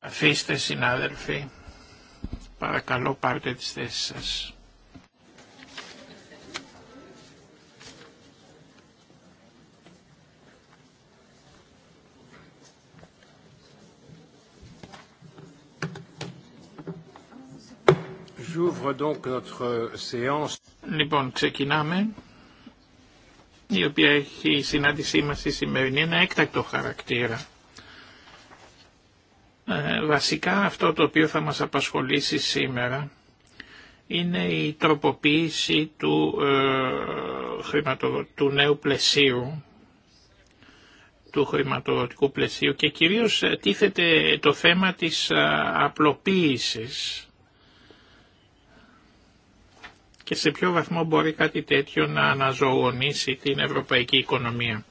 Αφήστε συνάδελφοι, παρακαλώ πάρτε τις θέσεις σας. Euh, λοιπόν, ξεκινάμε, η οποία έχει η συνάντησή μας η σημερινή ένα έκτακτο χαρακτήρα. Ε, βασικά αυτό το οποίο θα μας απασχολήσει σήμερα είναι η τροποποίηση του, ε, του νέου πλαισίου, του χρηματοδοτικού πλαισίου και κυρίως ε, τίθεται το θέμα της ε, απλοποίησης και σε ποιο βαθμό μπορεί κάτι τέτοιο να αναζωογονήσει την ευρωπαϊκή οικονομία.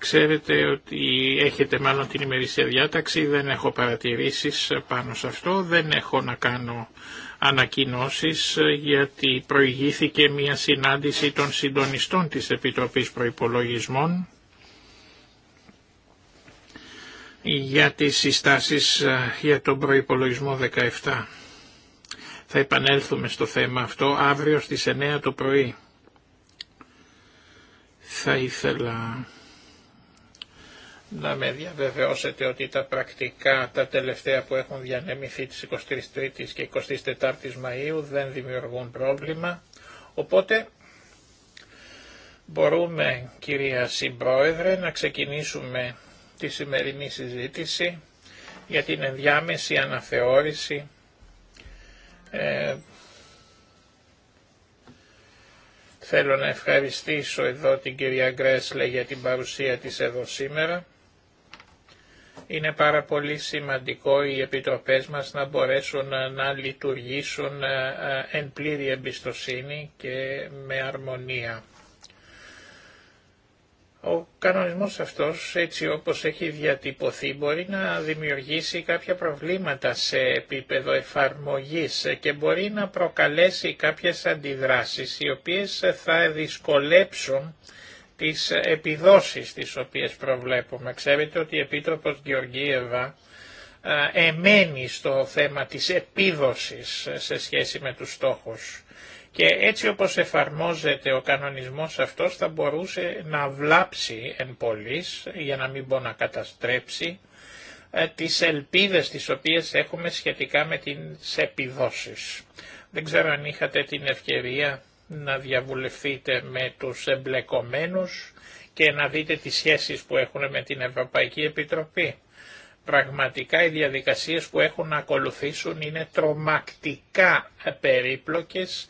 Ξέρετε ότι έχετε μάλλον την ημερήσια διάταξη, δεν έχω παρατηρήσεις πάνω σε αυτό, δεν έχω να κάνω ανακοινώσεις γιατί προηγήθηκε μια συνάντηση των συντονιστών της Επιτροπής Προϋπολογισμών για τις συστάσεις ε, για τον προϋπολογισμό 17. Θα επανέλθουμε στο θέμα αυτό αύριο στις 9 το πρωί. Θα ήθελα να με διαβεβαιώσετε ότι τα πρακτικά, τα τελευταία που έχουν διανεμηθεί τις 23ης και 24ης Μαΐου δεν δημιουργούν πρόβλημα. Οπότε μπορούμε, κυρία Συμπρόεδρε, να ξεκινήσουμε τη σημερινή συζήτηση για την ενδιάμεση αναθεώρηση ε, Θέλω να ευχαριστήσω εδώ την κυρία Γκρέσλε για την παρουσία της εδώ σήμερα. Είναι πάρα πολύ σημαντικό οι επιτροπές μας να μπορέσουν να λειτουργήσουν ε, ε, εν πλήρη εμπιστοσύνη και με αρμονία. Ο κανονισμός αυτός, έτσι όπως έχει διατυπωθεί, μπορεί να δημιουργήσει κάποια προβλήματα σε επίπεδο εφαρμογής και μπορεί να προκαλέσει κάποιες αντιδράσεις οι οποίες θα δυσκολέψουν τις επιδόσεις τις οποίες προβλέπουμε. Ξέρετε ότι η Επίτροπος Γεωργίευα εμένει στο θέμα της επίδοσης σε σχέση με τους στόχους. Και έτσι όπως εφαρμόζεται ο κανονισμός αυτός θα μπορούσε να βλάψει εν πολλής, για να μην πω να καταστρέψει, ε, τις ελπίδες τις οποίες έχουμε σχετικά με τις επιδόσεις. Δεν ξέρω αν είχατε την ευκαιρία να διαβουλευτείτε με τους εμπλεκομένους και να δείτε τις σχέσεις που έχουν με την Ευρωπαϊκή Επιτροπή. Πραγματικά οι διαδικασίες που έχουν να ακολουθήσουν είναι τρομακτικά περίπλοκες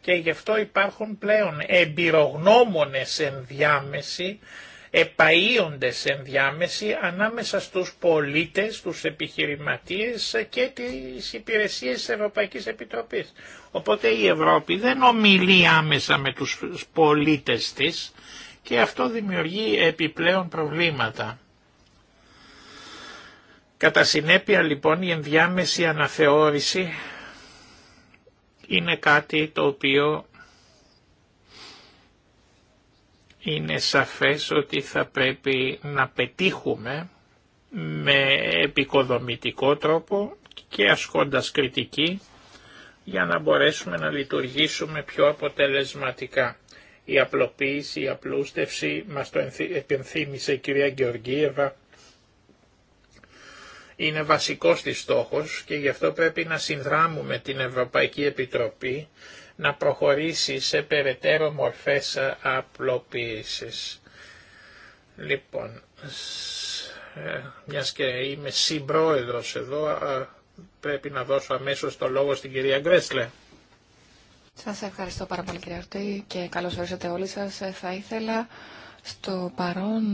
και γι' αυτό υπάρχουν πλέον εμπειρογνώμονες ενδιάμεση επαΐονται σε ενδιάμεση ανάμεσα στους πολίτες, τους επιχειρηματίες και τις υπηρεσίες της Ευρωπαϊκής Επιτροπής. Οπότε η Ευρώπη δεν ομιλεί άμεσα με τους πολίτες της και αυτό δημιουργεί επιπλέον προβλήματα. Κατά συνέπεια λοιπόν η ενδιάμεση αναθεώρηση είναι κάτι το οποίο είναι σαφές ότι θα πρέπει να πετύχουμε με επικοδομητικό τρόπο και ασκώντας κριτική για να μπορέσουμε να λειτουργήσουμε πιο αποτελεσματικά. Η απλοποίηση, η απλούστευση, μας το επενθύμησε η κυρία Γεωργίευα, είναι βασικός της στόχος και γι' αυτό πρέπει να συνδράμουμε την Ευρωπαϊκή Επιτροπή να προχωρήσει σε περαιτέρω μορφές ε, απλοποίησης. Λοιπόν, ε, μιας και είμαι συμπρόεδρος εδώ, ε, πρέπει να δώσω αμέσως το λόγο στην κυρία Γκρέσλε. Σας ευχαριστώ πάρα πολύ κύριε Αρτή και καλώς ορίσατε όλοι σας. Θα ήθελα στο παρόν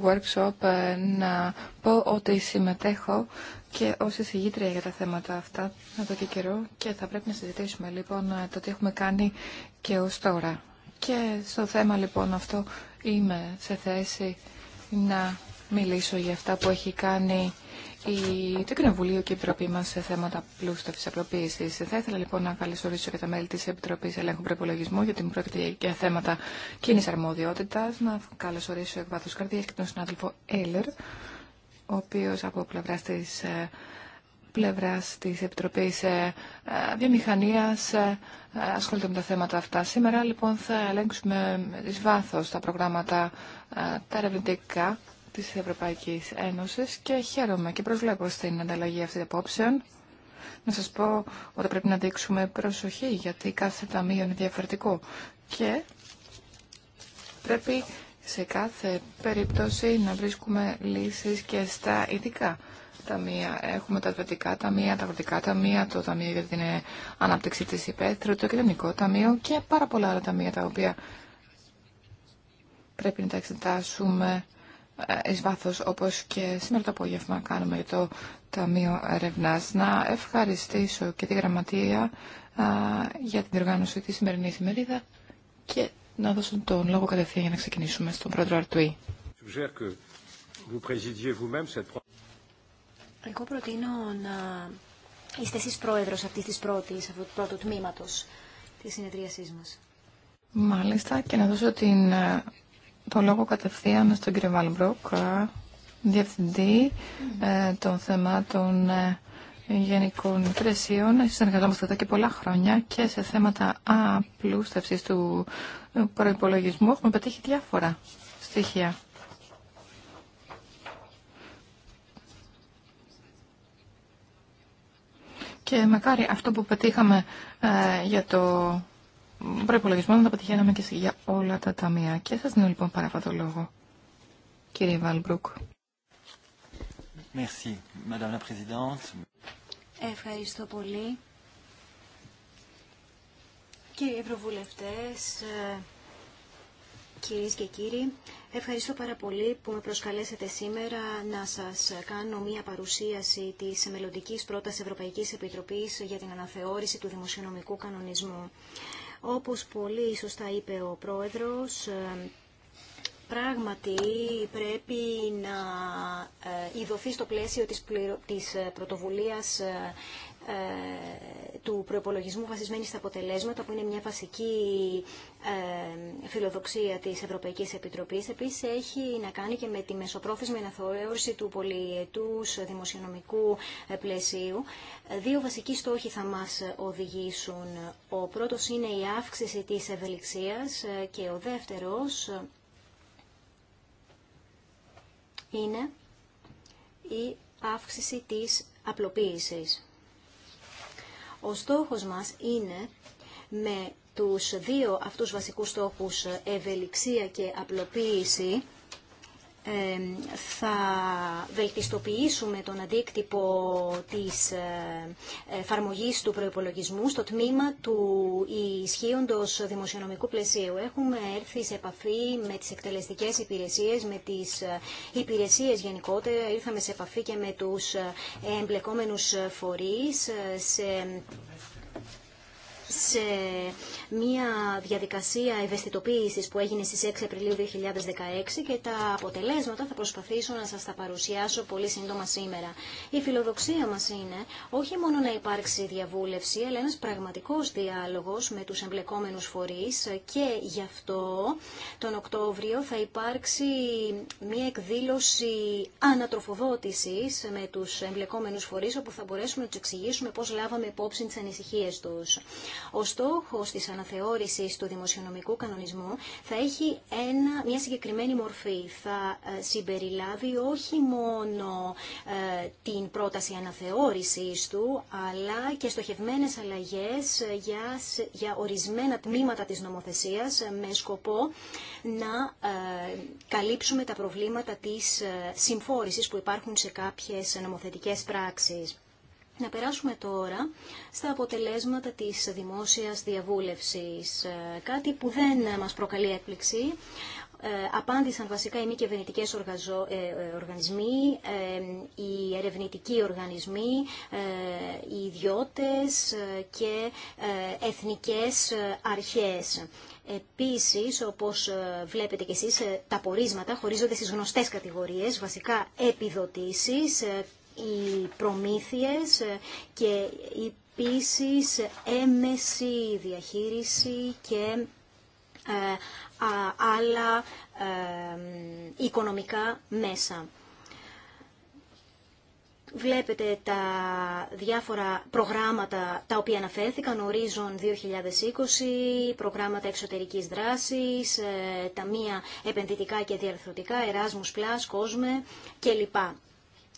workshop ε, να πω ότι συμμετέχω και ω εισηγήτρια για τα θέματα αυτά εδώ και καιρό και θα πρέπει να συζητήσουμε λοιπόν ε, το τι έχουμε κάνει και ως τώρα. Και στο θέμα λοιπόν αυτό είμαι σε θέση να μιλήσω για αυτά που έχει κάνει η, το Κοινοβουλίο και η Επιτροπή μα σε θέματα πλούστευση απλοποίηση. Θα ήθελα λοιπόν να καλωσορίσω και τα μέλη τη Επιτροπή Ελέγχου Προπολογισμού, γιατί μου πρόκειται για θέματα κοινή αρμοδιότητα. Να καλωσορίσω εκ βάθου καρδία και τον συνάδελφο Έλλερ, ο οποίο από πλευρά τη ε, πλευράς της Επιτροπής ε, ε, Βιομηχανίας ασχολείται με τα θέματα αυτά. Σήμερα λοιπόν θα ελέγξουμε εις βάθος τα προγράμματα τα ερευνητικά της Ευρωπαϊκής Ένωσης και χαίρομαι και προσβλέπω στην ανταλλαγή αυτή απόψεων. Να σας πω ότι πρέπει να δείξουμε προσοχή γιατί κάθε ταμείο είναι διαφορετικό και πρέπει σε κάθε περίπτωση να βρίσκουμε λύσεις και στα ειδικά ταμεία. Έχουμε τα δυτικά ταμεία, τα αγροτικά ταμεία, το ταμείο για την ανάπτυξη της υπαίθρου, το κοινωνικό ταμείο και πάρα πολλά άλλα ταμεία τα οποία πρέπει να τα εξετάσουμε εις βάθος όπως και σήμερα το απόγευμα κάνουμε για το Ταμείο έρευνά, Να ευχαριστήσω και τη Γραμματεία α, για την οργάνωση της σημερινής ημερίδα και να δώσω τον λόγο κατευθείαν για να ξεκινήσουμε στον πρόεδρο Αρτουή. Εγώ προτείνω να είστε εσείς πρόεδρος αυτής της πρώτης, αυτού του πρώτου τμήματος της συνεδρίασής μας. Μάλιστα και να δώσω την το λόγο κατευθείαν στον κύριο Βαλμπρόκ, ε, διευθυντή ε, των θεμάτων ε, γενικών υπηρεσιών. Συνεργαζόμαστε εδώ και πολλά χρόνια και σε θέματα απλούστευσης του προϋπολογισμού έχουμε πετύχει διάφορα στοιχεία. Και μακάρι αυτό που πετύχαμε ε, για το προπολογισμό να τα πετυχαίναμε και για όλα τα ταμεία. Και σας δίνω λοιπόν παραπάνω λόγο, κύριε Βάλμπρουκ. Ευχαριστώ πολύ. Κύριοι Ευρωβουλευτές, κυρίες και κύριοι, ευχαριστώ πάρα πολύ που με προσκαλέσατε σήμερα να σας κάνω μία παρουσίαση της μελλοντική πρότασης Ευρωπαϊκής Επιτροπής για την αναθεώρηση του δημοσιονομικού κανονισμού. Όπως πολύ σωστά είπε ο Πρόεδρος, ε, πράγματι πρέπει να ε, ειδωθεί στο πλαίσιο της ε, πρωτοβουλίας του προπολογισμού βασισμένη στα αποτελέσματα, που είναι μια βασική ε, φιλοδοξία της Ευρωπαϊκής Επιτροπής. Επίσης, έχει να κάνει και με τη μεσοπρόθεσμη αναθεώρηση του πολυετούς δημοσιονομικού ε, πλαισίου. Δύο βασικοί στόχοι θα μας οδηγήσουν. Ο πρώτος είναι η αύξηση της ευελιξίας ε, και ο δεύτερος είναι η αύξηση της απλοποίησης. Ο στόχος μας είναι με τους δύο αυτούς βασικούς στόχους ευελιξία και απλοποίηση θα βελτιστοποιήσουμε τον αντίκτυπο της ε, εφαρμογή του προϋπολογισμού στο τμήμα του ισχύοντος δημοσιονομικού πλαισίου. Έχουμε έρθει σε επαφή με τις εκτελεστικές υπηρεσίες, με τις ε, υπηρεσίες γενικότερα. Ήρθαμε σε επαφή και με τους ε, εμπλεκόμενους φορείς σε σε μια διαδικασία ευαισθητοποίησης που έγινε στις 6 Απριλίου 2016 και τα αποτελέσματα θα προσπαθήσω να σας τα παρουσιάσω πολύ σύντομα σήμερα. Η φιλοδοξία μας είναι όχι μόνο να υπάρξει διαβούλευση, αλλά ένας πραγματικός διάλογος με τους εμπλεκόμενους φορείς και γι' αυτό τον Οκτώβριο θα υπάρξει μια εκδήλωση ανατροφοδότησης με τους εμπλεκόμενους φορείς όπου θα μπορέσουμε να τους εξηγήσουμε πώς λάβαμε υπόψη τις ανησυχίες τους. Ο στόχο της αναθεώρησης του δημοσιονομικού κανονισμού θα έχει μια συγκεκριμένη μορφή. Θα ε, συμπεριλάβει όχι μόνο ε, την πρόταση αναθεώρησης του, αλλά και στοχευμένες αλλαγές για, για ορισμένα τμήματα της νομοθεσίας ε, με σκοπό να καλύψουμε τα προβλήματα της συμφόρηση που υπάρχουν σε κάποιες νομοθετικές πράξεις. Να περάσουμε τώρα στα αποτελέσματα της δημόσιας διαβούλευσης. Ε, κάτι που δεν μας προκαλεί έκπληξη. Ε, απάντησαν βασικά οι μη κυβερνητικέ ε, οργανισμοί, οι ερευνητικοί οργανισμοί, οι ιδιώτες και εθνικές αρχές. Επίσης, όπως βλέπετε και εσείς, τα πορίσματα χωρίζονται στις γνωστές κατηγορίες, βασικά επιδοτήσεις, οι προμήθειες και επίση έμεση διαχείριση και ε, άλλα ε, οικονομικά μέσα. Βλέπετε τα διάφορα προγράμματα τα οποία αναφέρθηκαν, ορίζον 2020, προγράμματα εξωτερικής δράσης, ε, ταμεία επενδυτικά και διαρθρωτικά, Erasmus+, Κόσμε κλπ.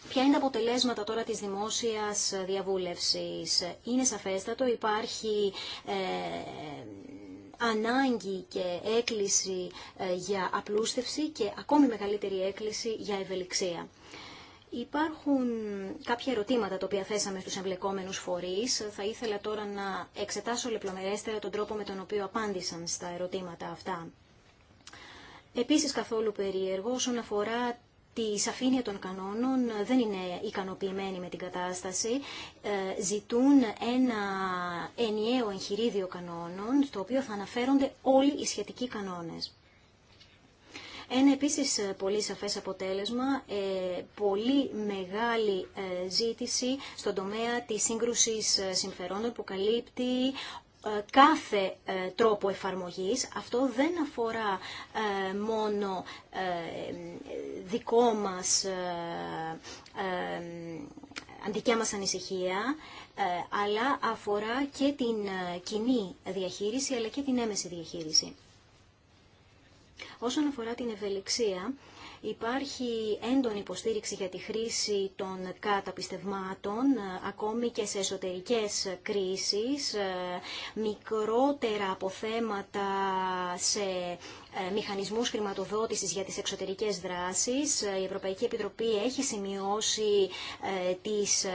Ποια είναι τα αποτελέσματα τώρα της δημόσιας διαβούλευσης. Είναι σαφέστατο, υπάρχει ε, ανάγκη και έκκληση ε, για απλούστευση και ακόμη μεγαλύτερη έκκληση για ευελιξία. Υπάρχουν κάποια ερωτήματα τα οποία θέσαμε στους εμπλεκόμενους φορείς. Θα ήθελα τώρα να εξετάσω λεπτομερέστερα τον τρόπο με τον οποίο απάντησαν στα ερωτήματα αυτά. Επίσης καθόλου περίεργο όσον αφορά τη σαφήνεια των κανόνων δεν είναι ικανοποιημένη με την κατάσταση. Ε, ζητούν ένα ενιαίο εγχειρίδιο κανόνων, στο οποίο θα αναφέρονται όλοι οι σχετικοί κανόνες. Ένα επίσης ε, πολύ σαφές αποτέλεσμα, ε, πολύ μεγάλη ζήτηση στον τομέα της σύγκρουσης συμφερόντων που καλύπτει ε, κάθε ε, τρόπο εφαρμογής. Αυτό δεν αφορά ε, μόνο δικό μας, αντικιά μας ανησυχία, αλλά αφορά και την κοινή διαχείριση, αλλά και την έμεση διαχείριση. Όσον αφορά την ευελιξία, Υπάρχει έντονη υποστήριξη για τη χρήση των καταπιστευμάτων, ε, ακόμη και σε εσωτερικές κρίσεις, ε, μικρότερα αποθέματα σε ε, μηχανισμούς χρηματοδότησης για τις εξωτερικές δράσεις. Η Ευρωπαϊκή Επιτροπή έχει σημειώσει τις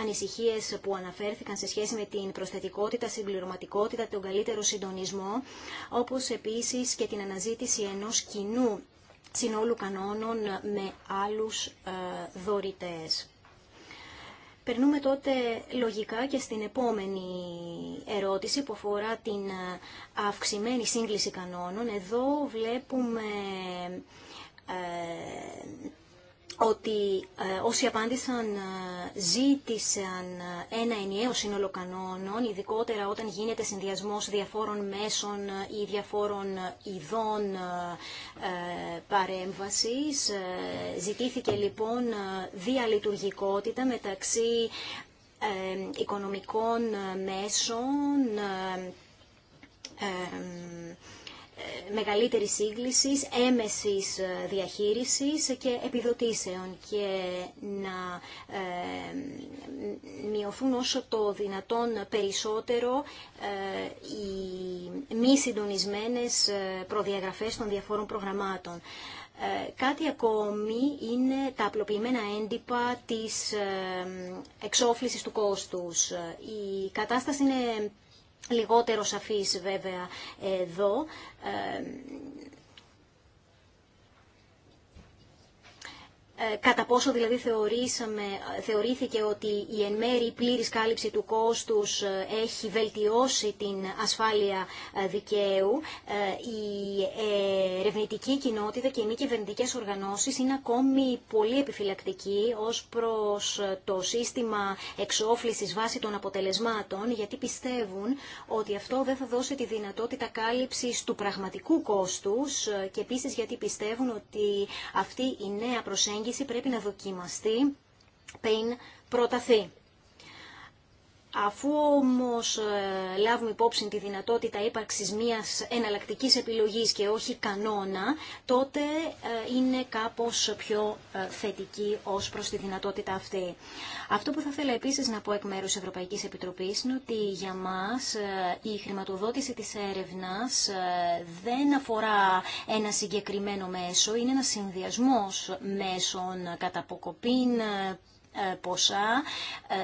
ανησυχίες που αναφέρθηκαν σε σχέση με την προσθετικότητα, συμπληρωματικότητα, τον καλύτερο συντονισμό, όπως επίσης και την αναζήτηση ενός κοινού συνόλου κανόνων με άλλους ε, δωρητές. Περνούμε τότε λογικά και στην επόμενη ερώτηση που αφορά την ε, αυξημένη σύγκληση κανόνων. Εδώ βλέπουμε ε, ότι ε, όσοι απάντησαν ε, ζήτησαν ε, ένα ενιαίο σύνολο κανόνων, ειδικότερα όταν γίνεται συνδυασμός διαφόρων μέσων ή διαφόρων ειδών παρέμβασης. Ζητήθηκε λοιπόν διαλειτουργικότητα μεταξύ οικονομικών μέσων μεγαλύτερης σύγκλησης, έμεσης ε, διαχείρισης και επιδοτήσεων και να ε, μειωθούν όσο το δυνατόν περισσότερο ε, οι μη συντονισμένε προδιαγραφές των διαφόρων προγραμμάτων. Κάτι ακόμη είναι τα απλοποιημένα έντυπα της εξόφλησης του κόστους. Η κατάσταση είναι λιγότερο σαφής βέβαια εδώ ε, Ε, κατά πόσο δηλαδή θεωρήσαμε, θεωρήθηκε ότι η εν μέρη πλήρης κάλυψη του κόστους ε, έχει βελτιώσει την ασφάλεια ε, δικαίου. Η ερευνητική κοινότητα και οι μη κυβερνητικέ οργανώσεις είναι ακόμη πολύ επιφυλακτικοί ως προς το σύστημα εξόφλησης βάσει των αποτελεσμάτων, γιατί πιστεύουν ότι αυτό δεν θα δώσει τη δυνατότητα κάλυψης του πραγματικού κόστους και επίσης γιατί πιστεύουν ότι αυτή η νέα προσέγγιση προσέγγιση πρέπει να δοκιμαστεί πριν προταθεί. Αφού όμως ε, λάβουμε υπόψη τη δυνατότητα ύπαρξης μιας εναλλακτικής επιλογής και όχι κανόνα, τότε ε, είναι κάπως πιο ε, θετική ως προς τη δυνατότητα αυτή. Αυτό που θα ήθελα επίσης να πω εκ μέρους Ευρωπαϊκής Επιτροπής είναι ότι για μας η χρηματοδότηση της έρευνας δεν αφορά ένα συγκεκριμένο μέσο, είναι ένα συνδυασμός μέσων κατά ε, ποσά,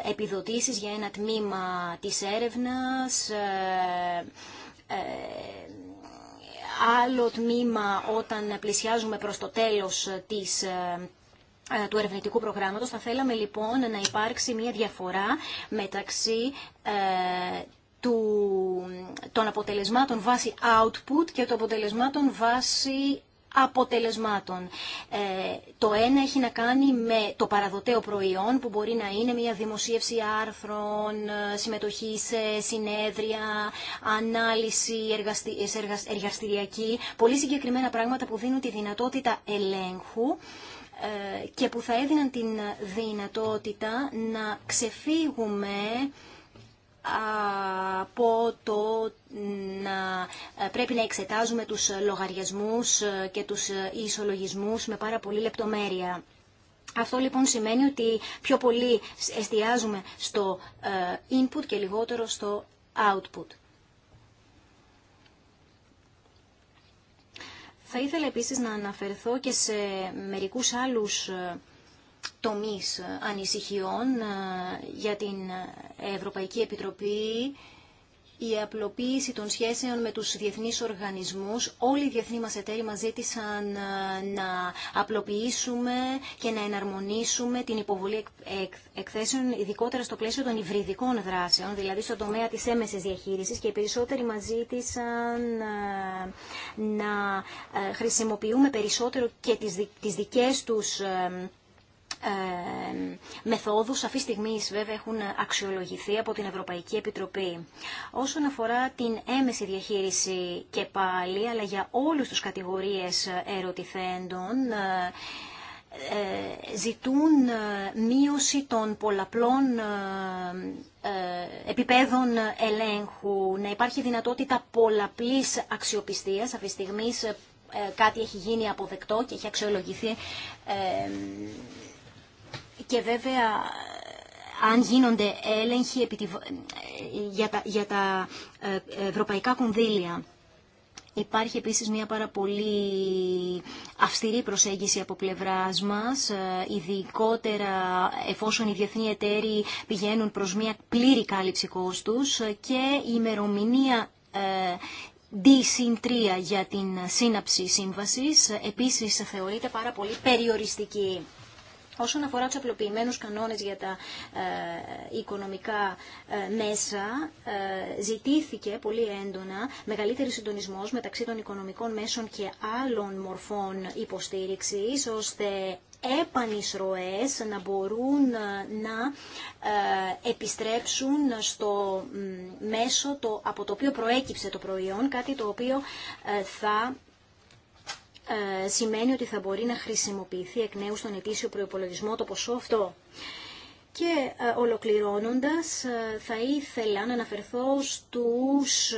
ε, επιδοτήσεις για ένα τμήμα της έρευνας, ε, άλλο τμήμα όταν πλησιάζουμε προς το τέλος του ερευνητικού προγράμματος. Θα θέλαμε λοιπόν να υπάρξει μια διαφορά μεταξύ ε, του, των αποτελεσμάτων βάση output και των αποτελεσμάτων βάση αποτελεσμάτων. Ε, το ένα έχει να κάνει με το παραδοτέο προϊόν που μπορεί να είναι μια δημοσίευση άρθρων, ε, συμμετοχή σε συνέδρια, ανάλυση εργαστηριακή, πολύ συγκεκριμένα πράγματα που δίνουν τη δυνατότητα ελέγχου ε, και που θα έδιναν την δυνατότητα να ξεφύγουμε από το να ε, πρέπει να εξετάζουμε τους λογαριασμούς ε, και τους ε, ισολογισμούς με πάρα πολύ λεπτομέρεια. Αυτό λοιπόν σημαίνει ότι πιο πολύ εστιάζουμε στο input και λιγότερο στο output. Θα ήθελα επίσης να αναφερθώ και σε μερικούς άλλους τομείς ε, ανησυχιών ε, για την Ευρωπαϊκή Επιτροπή η απλοποίηση των σχέσεων με τους διεθνείς οργανισμούς. Όλοι οι διεθνοί μας εταίροι μας ζήτησαν ε, να απλοποιήσουμε και να εναρμονίσουμε την υποβολή εκθέσεων, ειδικότερα στο πλαίσιο των υβριδικών δράσεων, δηλαδή στον τομέα της έμεσης διαχείρισης και οι περισσότεροι μας ζήτησαν να χρησιμοποιούμε περισσότερο και τις δικές τους ε, μεθόδους. Αυτή τη στιγμή βέβαια έχουν αξιολογηθεί από την Ευρωπαϊκή Επιτροπή. Όσον αφορά την έμεση διαχείριση και πάλι, αλλά για όλους τους κατηγορίες ερωτηθέντων, ε, ζητούν ε, μείωση των πολλαπλών επιπέδων ελέγχου, να υπάρχει δυνατότητα πολλαπλής αξιοπιστίας. Αυτή τη στιγμή κάτι έχει γίνει αποδεκτό και έχει αξιολογηθεί και βέβαια αν γίνονται έλεγχοι για τα, για τα ε, ευρωπαϊκά κονδύλια. Υπάρχει επίσης μια πάρα πολύ αυστηρή προσέγγιση από πλευράς μας, ε, ειδικότερα εφόσον οι διεθνείς εταίροι πηγαίνουν προς μια πλήρη κάλυψη κόστους ε, και η ημερομηνία D-3 για την σύναψη σύμβασης επίσης θεωρείται πάρα πολύ περιοριστική. Όσον αφορά τους απλοποιημένους κανόνες για τα ε, οικονομικά ε, μέσα, ε, ζητήθηκε πολύ έντονα μεγαλύτερη συντονισμός μεταξύ των οικονομικών μέσων και άλλων μορφών υποστήριξης, ώστε έπανεις ροές να μπορούν να επιστρέψουν στο μέσο το, από το οποίο προέκυψε το προϊόν, κάτι το οποίο θα ε, σημαίνει ότι θα μπορεί να χρησιμοποιηθεί εκ νέου στον ετήσιο προϋπολογισμό το ποσό αυτό. Και ε, ολοκληρώνοντας, ε, θα ήθελα να αναφερθώ στους,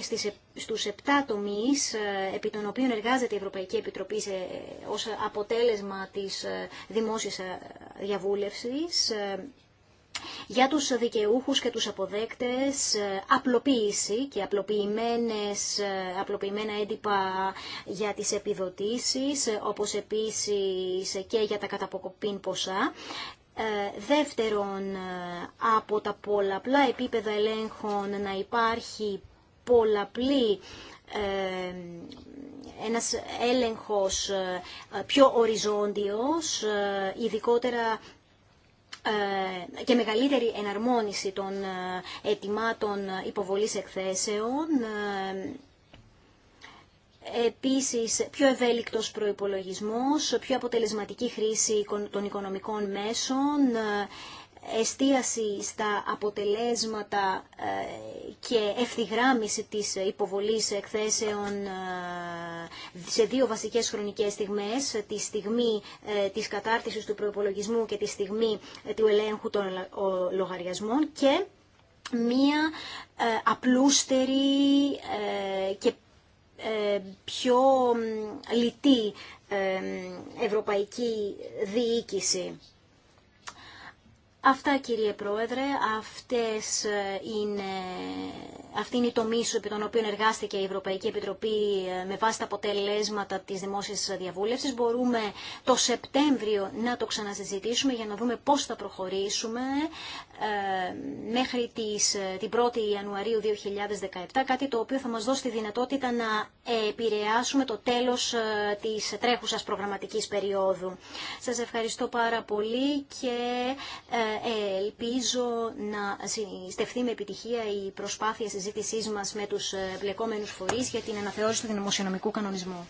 στις, στους επτά τομείς επί των οποίων εργάζεται η Ευρωπαϊκή Επιτροπή σε, ως αποτέλεσμα της δημόσιας διαβούλευσης για τους δικαιούχους και τους αποδέκτες ε, απλοποίηση και απλοποιημένες, ε, απλοποιημένα έντυπα για τις επιδοτήσεις, όπως επίσης και για τα καταποκοπήν ποσά. Ε, δεύτερον, από τα πολλαπλά επίπεδα ελέγχων να υπάρχει πολλαπλή ένας έλεγχος πιο οριζόντιος, ειδικότερα ε, και μεγαλύτερη εναρμόνιση των ε, ετοιμάτων υποβολής εκθέσεων, ε, επίσης πιο ευέλικτος προϋπολογισμός, πιο αποτελεσματική χρήση των οικονομικών μέσων, εστίαση στα αποτελέσματα ε, και ευθυγράμμιση της υποβολής εκθέσεων ε, σε δύο βασικές χρονικές στιγμές, τη στιγμή ε, της κατάρτισης του προϋπολογισμού και τη στιγμή του ελέγχου των λογαριασμών και μία απλούστερη και πιο λιτή ευρωπαϊκή διοίκηση. Αυτά κύριε Πρόεδρε, αυτές ε, είναι, αυτή είναι η τομή σου επί των οποίων εργάστηκε η Ευρωπαϊκή Επιτροπή ε, με βάση τα αποτελέσματα της δημόσιας διαβούλευσης. Μπορούμε το Σεπτέμβριο να το ξανασυζητήσουμε για να δούμε πώς θα προχωρήσουμε ε, μέχρι τις, την 1η Ιανουαρίου 2017, κάτι το οποίο θα μας δώσει τη δυνατότητα να επηρεάσουμε το τέλος της τρέχουσας προγραμματικής περίοδου. Σας ευχαριστώ πάρα πολύ και Ελπίζω να στεφθεί με επιτυχία η προσπάθεια συζήτησή μας με τους ε, πλεκόμενους φορείς για την αναθεώρηση του δημοσιονομικού κανονισμού.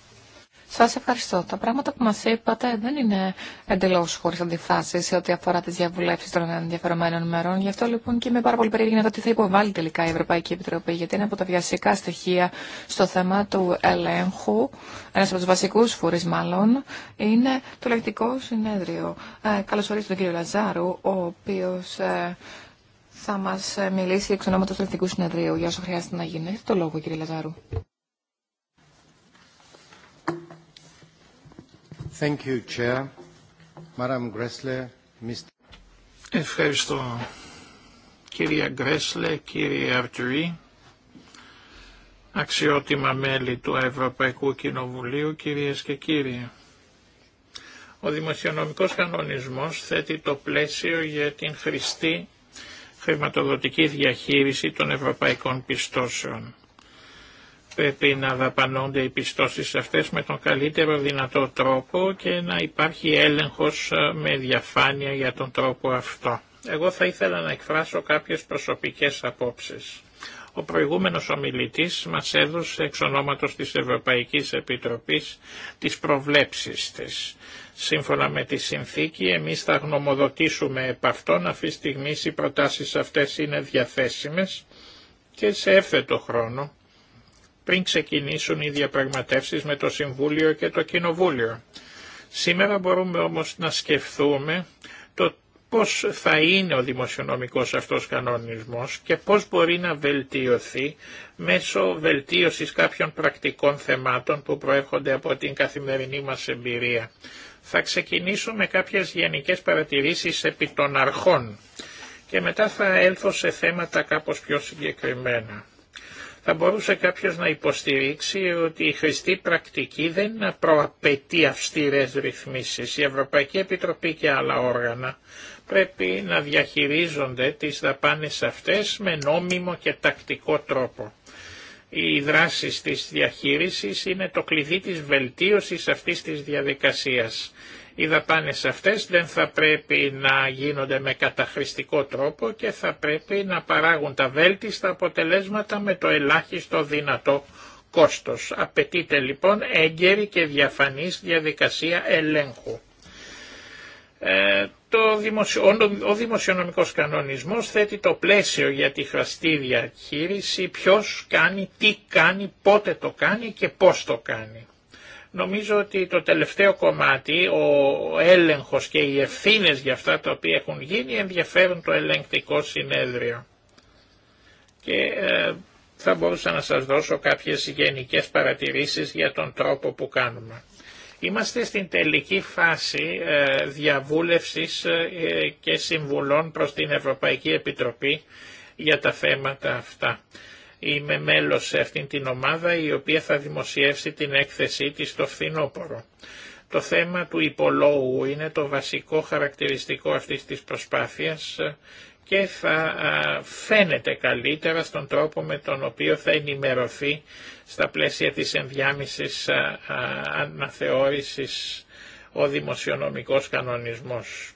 Σα ευχαριστώ. Τα πράγματα που μα είπατε δεν είναι εντελώ χωρί αντιφάσει σε ό,τι αφορά τι διαβουλεύσει των ενδιαφερομένων μερών. Γι' αυτό λοιπόν και είμαι πάρα πολύ περίεργη να δω τι θα υποβάλει τελικά η Ευρωπαϊκή Επιτροπή, γιατί είναι από τα βιασικά στοιχεία στο θέμα του ελέγχου, ένα από του βασικού φορεί, μάλλον, είναι το λεκτικό συνέδριο. Ε, καλωσορίζω τον κύριο Λαζάρου, ο οποίο Ε, θα μα μιλήσει εξ ονόματο του λεκτικού Συνεδρίου για όσο χρειάζεται να γίνει. Έχετε το λόγο, κύριε Λαζάρου. Ευχαριστώ. Κυρία Γκρέσλε, κύριε Αρτουρί, αξιότιμα μέλη του Ευρωπαϊκού Κοινοβουλίου, κυρίες και κύριοι. Ο δημοσιονομικός κανονισμός θέτει το πλαίσιο για την χρηστή χρηματοδοτική διαχείριση των ευρωπαϊκών πιστώσεων πρέπει να δαπανώνται οι πιστώσεις αυτές με τον καλύτερο δυνατό τρόπο και να υπάρχει έλεγχος ε, με διαφάνεια για τον τρόπο αυτό. Εγώ θα ήθελα να εκφράσω κάποιες προσωπικές απόψεις. Ο προηγούμενος ομιλητής μας έδωσε εξ ονόματος της Ευρωπαϊκής Επιτροπής τις προβλέψεις της. Σύμφωνα με τη συνθήκη, εμείς θα γνωμοδοτήσουμε επ' αυτόν, αυτή τη οι προτάσεις αυτές είναι διαθέσιμες και σε έφετο χρόνο πριν ξεκινήσουν οι διαπραγματεύσεις με το Συμβούλιο και το Κοινοβούλιο. Σήμερα μπορούμε όμως να σκεφτούμε το πώς θα είναι ο δημοσιονομικός αυτός κανονισμός και πώς μπορεί να βελτιωθεί μέσω βελτίωσης κάποιων πρακτικών θεμάτων που προέρχονται από την καθημερινή μας εμπειρία. Θα ξεκινήσω με κάποιες γενικές παρατηρήσεις επί των αρχών και μετά θα έλθω σε θέματα κάπως πιο συγκεκριμένα θα μπορούσε κάποιος να υποστηρίξει ότι η χρηστή πρακτική δεν προαπαιτεί αυστηρές ρυθμίσεις. Η Ευρωπαϊκή Επιτροπή και άλλα όργανα πρέπει να διαχειρίζονται τις δαπάνες αυτές με νόμιμο και τακτικό τρόπο. Οι δράσει της διαχείρισης είναι το κλειδί της βελτίωσης αυτής της διαδικασίας. Οι δαπάνες αυτές δεν θα πρέπει να γίνονται με καταχρηστικό τρόπο και θα πρέπει να παράγουν τα βέλτιστα αποτελέσματα με το ελάχιστο δυνατό κόστος. Απαιτείται λοιπόν έγκαιρη και διαφανής διαδικασία ελέγχου. Ε, το δημοσιο... Ο δημοσιονομικός κανονισμός θέτει το πλαίσιο για τη χραστή διαχείριση, ποιος κάνει, τι κάνει, πότε το κάνει και πώς το κάνει. Νομίζω ότι το τελευταίο κομμάτι, ο έλεγχος και οι ευθύνε για αυτά τα οποία έχουν γίνει ενδιαφέρουν το ελεγκτικό συνέδριο. Και ε, θα μπορούσα να σας δώσω κάποιες γενικές παρατηρήσεις για τον τρόπο που κάνουμε. Είμαστε στην τελική φάση ε, διαβούλευσης ε, και συμβουλών προς την Ευρωπαϊκή Επιτροπή για τα θέματα αυτά. Είμαι μέλος σε αυτήν την ομάδα η οποία θα δημοσιεύσει την έκθεσή της στο φθινόπωρο. Το θέμα του υπολόγου είναι το βασικό χαρακτηριστικό αυτής της προσπάθειας και θα φαίνεται καλύτερα στον τρόπο με τον οποίο θα ενημερωθεί στα πλαίσια της ενδιάμεσης αναθεώρησης ο δημοσιονομικός κανονισμός.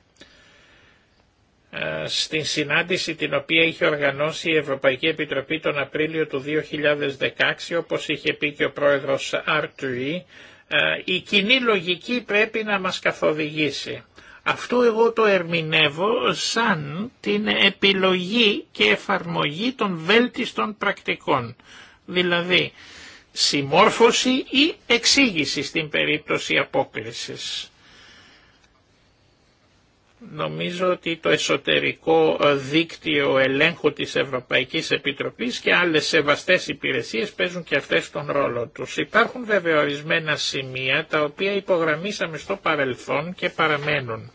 Ε, στην συνάντηση την οποία είχε οργανώσει η Ευρωπαϊκή Επιτροπή τον Απρίλιο του 2016, όπως είχε πει και ο πρόεδρος Αρτουή, e, ε, η κοινή λογική πρέπει να μας καθοδηγήσει. Αυτό εγώ το ερμηνεύω σαν την επιλογή και εφαρμογή των βέλτιστων πρακτικών. Δηλαδή, συμμόρφωση ή εξήγηση στην περίπτωση απόκλησης. Νομίζω ότι το εσωτερικό ε, δίκτυο ελέγχου της Ευρωπαϊκής Επιτροπής και άλλες σεβαστές υπηρεσίες παίζουν και αυτές τον ρόλο τους. Υπάρχουν βέβαια σημεία τα οποία υπογραμμίσαμε στο παρελθόν και παραμένουν.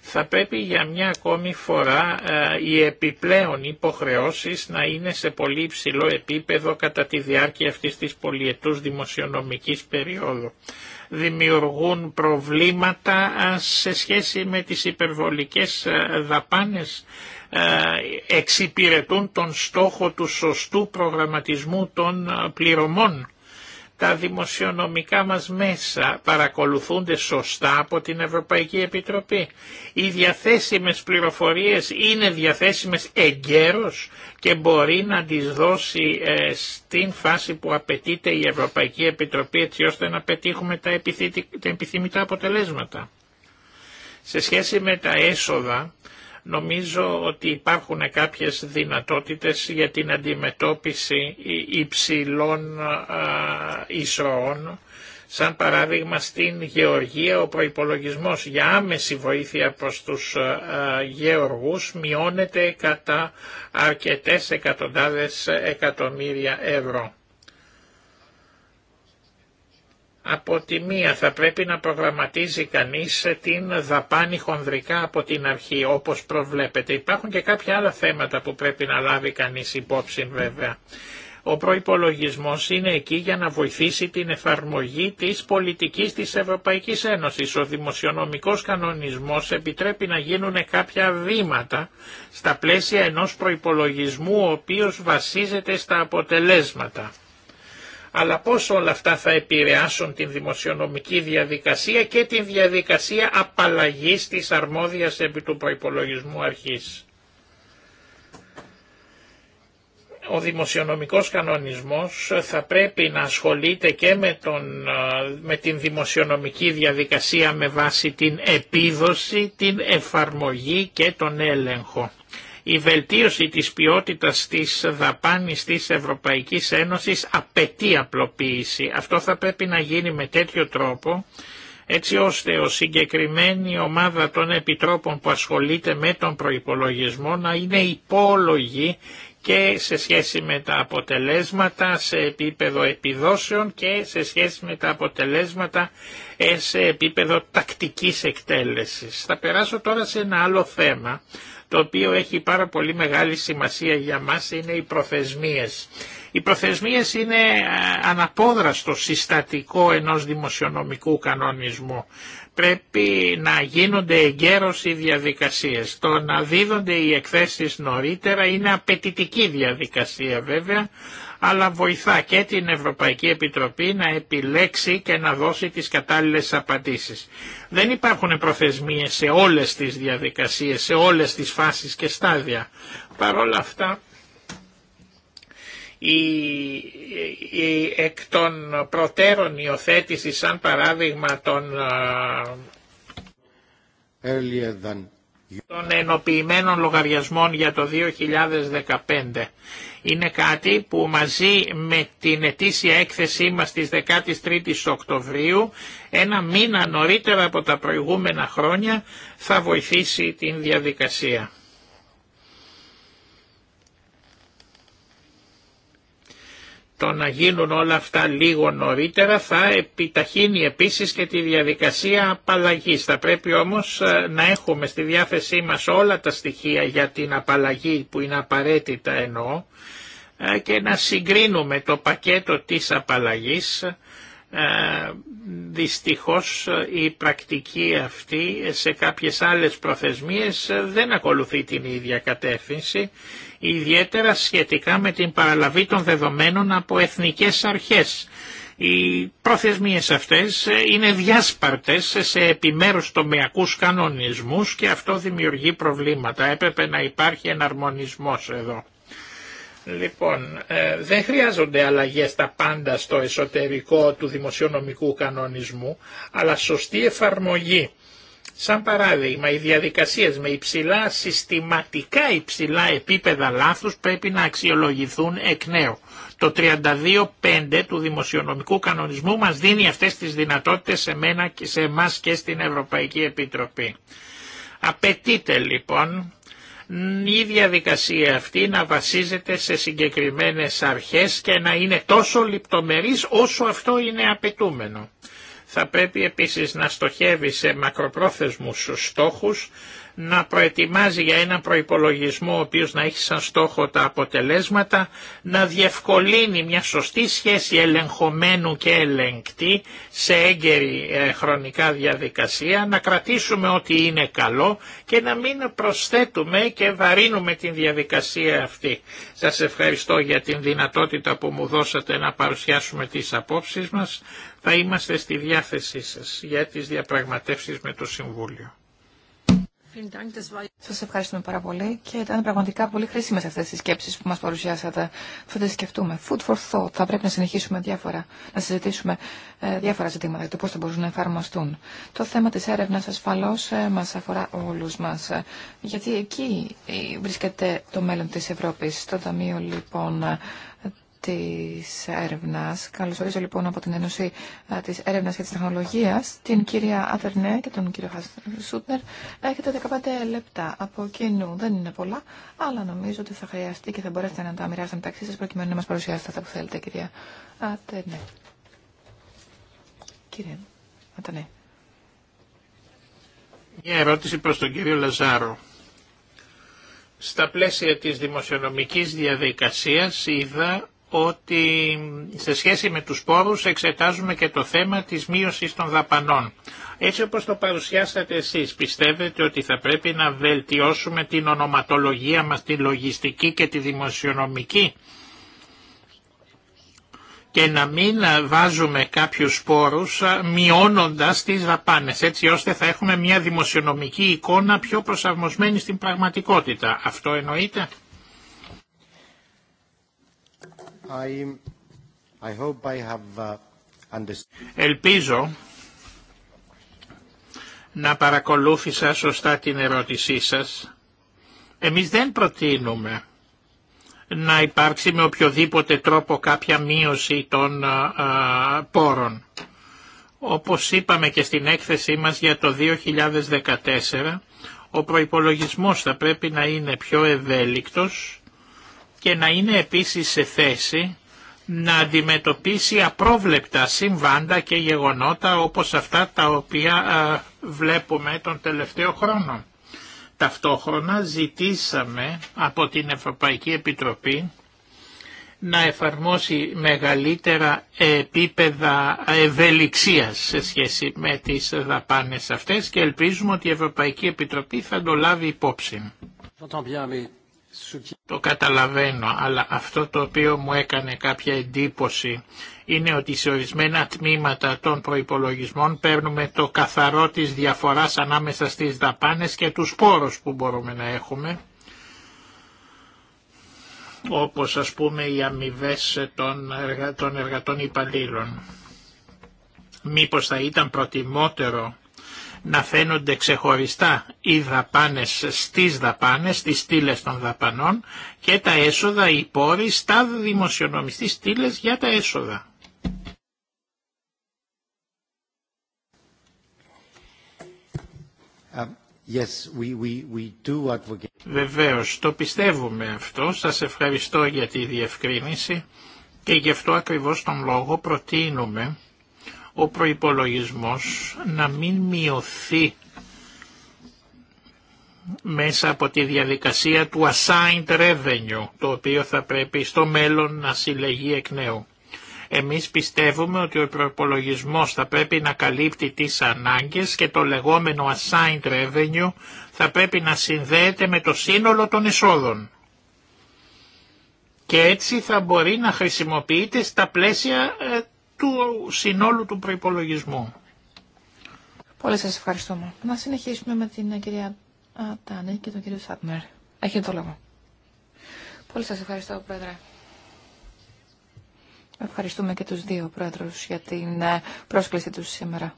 Θα πρέπει για μια ακόμη φορά ε, οι επιπλέον υποχρεώσεις να είναι σε πολύ υψηλό επίπεδο κατά τη διάρκεια αυτής της πολιετούς δημοσιονομικής περίοδου δημιουργούν προβλήματα σε σχέση με τις υπερβολικές δαπάνες εξυπηρετούν τον στόχο του σωστού προγραμματισμού των πληρωμών τα δημοσιονομικά μας μέσα παρακολουθούνται σωστά από την Ευρωπαϊκή Επιτροπή. Οι διαθέσιμες πληροφορίες είναι διαθέσιμες εγκαίρως και μπορεί να τις δώσει ε, στην φάση που απαιτείται η Ευρωπαϊκή Επιτροπή έτσι ώστε να πετύχουμε τα επιθυμητά αποτελέσματα. Σε σχέση με τα έσοδα Νομίζω ότι υπάρχουν κάποιες δυνατότητες για την αντιμετώπιση υψηλών ισοών. Σαν παράδειγμα στην γεωργία ο προϋπολογισμός για άμεση βοήθεια προς τους γεωργούς μειώνεται κατά αρκετές εκατοντάδες εκατομμύρια ευρώ. Από τη μία θα πρέπει να προγραμματίζει κανείς την δαπάνη χονδρικά από την αρχή όπως προβλέπεται. Υπάρχουν και κάποια άλλα θέματα που πρέπει να λάβει κανείς υπόψη βέβαια. Ο προϋπολογισμός είναι εκεί για να βοηθήσει την εφαρμογή της πολιτικής της Ευρωπαϊκής Ένωσης. Ο δημοσιονομικός κανονισμός επιτρέπει να γίνουν κάποια βήματα στα πλαίσια ενός προϋπολογισμού ο οποίος βασίζεται στα αποτελέσματα αλλά πώς όλα αυτά θα επηρεάσουν την δημοσιονομική διαδικασία και την διαδικασία απαλλαγής της αρμόδιας επί του προϋπολογισμού αρχής. ο δημοσιονομικός κανονισμός θα πρέπει να ασχολείται και με, τον, με την δημοσιονομική διαδικασία με βάση την επίδοση, την εφαρμογή και τον έλεγχο. Η βελτίωση της ποιότητας της δαπάνης της Ευρωπαϊκής Ένωσης απαιτεί απλοποίηση. Αυτό θα πρέπει να γίνει με τέτοιο τρόπο έτσι ώστε ο συγκεκριμένη ομάδα των επιτρόπων που ασχολείται με τον προϋπολογισμό να είναι υπόλογοι και σε σχέση με τα αποτελέσματα σε επίπεδο επιδόσεων και σε σχέση με τα αποτελέσματα ε, σε επίπεδο τακτικής εκτέλεσης. Θα περάσω τώρα σε ένα άλλο θέμα το οποίο έχει πάρα πολύ μεγάλη σημασία για μας είναι οι προθεσμίες. Οι προθεσμίες είναι ε, αναπόδραστο συστατικό ενός δημοσιονομικού κανονισμού. Πρέπει να γίνονται εγκαίρως οι διαδικασίες. Το να δίδονται οι εκθέσεις νωρίτερα είναι απαιτητική διαδικασία βέβαια, αλλά βοηθά και την Ευρωπαϊκή Επιτροπή να επιλέξει και να δώσει τις κατάλληλες απαντήσεις. Δεν υπάρχουν προθεσμίες σε όλες τις διαδικασίες, σε όλες τις φάσεις και στάδια. Παρ' όλα αυτά, η, η εκ των προτέρων υιοθέτηση σαν παράδειγμα των Earlier των ενοποιημένων λογαριασμών για το 2015. Είναι κάτι που μαζί με την ετήσια έκθεσή μας της 13ης Οκτωβρίου, ένα μήνα νωρίτερα από τα προηγούμενα χρόνια, θα βοηθήσει την διαδικασία. Το να γίνουν όλα αυτά λίγο νωρίτερα θα επιταχύνει επίσης και τη διαδικασία απαλλαγής. Θα πρέπει όμως ε, να έχουμε στη διάθεσή μας όλα τα στοιχεία για την απαλλαγή που είναι απαραίτητα εννοώ ε, και να συγκρίνουμε το πακέτο της απαλλαγής. Ε, δυστυχώς η πρακτική αυτή σε κάποιες άλλες προθεσμίες δεν ακολουθεί την ίδια κατεύθυνση ιδιαίτερα σχετικά με την παραλαβή των δεδομένων από εθνικές αρχές. Οι προθεσμίες αυτές είναι διάσπαρτες σε επιμέρους τομεακούς κανονισμούς και αυτό δημιουργεί προβλήματα. Έπρεπε να υπάρχει εναρμονισμός εδώ. Λοιπόν, ε, δεν χρειάζονται αλλαγές τα πάντα στο εσωτερικό του δημοσιονομικού κανονισμού, αλλά σωστή εφαρμογή Σαν παράδειγμα, οι διαδικασίες με υψηλά, συστηματικά υψηλά επίπεδα λάθους πρέπει να αξιολογηθούν εκ νέου. Το 32.5 του δημοσιονομικού κανονισμού μας δίνει αυτές τις δυνατότητες σε, μένα, σε εμάς και στην Ευρωπαϊκή Επιτροπή. Απαιτείται λοιπόν η διαδικασία αυτή να βασίζεται σε συγκεκριμένες αρχές και να είναι τόσο λιπτομερής όσο αυτό είναι απαιτούμενο. Θα πρέπει επίσης να στοχεύει σε μακροπρόθεσμους στόχους να προετοιμάζει για έναν προϋπολογισμό ο οποίος να έχει σαν στόχο τα αποτελέσματα, να διευκολύνει μια σωστή σχέση ελεγχομένου και ελεγκτή σε έγκαιρη ε, χρονικά διαδικασία, να κρατήσουμε ότι είναι καλό και να μην προσθέτουμε και βαρύνουμε την διαδικασία αυτή. Σας ευχαριστώ για την δυνατότητα που μου δώσατε να παρουσιάσουμε τις απόψεις μας. Θα είμαστε στη διάθεσή σας για τις διαπραγματεύσεις με το Συμβούλιο. Σας ευχαριστούμε πάρα πολύ και ήταν πραγματικά πολύ χρήσιμες αυτές τι σκέψεις που μας παρουσιάσατε. Θα τι σκεφτούμε. Food for thought. Θα πρέπει να συνεχίσουμε διάφορα, να συζητήσουμε ε, διάφορα ζητήματα για το πώς θα μπορούν να εφαρμοστούν. Το θέμα της έρευνας ασφαλώς ε, μας αφορά όλους μας. Ε, γιατί εκεί βρίσκεται το μέλλον τη Ευρώπη, Στο Ταμείο λοιπόν της έρευνας. Καλωσορίζω λοιπόν από την Ένωση της Έρευνας και της Τεχνολογίας την κυρία Ατερνέ και τον κύριο Σούτνερ. Έχετε 15 λεπτά από κοινού. Δεν είναι πολλά, αλλά νομίζω ότι θα χρειαστεί και θα μπορέσετε να τα μοιράσετε μεταξύ σας προκειμένου να μας παρουσιάσετε αυτά που θέλετε, κυρία Ατερνέ. Κύριε Ατερνέ. Μια ερώτηση προ τον κύριο Λαζάρο. Στα πλαίσια της δημοσιονομικής διαδικασίας είδα ότι σε σχέση με τους πόρους εξετάζουμε και το θέμα της μείωσης των δαπανών. Έτσι όπως το παρουσιάσατε εσείς, πιστεύετε ότι θα πρέπει να βελτιώσουμε την ονοματολογία μας, τη λογιστική και τη δημοσιονομική και να μην βάζουμε κάποιους πόρους μειώνοντας τις δαπάνες, έτσι ώστε θα έχουμε μια δημοσιονομική εικόνα πιο προσαρμοσμένη στην πραγματικότητα. Αυτό εννοείται. Uh, Ελπίζω να παρακολούθησα σωστά την ερώτησή σας. Εμείς δεν προτείνουμε να υπάρξει με οποιοδήποτε τρόπο κάποια μείωση των πόρων. Όπως είπαμε και στην έκθεσή μας για το 2014, ο προϋπολογισμός θα πρέπει να είναι πιο ευέλικτος και να είναι επίσης σε θέση να αντιμετωπίσει απρόβλεπτα συμβάντα και γεγονότα όπως αυτά τα οποία βλέπουμε τον τελευταίο χρόνο. Ταυτόχρονα ζητήσαμε από την Ευρωπαϊκή Επιτροπή να εφαρμόσει μεγαλύτερα επίπεδα ευελιξίας σε σχέση με τις δαπάνες αυτές και ελπίζουμε ότι η Ευρωπαϊκή Επιτροπή θα το λάβει υπόψη. Το καταλαβαίνω, αλλά αυτό το οποίο μου έκανε κάποια εντύπωση είναι ότι σε ορισμένα τμήματα των προϋπολογισμών παίρνουμε το καθαρό της διαφοράς ανάμεσα στις δαπάνες και τους πόρους που μπορούμε να έχουμε όπως ας πούμε οι αμοιβέ των, εργα... των εργατών υπαλλήλων. Μήπως θα ήταν προτιμότερο να φαίνονται ξεχωριστά οι δαπάνες στις δαπάνες, στις στήλε των δαπανών και τα έσοδα, οι πόροι στα δημοσιονομιστή στήλε για τα έσοδα. Um, yes, we, we, we Βεβαίως, το πιστεύουμε αυτό. Σας ευχαριστώ για τη διευκρίνηση και γι' αυτό ακριβώς τον λόγο προτείνουμε ο προϋπολογισμός να μην μειωθεί μέσα από τη διαδικασία του assigned revenue, το οποίο θα πρέπει στο μέλλον να συλλεγεί εκ νέου. Εμείς πιστεύουμε ότι ο προϋπολογισμός θα πρέπει να καλύπτει τις ανάγκες και το λεγόμενο assigned revenue θα πρέπει να συνδέεται με το σύνολο των εσόδων. Και έτσι θα μπορεί να χρησιμοποιείται στα πλαίσια ε, του συνόλου του προϋπολογισμού. Πολύ σας ευχαριστούμε. Να συνεχίσουμε με την ε, κυρία Τάνη και τον κύριο Σάτμερ. Έχει το λόγο. Πολύ σας ευχαριστώ, Πρόεδρε. Ευχαριστούμε και τους δύο πρόεδρους για την ε, πρόσκληση τους σήμερα.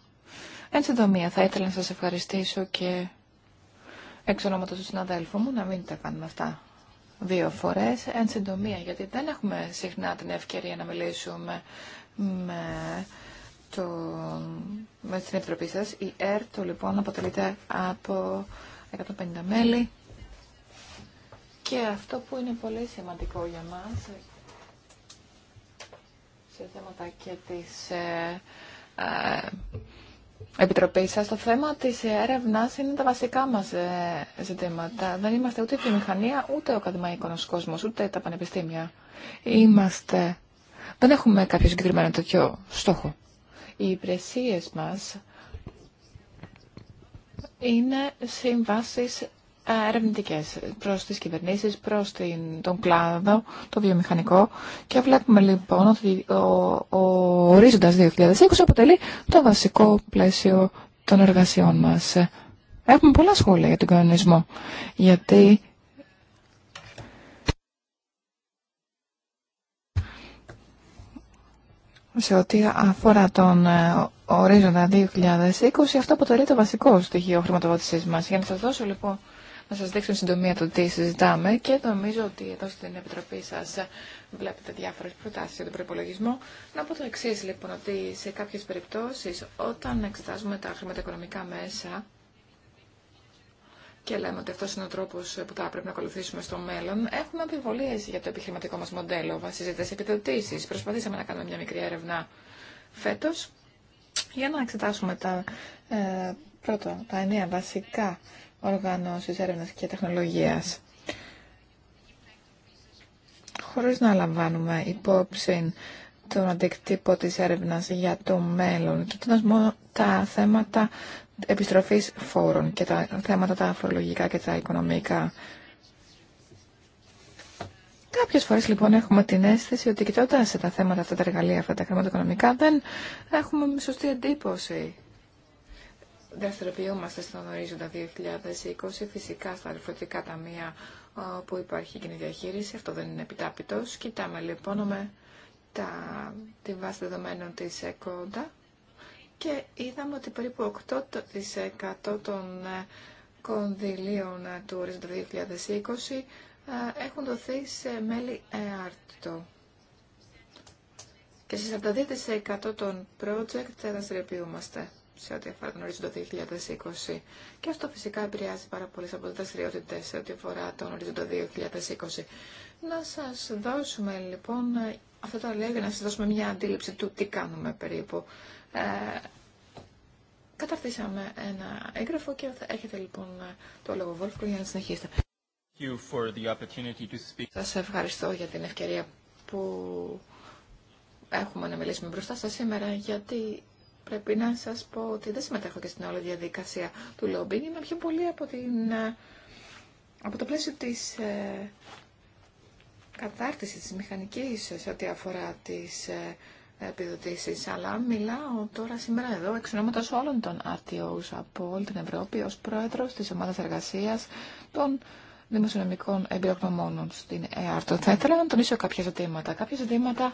Εν συντομία, θα ήθελα να σας ευχαριστήσω και εξ ονόματος του συναδέλφου μου να μην τα κάνουμε αυτά δύο φορές. Εν συντομία, γιατί δεν έχουμε συχνά την ευκαιρία να μιλήσουμε με, το, με την Επιτροπή σας. Η ΕΡΤΟ λοιπόν αποτελείται από 150 μέλη και αυτό που είναι πολύ σημαντικό για μας σε θέματα και της ε, ε, Επιτροπή σας, το θέμα της έρευνας είναι τα βασικά μας ε, ζητήματα. Δεν είμαστε ούτε η μηχανία, ούτε ο ακαδημαϊκός κόσμος, ούτε τα πανεπιστήμια. Είμαστε δεν έχουμε κάποιο συγκεκριμένο τέτοιο στόχο. Οι υπηρεσίε μας είναι συμβάσει ε, ερευνητικέ προ τι κυβερνήσει, προ τον κλάδο, το βιομηχανικό. Και βλέπουμε λοιπόν ότι ο, ο ορίζοντα 2020 αποτελεί το βασικό πλαίσιο των εργασιών μα. Έχουμε πολλά σχόλια για τον κανονισμό. Γιατί σε ό,τι αφορά τον ε, ορίζοντα 2020, αυτό αποτελεί το βασικό στοιχείο χρηματοδότησή μα. Για να σα δώσω λοιπόν, να σα δείξω συντομία το τι συζητάμε και νομίζω ότι εδώ στην Επιτροπή σα βλέπετε διάφορε προτάσει για τον προπολογισμό. Να πω το εξή λοιπόν, ότι σε κάποιε περιπτώσει, όταν εξετάζουμε τα χρηματοοικονομικά μέσα, και λέμε ότι αυτό είναι ο τρόπο που θα πρέπει να ακολουθήσουμε στο μέλλον, έχουμε αμφιβολίε για το επιχειρηματικό μα μοντέλο. Βασίζεται σε επιδοτήσει. Προσπαθήσαμε να κάνουμε μια μικρή έρευνα φέτο για να εξετάσουμε τα, ε, πρώτα, τα εννέα βασικά οργανώσει έρευνα και τεχνολογία. Χωρίς να λαμβάνουμε υπόψη τον αντικτύπο της έρευνας για το μέλλον, κοιτώντα μόνο τα θέματα επιστροφής φόρων και τα θέματα τα αφορολογικά και τα οικονομικά. Κάποιες φορές λοιπόν έχουμε την αίσθηση ότι κοιτώντα τα θέματα αυτά, τα εργαλεία αυτά, τα χρηματοοικονομικά, δεν έχουμε σωστή εντύπωση. Δραστηριοποιούμαστε στον ορίζοντα 2020, φυσικά στα τα ταμεία που υπάρχει κοινή διαχείριση, αυτό δεν είναι επιτάπητος. Κοιτάμε λοιπόν με τα, τη βάση δεδομένων της ΕΚΟΝΤΑ και είδαμε ότι περίπου 8% των ε, κονδυλίων ε, του ορίζοντα 2020 ε, έχουν δοθεί σε μέλη ΕΑΡΤΟ. Και σε 42% των project δραστηριοποιούμαστε σε ό,τι αφορά τον ορίζοντα 2020. Και αυτό φυσικά επηρεάζει πάρα πολλέ από τι δραστηριότητε σε ό,τι αφορά τον ορίζοντα 2020. Να σα δώσουμε λοιπόν αυτά τα για να σα δώσουμε μια αντίληψη του τι κάνουμε περίπου. Ε, καταρτήσαμε ένα έγγραφο και έχετε λοιπόν το λόγο Βόλφκο για να συνεχίσετε. Σας ευχαριστώ για την ευκαιρία που έχουμε να μιλήσουμε μπροστά σας σήμερα γιατί πρέπει να σας πω ότι δεν συμμετέχω και στην όλη διαδικασία του λόμπινγκ. Είμαι πιο πολύ από, την, από το πλαίσιο της ε, κατάρτισης της μηχανικής σε ό,τι αφορά τις ε, αλλά μιλάω τώρα σήμερα εδώ εξ ονόματο όλων των RTOs από όλη την Ευρώπη ω πρόεδρο τη Ομάδα εργασία των δημοσιονομικών εμπειρογνωμόνων στην ΕΑΡΤΟ. Θα ήθελα να τονίσω κάποια ζητήματα, κάποια ζητήματα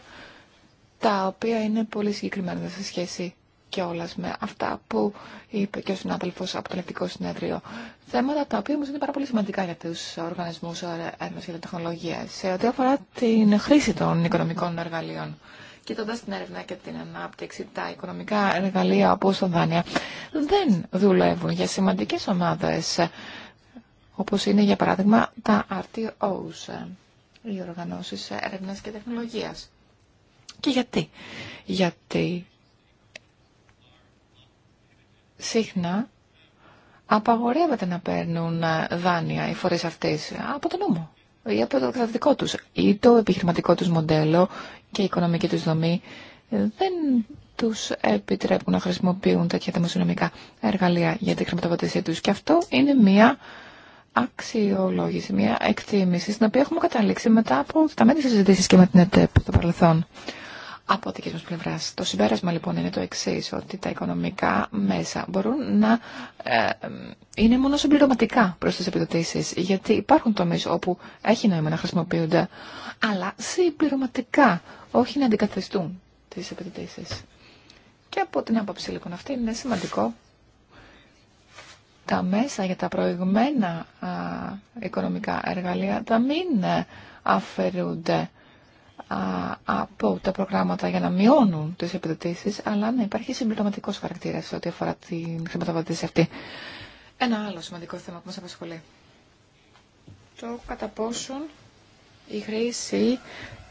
τα οποία είναι πολύ συγκεκριμένα σε σχέση και όλα με αυτά που είπε και ο συνάδελφο από το Ελεκτικό Συνέδριο. Θέματα τα οποία όμω είναι πάρα πολύ σημαντικά για του οργανισμού ε, έρευνα και τεχνολογία. Σε ό,τι αφορά την χρήση των οικονομικών εργαλείων κοιτώντα την έρευνα και την ανάπτυξη, τα οικονομικά εργαλεία όπω τα δάνεια δεν δουλεύουν για σημαντικέ ομάδε όπω είναι για παράδειγμα τα RTOs, οι οργανώσει έρευνα και τεχνολογία. Και γιατί. Γιατί συχνά απαγορεύεται να παίρνουν δάνεια οι φορείς αυτές από τον νόμο ή από το κρατικό τους ή το επιχειρηματικό τους μοντέλο και η οικονομική τους δομή δεν τους επιτρέπουν να χρησιμοποιούν τέτοια δημοσιονομικά εργαλεία για την χρηματοδότησή τους. Και αυτό είναι μία αξιολόγηση, μία εκτίμηση στην οποία έχουμε καταλήξει μετά από τα μέτρη συζητήσεις και με την ΕΤΕΠ στο παρελθόν από δική μα πλευρά. Το συμπέρασμα λοιπόν είναι το εξή, ότι τα οικονομικά μέσα μπορούν να ε, είναι μόνο συμπληρωματικά προ τι επιδοτήσει, γιατί υπάρχουν τομεί όπου έχει νόημα να χρησιμοποιούνται, αλλά συμπληρωματικά, όχι να αντικαθιστούν τι επιδοτήσει. Και από την άποψη λοιπόν αυτή είναι σημαντικό τα μέσα για τα προηγμένα οικονομικά εργαλεία να μην ε, αφαιρούνται από τα προγράμματα για να μειώνουν τις επιδοτήσεις, αλλά να υπάρχει συμπληρωματικός χαρακτήρας σε ό,τι αφορά την χρηματοδότηση αυτή. Ένα άλλο σημαντικό θέμα που μας απασχολεί. Το κατά πόσον η χρήση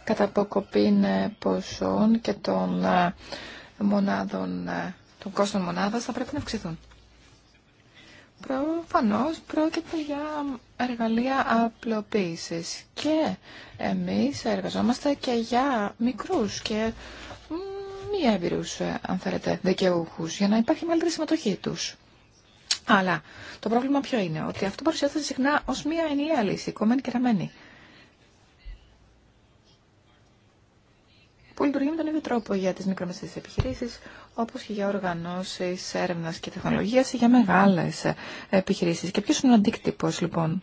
κατά αποκοπήν ναι, ποσών και των ε, μονάδων, ε, των κόστων μονάδας θα πρέπει να αυξηθούν. Προφανώς πρόκειται για εργαλεία απλοποίησης και εμείς εργαζόμαστε και για μικρούς και μη έμπειρους, ε, αν θέλετε, δικαιούχους, για να υπάρχει μεγαλύτερη συμμετοχή τους. Αλλά το πρόβλημα ποιο είναι, ότι αυτό παρουσιάζεται συχνά ως μία ενιαία λύση, κομμένη και ραμμένη. που λειτουργεί με τον ίδιο τρόπο για τι μικρομεσαίε επιχειρήσεις, όπως και για οργανώσει, έρευνας και τεχνολογίας ή για μεγάλες επιχειρήσεις. Και ποιο είναι ο αντίκτυπο, λοιπόν.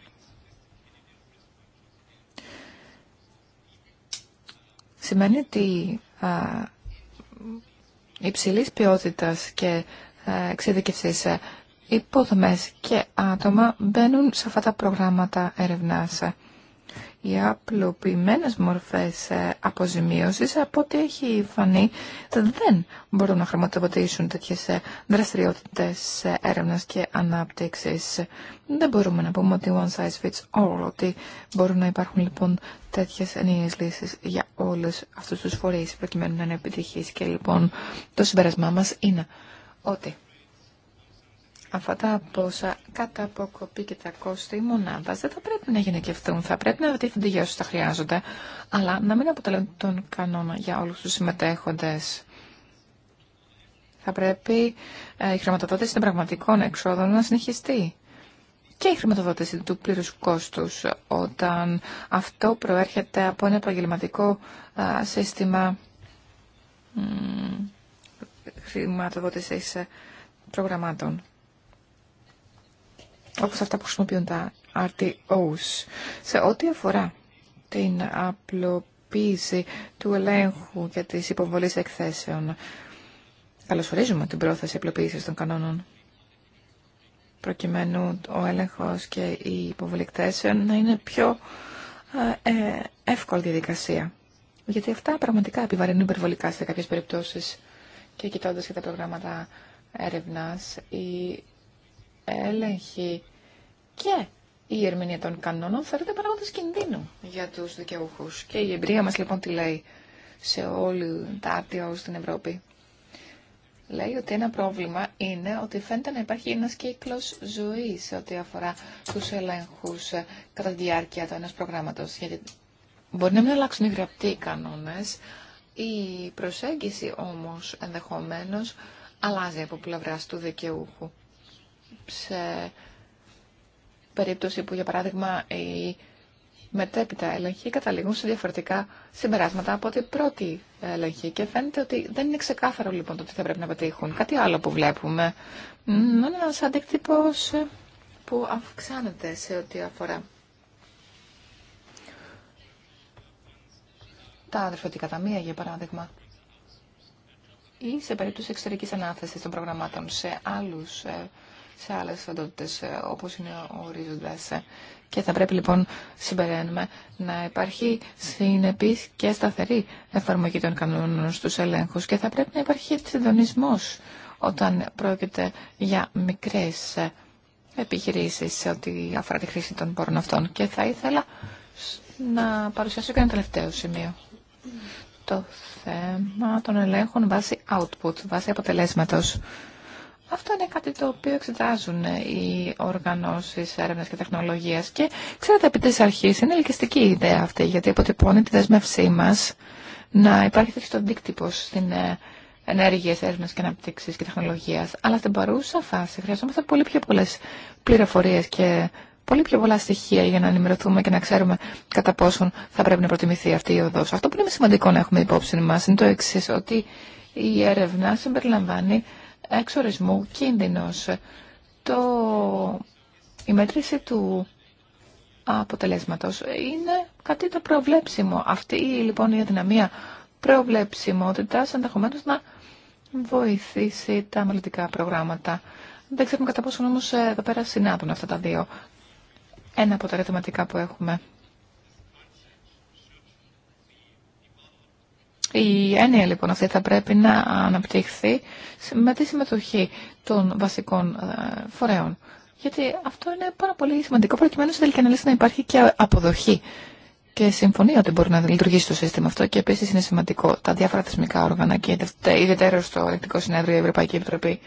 Σημαίνει ότι α, υψηλής ποιότητας και εξειδικευσής ε, υποδομές και άτομα μπαίνουν σε αυτά τα προγράμματα έρευνας οι απλοποιημένες μορφές ε, αποζημίωσης από ό,τι έχει φανεί δεν μπορούν να χρηματοδοτήσουν τέτοιες ε, δραστηριότητες ε, έρευνας και ανάπτυξης. Δεν μπορούμε να πούμε ότι one size fits all, ότι μπορούν να υπάρχουν λοιπόν τέτοιες ενιαίες λύσεις για όλου αυτούς τους φορείς προκειμένου να είναι και λοιπόν το συμπέρασμά μας είναι ότι αυτά τα πόσα κατά αποκοπή και τα κόστη μονάδας δεν θα πρέπει να γενικευτούν. Θα πρέπει να βρίσκονται για όσους τα χρειάζονται, αλλά να μην αποτελούν τον κανόνα για όλους τους συμμετέχοντες. Θα πρέπει ε, η χρηματοδότηση των πραγματικών εξόδων να συνεχιστεί και η χρηματοδότηση του πλήρους κόστους όταν αυτό προέρχεται από ένα επαγγελματικό σύστημα χρηματοδότησης ε, προγραμμάτων όπως αυτά που χρησιμοποιούν τα RTOs. Σε ό,τι αφορά την απλοποίηση του ελέγχου και της υποβολής εκθέσεων, καλωσορίζουμε την πρόθεση απλοποίησης των κανόνων προκειμένου ο έλεγχος και η υποβολή εκθέσεων να είναι πιο ε, ε, εύκολη διαδικασία. Γιατί αυτά πραγματικά επιβαρύνουν υπερβολικά σε κάποιες περιπτώσεις και κοιτώντας και τα προγράμματα έρευνας, η έλεγχη και η ερμηνεία των κανόνων θεωρείται παράγοντα κινδύνου για του δικαιούχου. Και η εμπειρία μα λοιπόν τι λέει σε όλη τα άρτια στην Ευρώπη. Λέει ότι ένα πρόβλημα είναι ότι φαίνεται να υπάρχει ένα κύκλο ζωή σε ό,τι αφορά του ελέγχου κατά τη διάρκεια του ενό προγράμματο. Γιατί μπορεί να μην αλλάξουν οι γραπτοί κανόνε, η προσέγγιση όμω ενδεχομένω αλλάζει από πλευρά του δικαιούχου σε περίπτωση που, για παράδειγμα, οι μετέπειτα έλεγχοι καταλήγουν σε διαφορετικά συμπεράσματα από την πρώτη έλεγχη. Και φαίνεται ότι δεν είναι ξεκάθαρο λοιπόν το τι θα πρέπει να πετύχουν. Κάτι άλλο που βλέπουμε. Είναι ένα αντίκτυπο που αυξάνεται σε ό,τι αφορά τα αδερφωτικά ταμεία, για παράδειγμα. Ή σε περίπτωση εξωτερικής ανάθεσης των προγραμμάτων σε άλλους ε, σε άλλες φαντότητες ε, όπως είναι ο ορίζοντας. Ε, και θα πρέπει λοιπόν, συμπεραίνουμε, να υπάρχει συνεπής και σταθερή εφαρμογή των κανόνων στους ελέγχους και θα πρέπει να υπάρχει συντονισμός όταν πρόκειται για μικρές ε, επιχειρήσεις σε ό,τι αφορά τη χρήση των πόρων αυτών. Και θα ήθελα να παρουσιάσω και ένα τελευταίο σημείο. Το θέμα των ελέγχων βάσει output, βάσει αποτελέσματος. Αυτό είναι κάτι το οποίο εξετάζουν οι οργανώσει έρευνα και τεχνολογία. Και ξέρετε, επί τη αρχή είναι ελκυστική η ιδέα αυτή, γιατί αποτυπώνει τη δέσμευσή μα να υπάρχει τέτοιο αντίκτυπο στην ε, ενέργεια έρευνα και ανάπτυξη και τεχνολογία. Αλλά στην παρούσα φάση χρειαζόμαστε πολύ πιο πολλέ πληροφορίε και πολύ πιο πολλά στοιχεία για να ενημερωθούμε και να ξέρουμε κατά πόσον θα πρέπει να προτιμηθεί αυτή η οδό. Αυτό που είναι σημαντικό να έχουμε υπόψη μα είναι το εξή, ότι η έρευνα συμπεριλαμβάνει εξορισμού κίνδυνος. Το... Η μέτρηση του αποτελέσματος είναι κάτι το προβλέψιμο. Αυτή λοιπόν η αδυναμία προβλέψιμότητας ενδεχομένω να βοηθήσει τα μελλοντικά προγράμματα. Δεν ξέρουμε κατά πόσο όμως εδώ πέρα συνάδουν αυτά τα δύο. Ένα από τα ερωτηματικά που έχουμε Η έννοια λοιπόν αυτή θα πρέπει να αναπτύχθει με τη συμμετοχή των βασικών ε, φορέων. Γιατί αυτό είναι πάρα πολύ σημαντικό προκειμένου σε τελική αναλύση να υπάρχει και αποδοχή. Και συμφωνία ότι μπορεί να λειτουργήσει το σύστημα αυτό και επίση είναι σημαντικό τα διάφορα θεσμικά όργανα και ιδιαίτερα στο Ελεκτικό Συνέδριο η Ευρωπαϊκή Επιτροπή.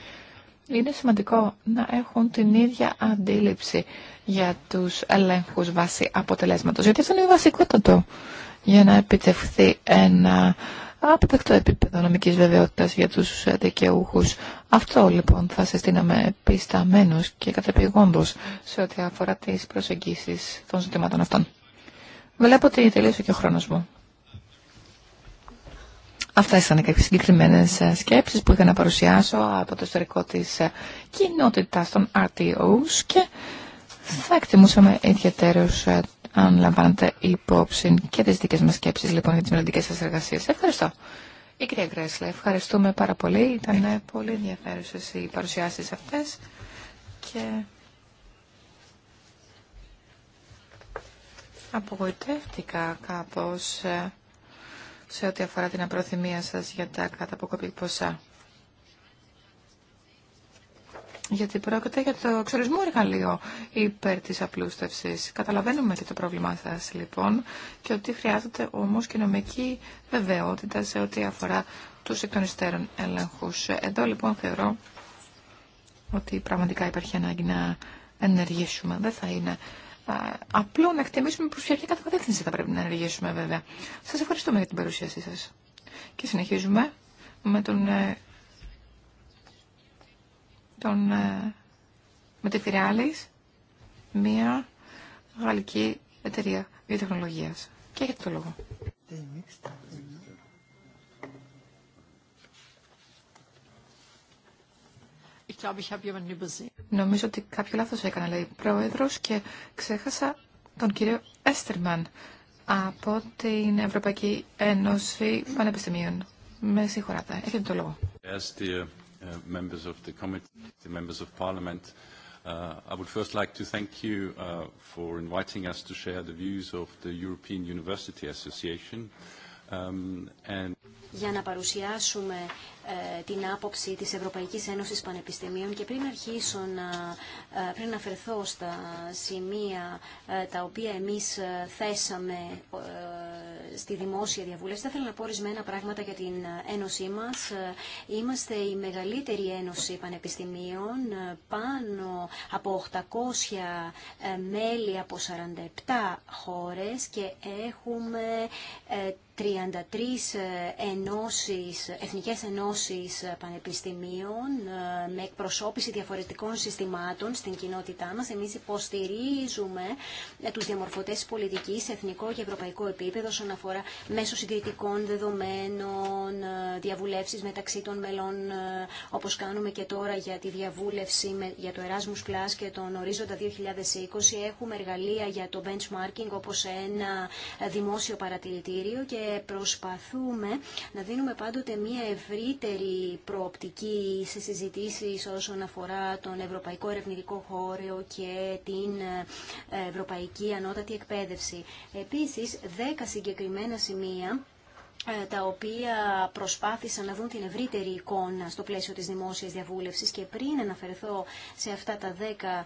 Είναι σημαντικό να έχουν την ίδια αντίληψη για του ελέγχου βάσει αποτελέσματο. Γιατί αυτό είναι βασικότατο για να επιτευχθεί ένα απαιτακτό επίπεδο νομική βεβαιότητα για του δικαιούχου. Αυτό λοιπόν θα συστήναμε πισταμένους και κατεπηγόντω σε ό,τι αφορά τι προσεγγίσει των ζητημάτων αυτών. Βλέπω ότι τελείωσε και ο χρόνο μου. Αυτά ήταν κάποιε συγκεκριμένε ε, σκέψει που είχα να παρουσιάσω από το ιστορικό τη ε, κοινότητα των RTOs και θα εκτιμούσαμε ιδιαίτερω ε, αν λαμβάνετε υπόψη και τις δικές μας σκέψεις λοιπόν για τις μελλοντικές σας εργασίες. Ευχαριστώ. Η κυρία Γκρέσλε, ευχαριστούμε πάρα πολύ. Ήταν πολύ ενδιαφέρουσες οι παρουσιάσεις αυτές και απογοητεύτηκα κάπως ε, σε ό,τι αφορά την απροθυμία σας για τα καταποκοπή ποσά. Γιατί πρόκειται για το εξορισμό εργαλείο υπέρ τη απλούστευση. Καταλαβαίνουμε και το πρόβλημά σα, λοιπόν και ότι χρειάζεται όμω και νομική βεβαιότητα σε ό,τι αφορά του εκ των έλεγχους. Εδώ λοιπόν θεωρώ ότι πραγματικά υπάρχει ανάγκη να ενεργήσουμε. Δεν θα είναι απλό να εκτιμήσουμε προ ποια κατεύθυνση θα πρέπει να ενεργήσουμε βέβαια. Σα ευχαριστούμε για την παρουσίασή σα. Και συνεχίζουμε με τον ε, τον ε, Μετεφυρεάλης, μια γαλλική εταιρεία βιοτεχνολογίας. Και έχετε το λόγο. Νομίζω ότι κάποιο λάθος έκανα, λέει πρόεδρος, και ξέχασα τον κύριο Έστερμαν από την Ευρωπαϊκή Ένωση Πανεπιστημίων. Με συγχωράτε. Έχετε το λόγο members of the committee, the members of parliament. I would first like to thank you for inviting us to share the views of the European University Association. and... Για να παρουσιάσουμε την άποψη της Ευρωπαϊκής Ένωσης Πανεπιστημίων και πριν αρχίσω να πριν αφαιρθώ στα σημεία τα οποία εμείς θέσαμε στη δημόσια διαβούλευση. Θα ήθελα να πω ορισμένα πράγματα για την ένωσή μα. Είμαστε η μεγαλύτερη ένωση πανεπιστημίων, πάνω από 800 ε, μέλη από 47 χώρε και έχουμε ε, 33 ε, ενώσεις, εθνικές ενώσεις ε, πανεπιστημίων ε, με εκπροσώπηση διαφορετικών συστημάτων στην κοινότητά μας. Εμείς υποστηρίζουμε τους διαμορφωτές πολιτικής σε εθνικό και ευρωπαϊκό επίπεδο όσον αφορά μέσω συντηρητικών δεδομένων, διαβουλεύσεις μεταξύ των μελών όπως κάνουμε και τώρα για τη διαβούλευση για το Erasmus Plus και τον Ορίζοντα 2020. Έχουμε εργαλεία για το benchmarking όπως ένα δημόσιο παρατηρητήριο και και προσπαθούμε να δίνουμε πάντοτε μια ευρύτερη προοπτική σε συζητήσεις όσον αφορά τον Ευρωπαϊκό Ερευνητικό Χώρο και την ε, Ευρωπαϊκή Ανώτατη Εκπαίδευση. Επίσης, δέκα συγκεκριμένα σημεία ε, τα οποία προσπάθησαν να δουν την ευρύτερη εικόνα στο πλαίσιο της δημόσιας διαβούλευσης και πριν αναφερθώ σε αυτά τα δέκα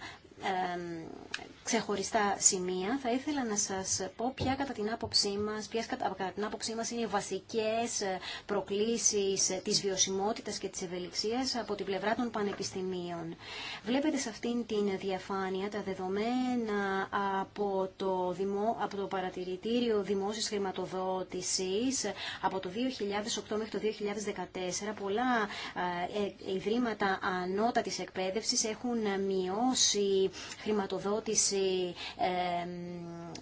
ξεχωριστά σημεία. Θα ήθελα να σας πω ποια κατά την άποψή μας, κατά, την άποψή είναι οι βασικές ε, προκλήσεις ε, της βιωσιμότητας και της ευελιξίας από την πλευρά των πανεπιστημίων. Βλέπετε σε αυτήν την διαφάνεια τα δεδομένα από το, δημο, από το παρατηρητήριο δημόσιας χρηματοδότησης από το 2008 μέχρι το 2014 πολλά ε, ιδρύματα ανώτατης εκπαίδευσης έχουν μειώσει χρηματοδότηση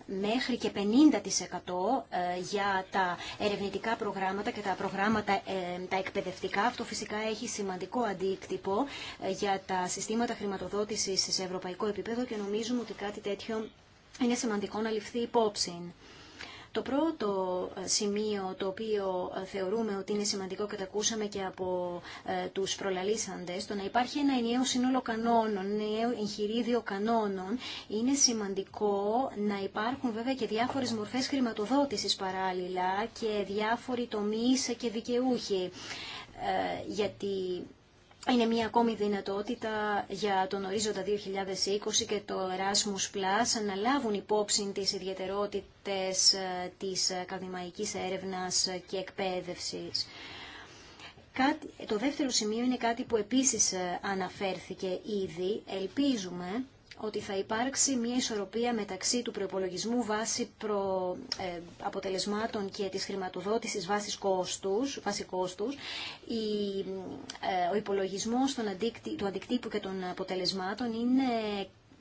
μέχρι και 50% ε, για τα ερευνητικά προγράμματα και τα προγράμματα τα εκπαιδευτικά. Αυτό φυσικά έχει σημαντικό αντίκτυπο ε, για τα συστήματα χρηματοδότησης σε ευρωπαϊκό επίπεδο και νομίζουμε ότι κάτι τέτοιο είναι σημαντικό να ληφθεί υπόψη. Το πρώτο ε, σημείο το οποίο ε, θεωρούμε ότι είναι σημαντικό και το ακούσαμε και από ε, τους προλαλήσαντες, το να υπάρχει ένα ενιαίο σύνολο κανόνων, ενιαίο εγχειρίδιο κανόνων, είναι σημαντικό να υπάρχουν βέβαια και διάφορες μορφές χρηματοδότησης παράλληλα και διάφοροι τομείς και δικαιούχοι. Γιατί είναι μια ακόμη δυνατότητα για τον ορίζοντα 2020 και το Erasmus Plus να λάβουν υπόψη τις ιδιαιτερότητες ε, της ε, ακαδημαϊκής έρευνας και εκπαίδευσης. Το δεύτερο σημείο είναι κάτι που επίσης ε, αναφέρθηκε ήδη. Ελπίζουμε ότι θα υπάρξει μια ισορροπία μεταξύ του προπολογισμού βάση προ, ε, αποτελεσμάτων και της χρηματοδότησης βάσης κόστους, βάση κόστους ε, ο υπολογισμός του αντικτύπου και των αποτελεσμάτων είναι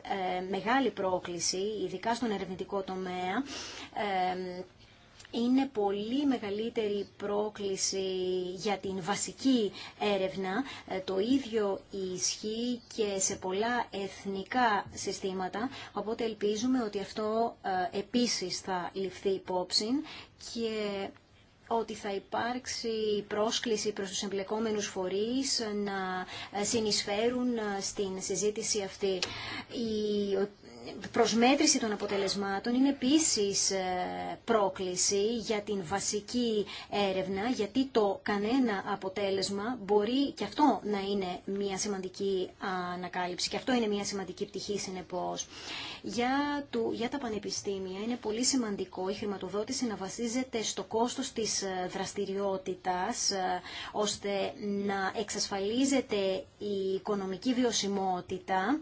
ε, μεγάλη πρόκληση, ειδικά στον ερευνητικό τομέα, είναι πολύ μεγαλύτερη πρόκληση για την βασική έρευνα. Ε, το ίδιο ισχύει και σε πολλά εθνικά συστήματα, οπότε ελπίζουμε ότι αυτό ε, επίσης θα ληφθεί υπόψη και ότι θα υπάρξει πρόσκληση προς τους εμπλεκόμενους φορείς να ε, συνεισφέρουν στην συζήτηση αυτή προσμέτρηση των αποτελεσμάτων είναι επίσης ε, πρόκληση για την βασική έρευνα, γιατί το κανένα αποτέλεσμα μπορεί και αυτό να είναι μια σημαντική ανακάλυψη και αυτό είναι μια σημαντική πτυχή συνεπώς. Για, του, για τα πανεπιστήμια είναι πολύ σημαντικό η χρηματοδότηση να βασίζεται στο κόστος της ε, δραστηριότητας, ε, ώστε να εξασφαλίζεται η οικονομική βιωσιμότητα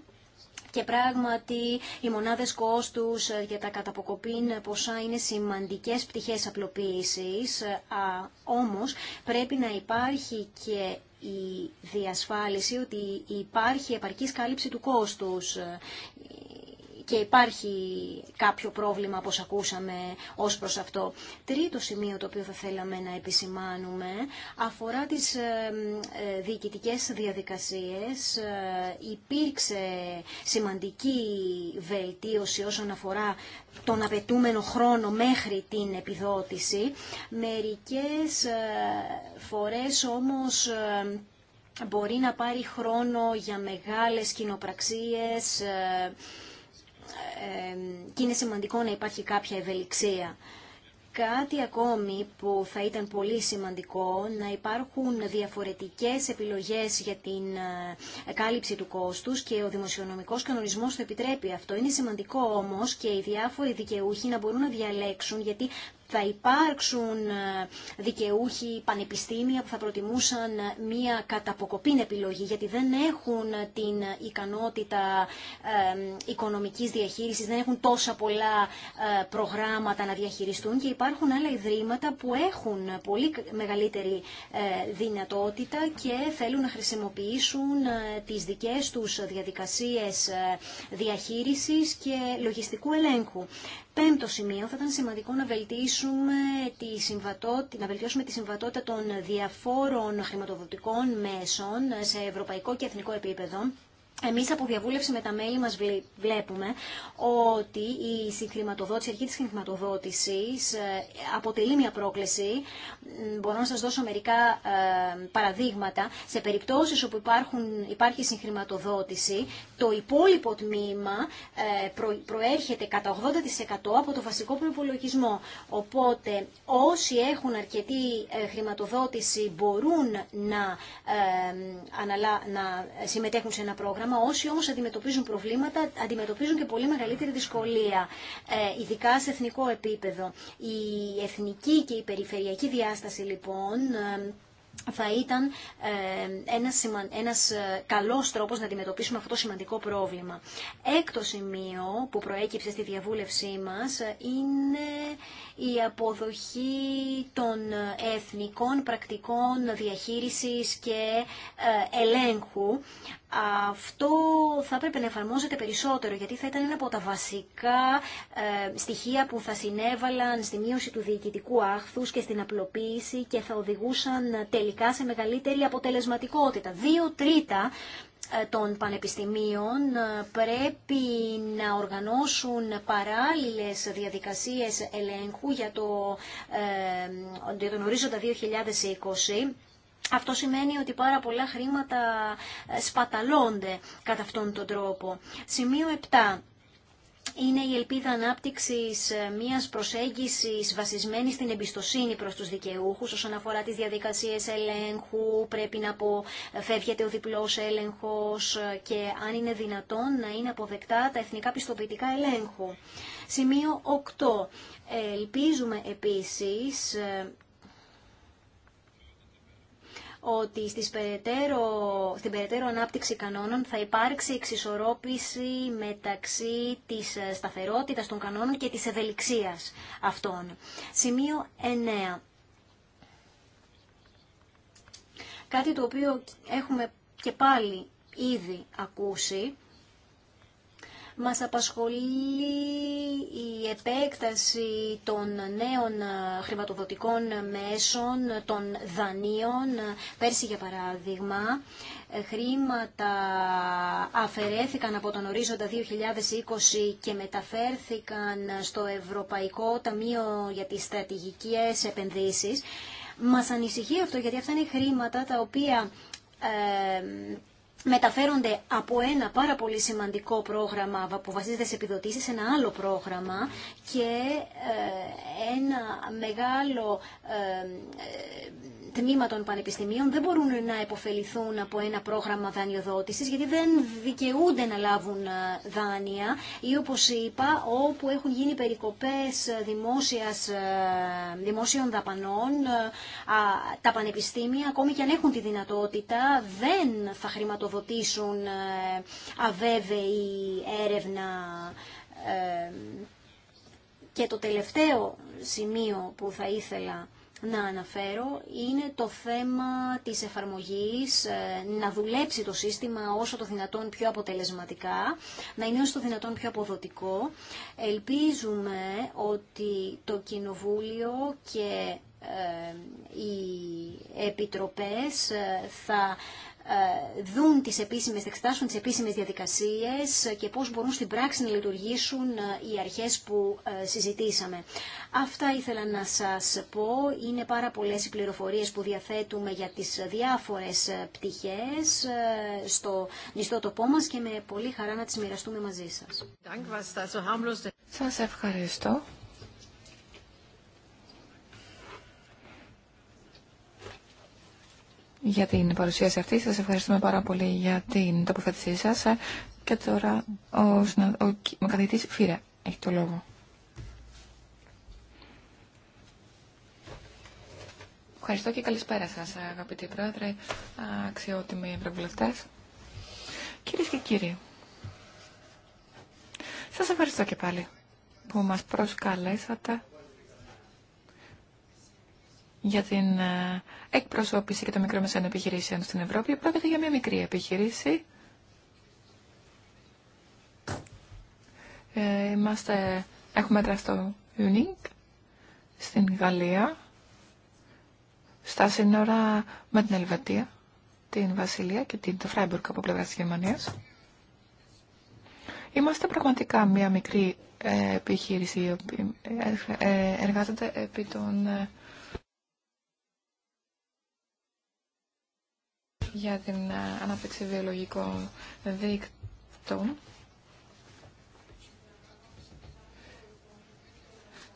και πράγματι οι μονάδες κόστους ε, για τα καταποκοπήν ποσά είναι σημαντικές πτυχές απλοποίησης, ε, α, όμως πρέπει να υπάρχει και η διασφάλιση ότι υπάρχει επαρκής κάλυψη του κόστους. Ε, και υπάρχει κάποιο πρόβλημα, όπως ακούσαμε, ως προς αυτό. Τρίτο σημείο το οποίο θα θέλαμε να επισημάνουμε αφορά τις ε, ε, διοικητικές διαδικασίες. Ε, υπήρξε σημαντική βελτίωση όσον αφορά τον απαιτούμενο χρόνο μέχρι την επιδότηση. Μερικές φορές όμως μπορεί να πάρει χρόνο για μεγάλες κοινοπραξίες και είναι σημαντικό να υπάρχει κάποια ευελιξία. Κάτι ακόμη που θα ήταν πολύ σημαντικό να υπάρχουν διαφορετικές επιλογές για την ε, κάλυψη του κόστους και ο δημοσιονομικός κανονισμός το επιτρέπει αυτό. Είναι σημαντικό όμως και οι διάφοροι δικαιούχοι να μπορούν να διαλέξουν γιατί θα υπάρξουν ε, δικαιούχοι πανεπιστήμια που θα προτιμούσαν ε, μία καταποκοπήν επιλογή γιατί δεν έχουν ε, την ικανότητα οικονομικής διαχείρισης, δεν έχουν τόσα πολλά προγράμματα να διαχειριστούν και υπάρχουν άλλα ιδρύματα που έχουν πολύ μεγαλύτερη δυνατότητα και θέλουν να χρησιμοποιήσουν τις δικές τους διαδικασίες διαχείρισης και λογιστικού ελέγχου. Πέμπτο σημείο, θα ήταν σημαντικό να βελτιώσουμε τη συμβατότητα, να βελτιώσουμε τη συμβατότητα των διαφόρων χρηματοδοτικών μέσων σε ευρωπαϊκό και εθνικό επίπεδο εμείς από διαβούλευση με τα μέλη μας βλέπουμε ότι η συγχρηματοδότηση, η αρχή της συγχρηματοδότησης ε, αποτελεί μια πρόκληση. Μπορώ να σας δώσω μερικά ε, παραδείγματα. Σε περιπτώσεις όπου υπάρχουν, υπάρχει συγχρηματοδότηση, το υπόλοιπο τμήμα ε, προέρχεται κατά 80% από το βασικό προπολογισμό. Οπότε όσοι έχουν αρκετή χρηματοδότηση μπορούν να, να συμμετέχουν σε ένα πρόγραμμα Όσοι όμως αντιμετωπίζουν προβλήματα, αντιμετωπίζουν και πολύ μεγαλύτερη δυσκολία, ε, ειδικά σε εθνικό επίπεδο. Η εθνική και η περιφερειακή διάσταση λοιπόν ε, θα ήταν ε, ένας, ένας καλός τρόπος να αντιμετωπίσουμε αυτό το σημαντικό πρόβλημα. Έκτο σημείο που προέκυψε στη διαβούλευσή μας είναι η αποδοχή των εθνικών πρακτικών διαχείρισης και ελέγχου αυτό θα έπρεπε να εφαρμόζεται περισσότερο, γιατί θα ήταν ένα από τα βασικά ε, στοιχεία που θα συνέβαλαν στη μείωση του διοικητικού άχθους και στην απλοποίηση και θα οδηγούσαν τελικά σε μεγαλύτερη αποτελεσματικότητα. Δύο τρίτα ε, των πανεπιστημίων ε, πρέπει να οργανώσουν παράλληλες διαδικασίες ελέγχου για, το, για τον ορίζοντα 2020 αυτό σημαίνει ότι πάρα πολλά χρήματα ε, σπαταλώνται κατά αυτόν τον τρόπο. Σημείο 7 είναι η ελπίδα ανάπτυξη ε, μιας προσέγγισης βασισμένη στην εμπιστοσύνη προς τους δικαιούχους όσον αφορά τι διαδικασίε ελέγχου, πρέπει να ε, φεύγεται ο διπλό έλεγχο και αν είναι δυνατόν να είναι αποδεκτά τα εθνικά πιστοποιητικά ελέγχου. Σημείο 8. Ελπίζουμε επίσης ότι στις περαιτέρω, στην περαιτέρω ανάπτυξη κανόνων θα υπάρξει εξισορρόπηση μεταξύ της ε, σταθερότητας των κανόνων και της ευελιξίας αυτών. Σημείο 9. Κάτι το οποίο έχουμε και πάλι ήδη ακούσει μας απασχολεί η επέκταση των νέων χρηματοδοτικών μέσων, των δανείων. Πέρσι, για παράδειγμα, ε, χρήματα αφαιρέθηκαν από τον ορίζοντα 2020 και μεταφέρθηκαν στο Ευρωπαϊκό Ταμείο για τις Στρατηγικές Επενδύσεις. Μας ανησυχεί αυτό γιατί αυτά είναι χρήματα τα οποία ε, μεταφέρονται από ένα πάρα πολύ σημαντικό πρόγραμμα που βασίζεται σε επιδοτήσεις σε ένα άλλο πρόγραμμα και ε, ένα μεγάλο ε, ε, τμήμα των πανεπιστημίων δεν μπορούν να επωφεληθούν από ένα πρόγραμμα δανειοδότησης γιατί δεν δικαιούνται να λάβουν δάνεια ή όπως είπα όπου έχουν γίνει περικοπές δημόσιας, δημόσιων δαπανών τα πανεπιστήμια ακόμη και αν έχουν τη δυνατότητα δεν θα χρηματοδοτούν ε, αβέβαιη έρευνα ε, και το τελευταίο σημείο που θα ήθελα να αναφέρω είναι το θέμα της εφαρμογής, ε, να δουλέψει το σύστημα όσο το δυνατόν πιο αποτελεσματικά, να είναι όσο το δυνατόν πιο αποδοτικό. Ελπίζουμε ότι το Κοινοβούλιο και οι επιτροπές θα ε, δουν τις επίσημες, εξετάσουν τις επίσημες διαδικασίες και πώς μπορούν στην πράξη να λειτουργήσουν ε, οι αρχές που ε, συζητήσαμε. Αυτά ήθελα να σας πω. Είναι πάρα πολλές οι πληροφορίες που διαθέτουμε για τις διάφορες πτυχές στο νηστό τοπό μας και με πολύ χαρά να τις μοιραστούμε μαζί σας. Σας ευχαριστώ. για την παρουσίαση αυτή. Σας ευχαριστούμε πάρα πολύ για την τοποθέτησή σας. Και τώρα ο, ο, ο καθηγητής Φύρα έχει το λόγο. Ευχαριστώ και καλησπέρα σας αγαπητοί πρόεδρε, αξιότιμοι ευρωβουλευτές. Κυρίες και κύριοι, σας ευχαριστώ και πάλι που μας προσκαλέσατε για την ε, εκπροσώπηση και μικρό μικρομεσαίων επιχειρήσεων στην Ευρώπη. Πρόκειται για μια μικρή επιχειρήση. Ε, είμαστε, έχουμε έδρα στο στην Γαλλία, στα σύνορα με την Ελβετία, την Βασιλεία και την, το Φράιμπουργκ από πλευρά της Γερμανίας. Είμαστε πραγματικά μια μικρή ε, επιχείρηση η οποία εργάζεται επί των για την ε, ανάπτυξη βιολογικών δίκτων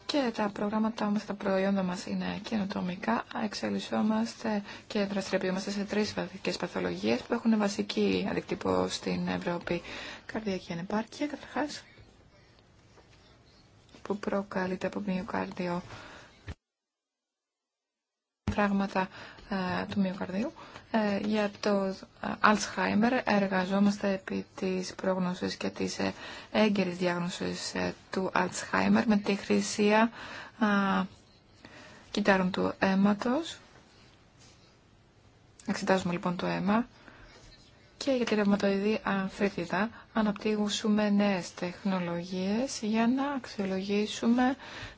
και τα προγράμματα μας, τα προϊόντα μας είναι καινοτομικά. Εξελισσόμαστε και δραστηριοποιούμαστε σε τρεις βαθικές παθολογίες που έχουν βασική αντικτύπω στην Ευρώπη. Καρδιακή ανεπάρκεια, καταρχάς, που προκαλείται από μυοκάρδιο ε, του μυοκαρδίου. Ε, για το ε, Alzheimer εργαζόμαστε επί της πρόγνωσης και της ε, έγκαιρης διάγνωσης του Alzheimer με τη χρήση κυτάρων του αίματος. Εξετάζουμε λοιπόν το αίμα και για τη ρευματοειδή ανθρίτιδα αναπτύγουμε νέες τεχνολογίες για να αξιολογήσουμε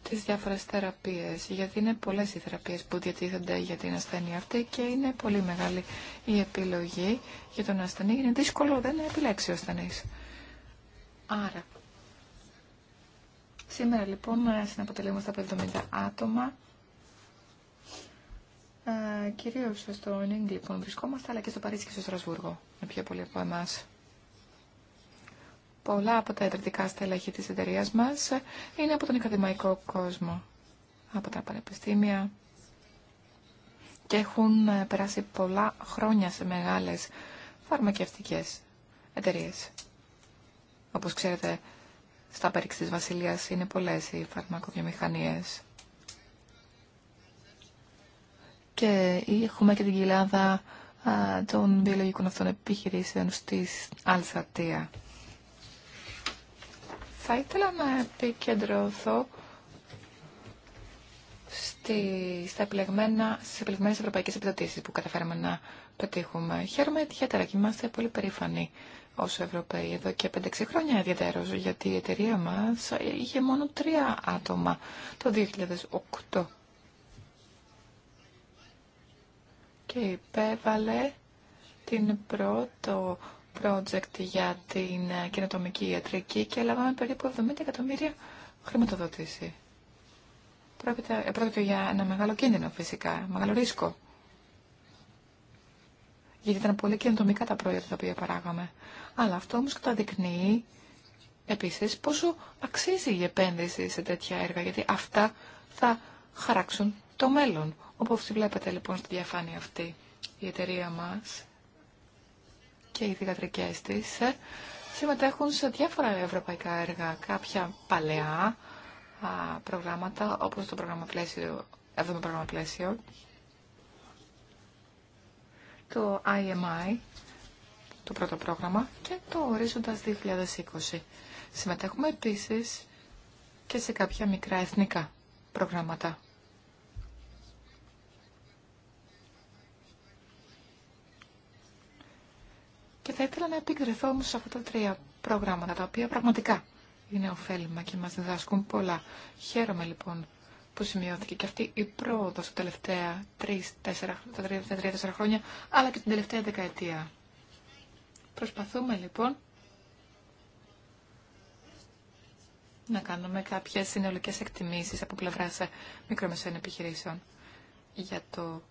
τις διάφορες θεραπείες. Γιατί είναι πολλές οι θεραπείες που διατίθενται για την ασθένεια αυτή και είναι πολύ μεγάλη η επιλογή για τον ασθενή. Είναι δύσκολο, δεν επιλέξει ο ασθενής. Άρα, σήμερα λοιπόν συναποτελούμε στα 70 άτομα ε, κυρίως στο Νίγκ, λοιπόν βρισκόμαστε, αλλά και στο Παρίσι και στο Στρασβούργο, με πιο πολλοί από εμά. Πολλά από τα ιδρυτικά στελέχη της εταιρεία μας είναι από τον ακαδημαϊκό κόσμο, από τα πανεπιστήμια και έχουν ε, περάσει πολλά χρόνια σε μεγάλες φαρμακευτικές εταιρείε. Όπως ξέρετε, στα πέριξη της Βασιλείας είναι πολλές οι φαρμακοβιομηχανίες. Και έχουμε και την κοιλάδα των βιολογικών αυτών επιχειρήσεων στη Αλσατία. Θα ήθελα να επικεντρωθώ στη, στα επιλεγμένα, στις επιλεγμένες ευρωπαϊκές επιδοτήσεις που καταφέραμε να πετύχουμε. Χαίρομαι ιδιαίτερα και είμαστε πολύ περήφανοι ως Ευρωπαίοι εδώ και 5-6 χρόνια ιδιαίτερως, γιατί η εταιρεία μας είχε μόνο τρία άτομα το 2008 και υπέβαλε την πρώτο project για την ε, καινοτομική ιατρική και λάβαμε περίπου 70 εκατομμύρια χρηματοδότηση. Ε, πρόκειται για ένα μεγάλο κίνδυνο φυσικά, μεγάλο ρίσκο. Γιατί ήταν πολύ καινοτομικά τα προϊόντα τα οποία παράγαμε. Αλλά αυτό όμως καταδεικνύει επίσης πόσο αξίζει η επένδυση σε τέτοια έργα, γιατί αυτά θα χαράξουν το μέλλον. Όπως βλέπετε λοιπόν στη διαφάνεια αυτή η εταιρεία μας και οι θηγατρικές της συμμετέχουν σε διάφορα ευρωπαϊκά έργα, κάποια παλαιά προγράμματα όπως το πρόγραμμα πλαίσιο, το πρόγραμμα πλαίσιο, το IMI, το πρώτο πρόγραμμα και το ορίζοντας 2020. Συμμετέχουμε επίσης και σε κάποια μικρά εθνικά προγράμματα. Και θα ήθελα να επικριθώ όμως σε αυτά τα τρία προγράμματα, τα οποία πραγματικά είναι ωφέλιμα και μας διδάσκουν πολλά. Χαίρομαι λοιπόν που σημειώθηκε και αυτή η πρόοδος τα τελευταία τρία-τέσσερα χρόνια, αλλά και την τελευταία δεκαετία. Προσπαθούμε λοιπόν να κάνουμε κάποιες συνολικές εκτιμήσεις από σε μικρομεσαίων επιχειρήσεων για το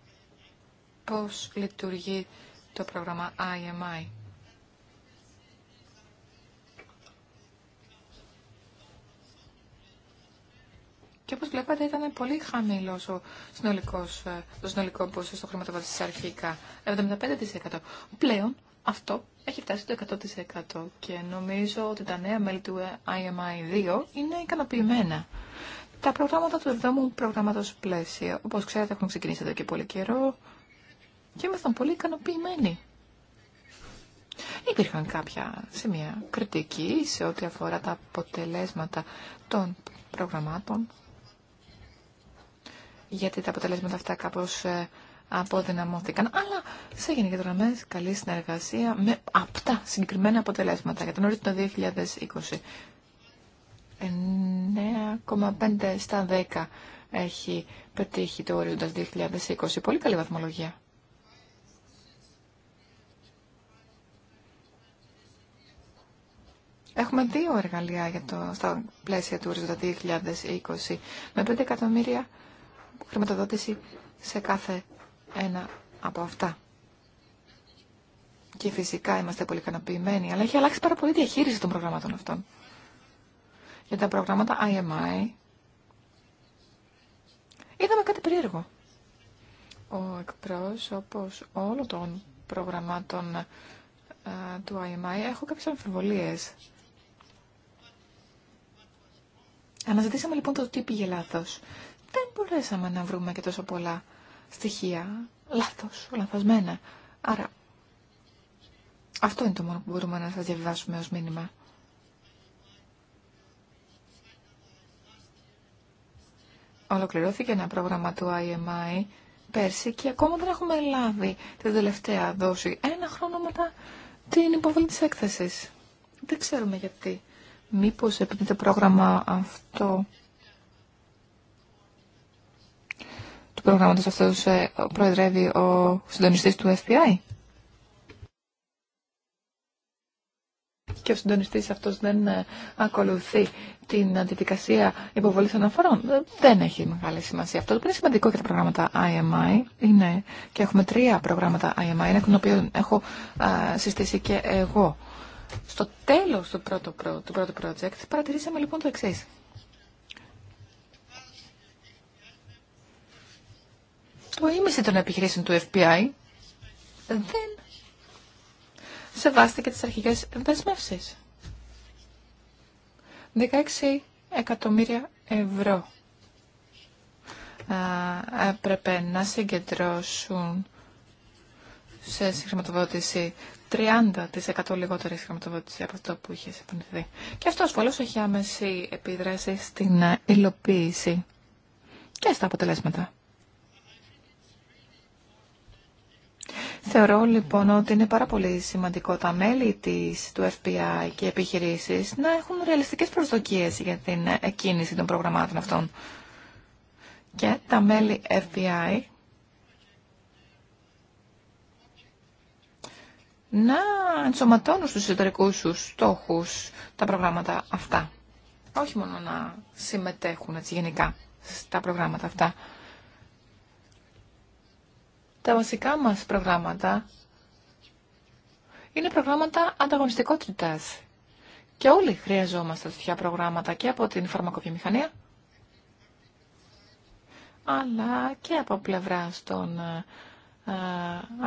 πώς λειτουργεί το πρόγραμμα IMI. Και όπω βλέπατε ήταν πολύ χαμηλό ο συνολικός, ε, το συνολικό ποσοστό χρηματοδότησης αρχικά, 75%. Πλέον αυτό έχει φτάσει το 100% και νομίζω ότι τα νέα μέλη του ε, IMI2 είναι ικανοποιημένα. Τα προγράμματα του 7ου προγράμματος πλαίσια, όπως ξέρετε έχουν ξεκινήσει εδώ και πολύ καιρό και ήμασταν πολύ ικανοποιημένοι. Υπήρχαν κάποια σημεία κριτική σε ό,τι αφορά τα αποτελέσματα των προγραμμάτων γιατί τα αποτελέσματα αυτά κάπως ε, αποδυναμώθηκαν. Αλλά σε γενικέ γραμμέ καλή συνεργασία με αυτά συγκεκριμένα αποτελέσματα για τον ορίζοντα 2020. 9,5 στα 10 έχει πετύχει το ορίζοντα 2020. Πολύ καλή βαθμολογία. Έχουμε δύο εργαλεία για το, στα πλαίσια του ορίζοντα 2020 με 5 εκατομμύρια χρηματοδότηση σε κάθε ένα από αυτά. Και φυσικά είμαστε πολύ ικανοποιημένοι, αλλά έχει αλλάξει πάρα πολύ διαχείριση των προγραμμάτων αυτών. Για τα προγράμματα IMI είδαμε κάτι περίεργο. Ο εκπρόσωπος όλων των προγραμμάτων ε, του IMI έχω κάποιες αμφιβολίες. Αναζητήσαμε λοιπόν το τι πήγε λάθος δεν μπορέσαμε να βρούμε και τόσο πολλά στοιχεία λάθος, λανθασμένα. Άρα, αυτό είναι το μόνο που μπορούμε να σας διαβιβάσουμε ως μήνυμα. Ολοκληρώθηκε ένα πρόγραμμα του IMI πέρσι και ακόμα δεν έχουμε λάβει την τελευταία δόση. Ένα χρόνο μετά την υποβολή της έκθεσης. Δεν ξέρουμε γιατί. Μήπως επειδή το πρόγραμμα αυτό του προγράμματος ε, προεδρεύει ο συντονιστής του FBI. Και ο συντονιστής αυτός δεν ε, ακολουθεί την αντιδικασία υποβολής αναφορών. Ε, δεν έχει μεγάλη σημασία αυτό. είναι σημαντικό για τα προγράμματα IMI είναι, και έχουμε τρία προγράμματα IMI, ένα των οποίων έχω συστήσει και εγώ. Στο τέλος του πρώτου, του πρώτου project παρατηρήσαμε λοιπόν το εξής. το ίμιση των επιχειρήσεων του FBI δεν σεβάστηκε τις αρχικές δεσμεύσει. 16 εκατομμύρια ευρώ ε, έπρεπε να συγκεντρώσουν σε συγχρηματοδότηση 30% λιγότερη χρηματοδότηση από αυτό που είχε συμφωνηθεί. Και αυτό ασφαλώς έχει άμεση επίδραση στην υλοποίηση και στα αποτελέσματα. Θεωρώ λοιπόν ότι είναι πάρα πολύ σημαντικό τα μέλη της, του FBI και επιχειρήσεις να έχουν ρεαλιστικές προσδοκίες για την εκκίνηση των προγραμμάτων αυτών. Και τα μέλη FBI να ενσωματώνουν στους εσωτερικούς τους στόχους τα προγράμματα αυτά. Όχι μόνο να συμμετέχουν έτσι γενικά στα προγράμματα αυτά τα βασικά μας προγράμματα είναι προγράμματα ανταγωνιστικότητας. Και όλοι χρειαζόμαστε τέτοια προγράμματα και από την φαρμακοβιομηχανία, αλλά και από πλευρά των α, ε, ε,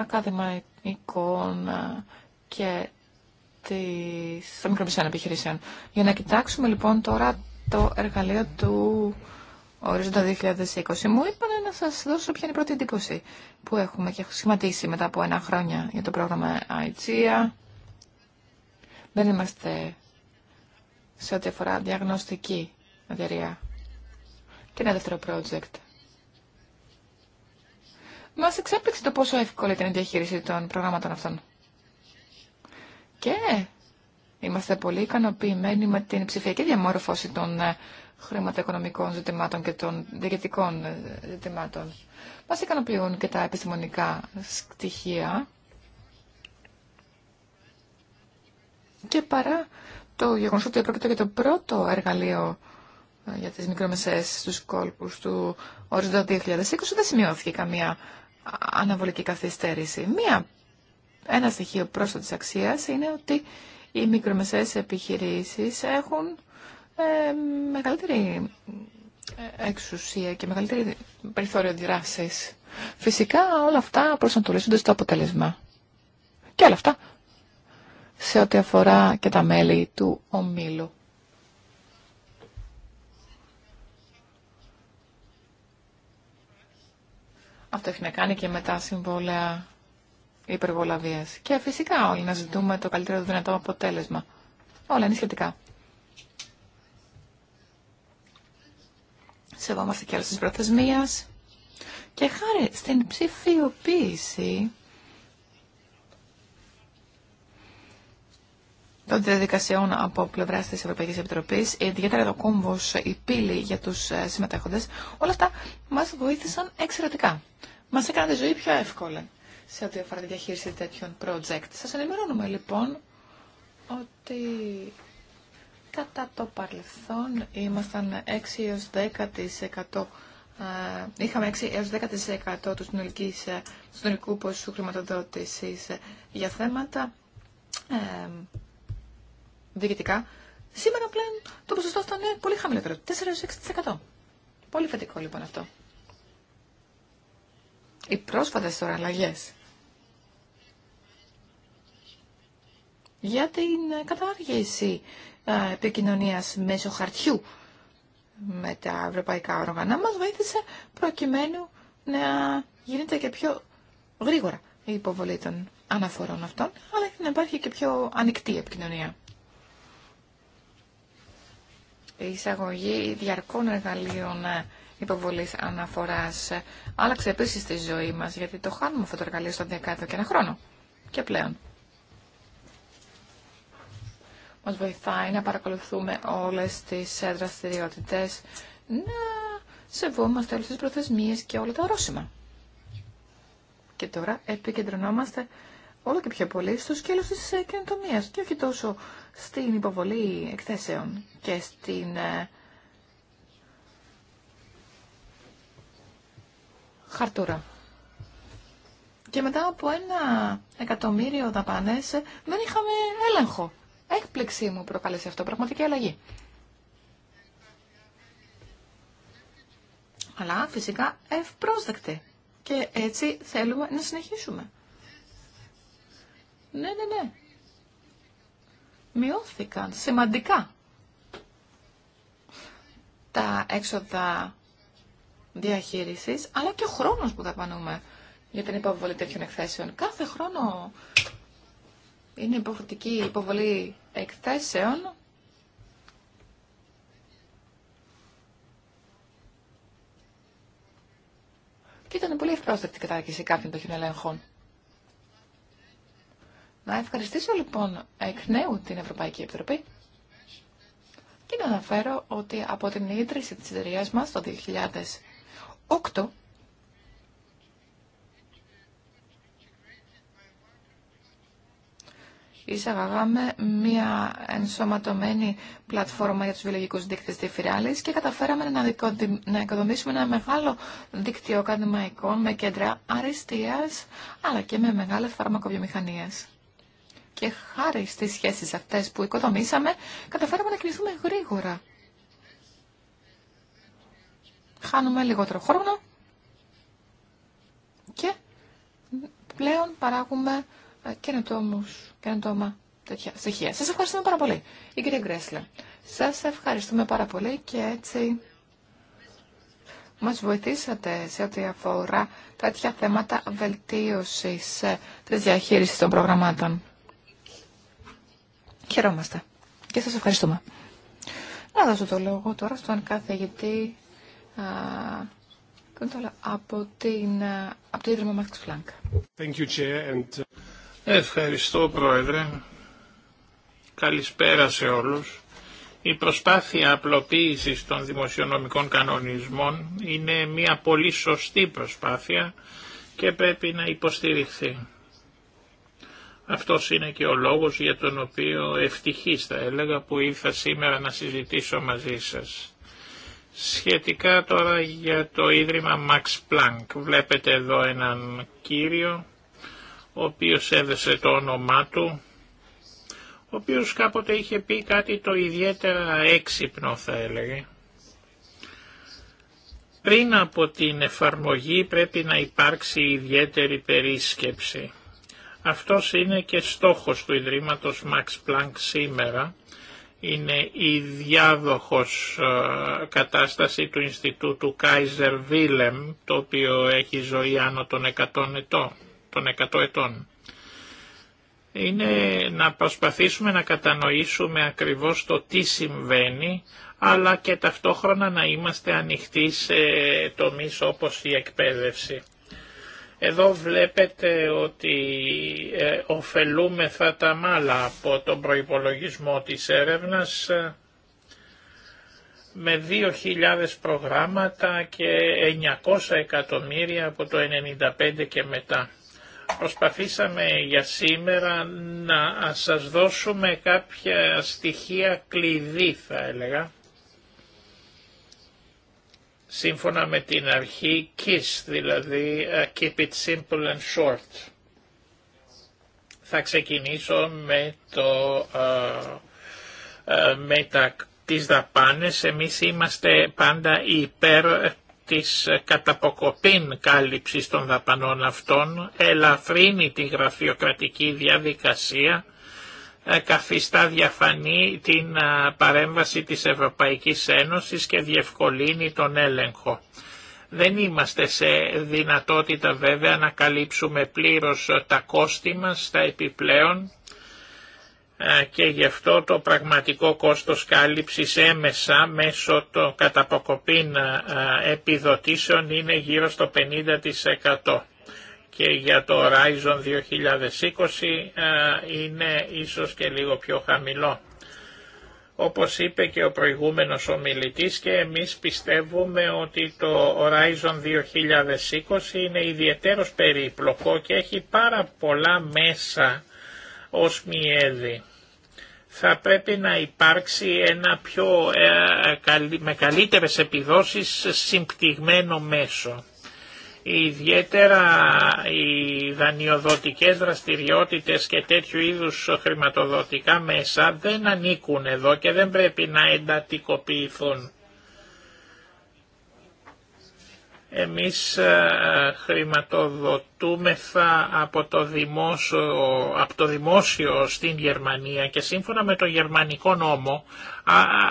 ακαδημαϊκών ε, και των μικρομεσαίων επιχειρήσεων. Για να κοιτάξουμε λοιπόν τώρα το εργαλείο του ορίζοντα 2020, μου είπαν να σα δώσω ποια είναι η πρώτη εντύπωση που έχουμε και έχω σχηματίσει μετά από ένα χρόνια για το πρόγραμμα IGEA. Δεν είμαστε σε ό,τι αφορά διαγνωστική εταιρεία. Και ένα δεύτερο project. Μα εξέπληξε το πόσο εύκολη ήταν η διαχείριση των προγράμματων αυτών. Και είμαστε πολύ ικανοποιημένοι με την ψηφιακή διαμόρφωση των ε, χρηματοοικονομικών ζητημάτων και των διοικητικών ε, ζητημάτων. Μας ικανοποιούν και τα επιστημονικά στοιχεία και παρά το γεγονός ότι πρόκειται για το πρώτο εργαλείο ε, για τις μικρομεσαίες στους κόλπους του ορίζοντα 2020 δεν σημειώθηκε καμία αναβολική καθυστέρηση. Μία, ένα στοιχείο πρόσθετης αξίας είναι ότι οι μικρομεσαίες επιχειρήσεις έχουν ε, μεγαλύτερη ε, εξουσία και μεγαλύτερη περιθώριο δράση. Φυσικά όλα αυτά προσανατολίζονται στο αποτέλεσμα. Και όλα αυτά σε ό,τι αφορά και τα μέλη του ομίλου. Αυτό έχει να κάνει και με τα συμβόλαια υπερβολαβίας Και φυσικά όλοι να ζητούμε το καλύτερο δυνατό αποτέλεσμα. Όλα είναι σχετικά. σεβόμαστε και άλλες τις προθεσμίας. και χάρη στην ψηφιοποίηση των διαδικασιών από πλευρά τη Ευρωπαϊκή Επιτροπή, ιδιαίτερα το κόμβο, η πύλη για του ε, συμμετέχοντε, όλα αυτά μα βοήθησαν εξαιρετικά. Μα έκαναν τη ζωή πιο εύκολη σε ό,τι αφορά τη διαχείριση τέτοιων project. Σα ενημερώνουμε λοιπόν ότι Κατά το παρελθόν ήμασταν 6 έως 10% ε, Είχαμε 6 έως 10% ε, του συνολικού ποσού χρηματοδότηση ε, για θέματα ε, διοικητικά. Σήμερα πλέον το ποσοστό αυτό είναι πολύ χαμηλότερο, 4-6%. Πολύ θετικό λοιπόν αυτό. Οι πρόσφατες τώρα αλλαγές για την κατάργηση επικοινωνίας μέσω χαρτιού με τα ευρωπαϊκά όργανα μας βοήθησε προκειμένου να γίνεται και πιο γρήγορα η υποβολή των αναφορών αυτών, αλλά και να υπάρχει και πιο ανοιχτή επικοινωνία. Η εισαγωγή διαρκών εργαλείων υποβολής αναφοράς άλλαξε επίσης τη ζωή μας, γιατί το χάνουμε αυτό το εργαλείο στον διακάδιο και ένα χρόνο και πλέον μας βοηθάει να παρακολουθούμε όλες τις δραστηριότητε, να σεβόμαστε όλες τις προθεσμίες και όλα τα ορόσημα. Και τώρα επικεντρωνόμαστε όλο και πιο πολύ στο σκέλος της ε, καινοτομίας και όχι τόσο στην υποβολή εκθέσεων και στην ε, χαρτούρα. Και μετά από ένα εκατομμύριο δαπάνες ε, δεν είχαμε έλεγχο Έκπληξη μου προκάλεσε αυτό, πραγματική αλλαγή. Αλλά φυσικά ευπρόσδεκτη. Και έτσι θέλουμε να συνεχίσουμε. Ναι, ναι, ναι. Μειώθηκαν σημαντικά τα έξοδα διαχείρισης, αλλά και ο χρόνος που δαπανούμε για την υποβολή τέτοιων εκθέσεων. Κάθε χρόνο είναι υποχρεωτική υποβολή εκθέσεων και ήταν πολύ ευπρόσδεκτη η κατάργηση κάποιων των ελέγχων. Να ευχαριστήσω λοιπόν εκ νέου την Ευρωπαϊκή Επιτροπή και να αναφέρω ότι από την ίδρυση της εταιρεία μας το 2008 εισαγαγάμε μια ενσωματωμένη πλατφόρμα για τους βιολογικούς δείκτες τυφυράλης και καταφέραμε να οικοδομήσουμε ένα μεγάλο δίκτυο ακαδημαϊκών με κέντρα αριστείας αλλά και με μεγάλες φαρμακοβιομηχανίες. Και χάρη στις σχέσεις αυτές που οικοδομήσαμε, καταφέραμε να κινηθούμε γρήγορα. Χάνουμε λιγότερο χρόνο και πλέον παράγουμε καινοτόμα τέτοια στοιχεία. Σας ευχαριστούμε πάρα πολύ, η κυρία Γκρέσλε. Σας ευχαριστούμε πάρα πολύ και έτσι μας βοηθήσατε σε ό,τι αφορά τέτοια θέματα βελτίωσης ε, της διαχείρισης των προγραμμάτων. Χαιρόμαστε και σας ευχαριστούμε. Να δώσω το λόγο τώρα στον καθηγητή από την ε, από το Ίδρυμα Max Planck. Thank you, Ευχαριστώ Πρόεδρε. Καλησπέρα σε όλους. Η προσπάθεια απλοποίησης των δημοσιονομικών κανονισμών είναι μια πολύ σωστή προσπάθεια και πρέπει να υποστηριχθεί. Αυτός είναι και ο λόγος για τον οποίο ευτυχής θα έλεγα που ήρθα σήμερα να συζητήσω μαζί σας. Σχετικά τώρα για το Ίδρυμα Max Planck. Βλέπετε εδώ έναν κύριο ο οποίος έδεσε το όνομά του, ο οποίος κάποτε είχε πει κάτι το ιδιαίτερα έξυπνο θα έλεγε. Πριν από την εφαρμογή πρέπει να υπάρξει ιδιαίτερη περίσκεψη. Αυτός είναι και στόχος του Ιδρύματος Max Planck σήμερα. Είναι η διάδοχος ε, κατάσταση του Ινστιτούτου Kaiser Wilhelm, το οποίο έχει ζωή άνω των 100 ετών. Είναι να προσπαθήσουμε να κατανοήσουμε ακριβώς το τι συμβαίνει, αλλά και ταυτόχρονα να είμαστε ανοιχτοί σε τομείς όπως η εκπαίδευση. Εδώ βλέπετε ότι ε, ωφελούμεθα τα μάλα από τον προϋπολογισμό της έρευνας ε, με 2.000 προγράμματα και 900 εκατομμύρια από το 1995 και μετά. Προσπαθήσαμε για σήμερα να σας δώσουμε κάποια στοιχεία κλειδί θα έλεγα σύμφωνα με την αρχή KISS, δηλαδή uh, Keep it simple and short. Θα ξεκινήσω με, το, uh, uh, με τα, τις δαπάνες. Εμείς είμαστε πάντα υπέρ της ε, καταποκοπήν κάλυψης των δαπανών αυτών, ελαφρύνει τη γραφειοκρατική διαδικασία, ε, καθιστά διαφανή την ε, παρέμβαση της Ευρωπαϊκής Ένωσης και διευκολύνει τον έλεγχο. Δεν είμαστε σε δυνατότητα βέβαια να καλύψουμε πλήρως τα κόστη μας, τα επιπλέον, και γι' αυτό το πραγματικό κόστος κάλυψης έμεσα μέσω των καταποκοπήν επιδοτήσεων είναι γύρω στο 50% και για το Horizon 2020 είναι ίσως και λίγο πιο χαμηλό. Όπως είπε και ο προηγούμενος ομιλητής και εμείς πιστεύουμε ότι το Horizon 2020 είναι ιδιαίτερος περίπλοκο και έχει πάρα πολλά μέσα ως Θα πρέπει να υπάρξει ένα πιο, ε, με καλύτερες επιδόσεις συμπτυγμένο μέσο. Ιδιαίτερα οι δανειοδοτικές δραστηριότητες και τέτοιου είδους χρηματοδοτικά μέσα δεν ανήκουν εδώ και δεν πρέπει να εντατικοποιηθούν. Εμείς ε, χρηματοδοτούμεθα από το, δημόσιο, από το στην Γερμανία και σύμφωνα με το γερμανικό νόμο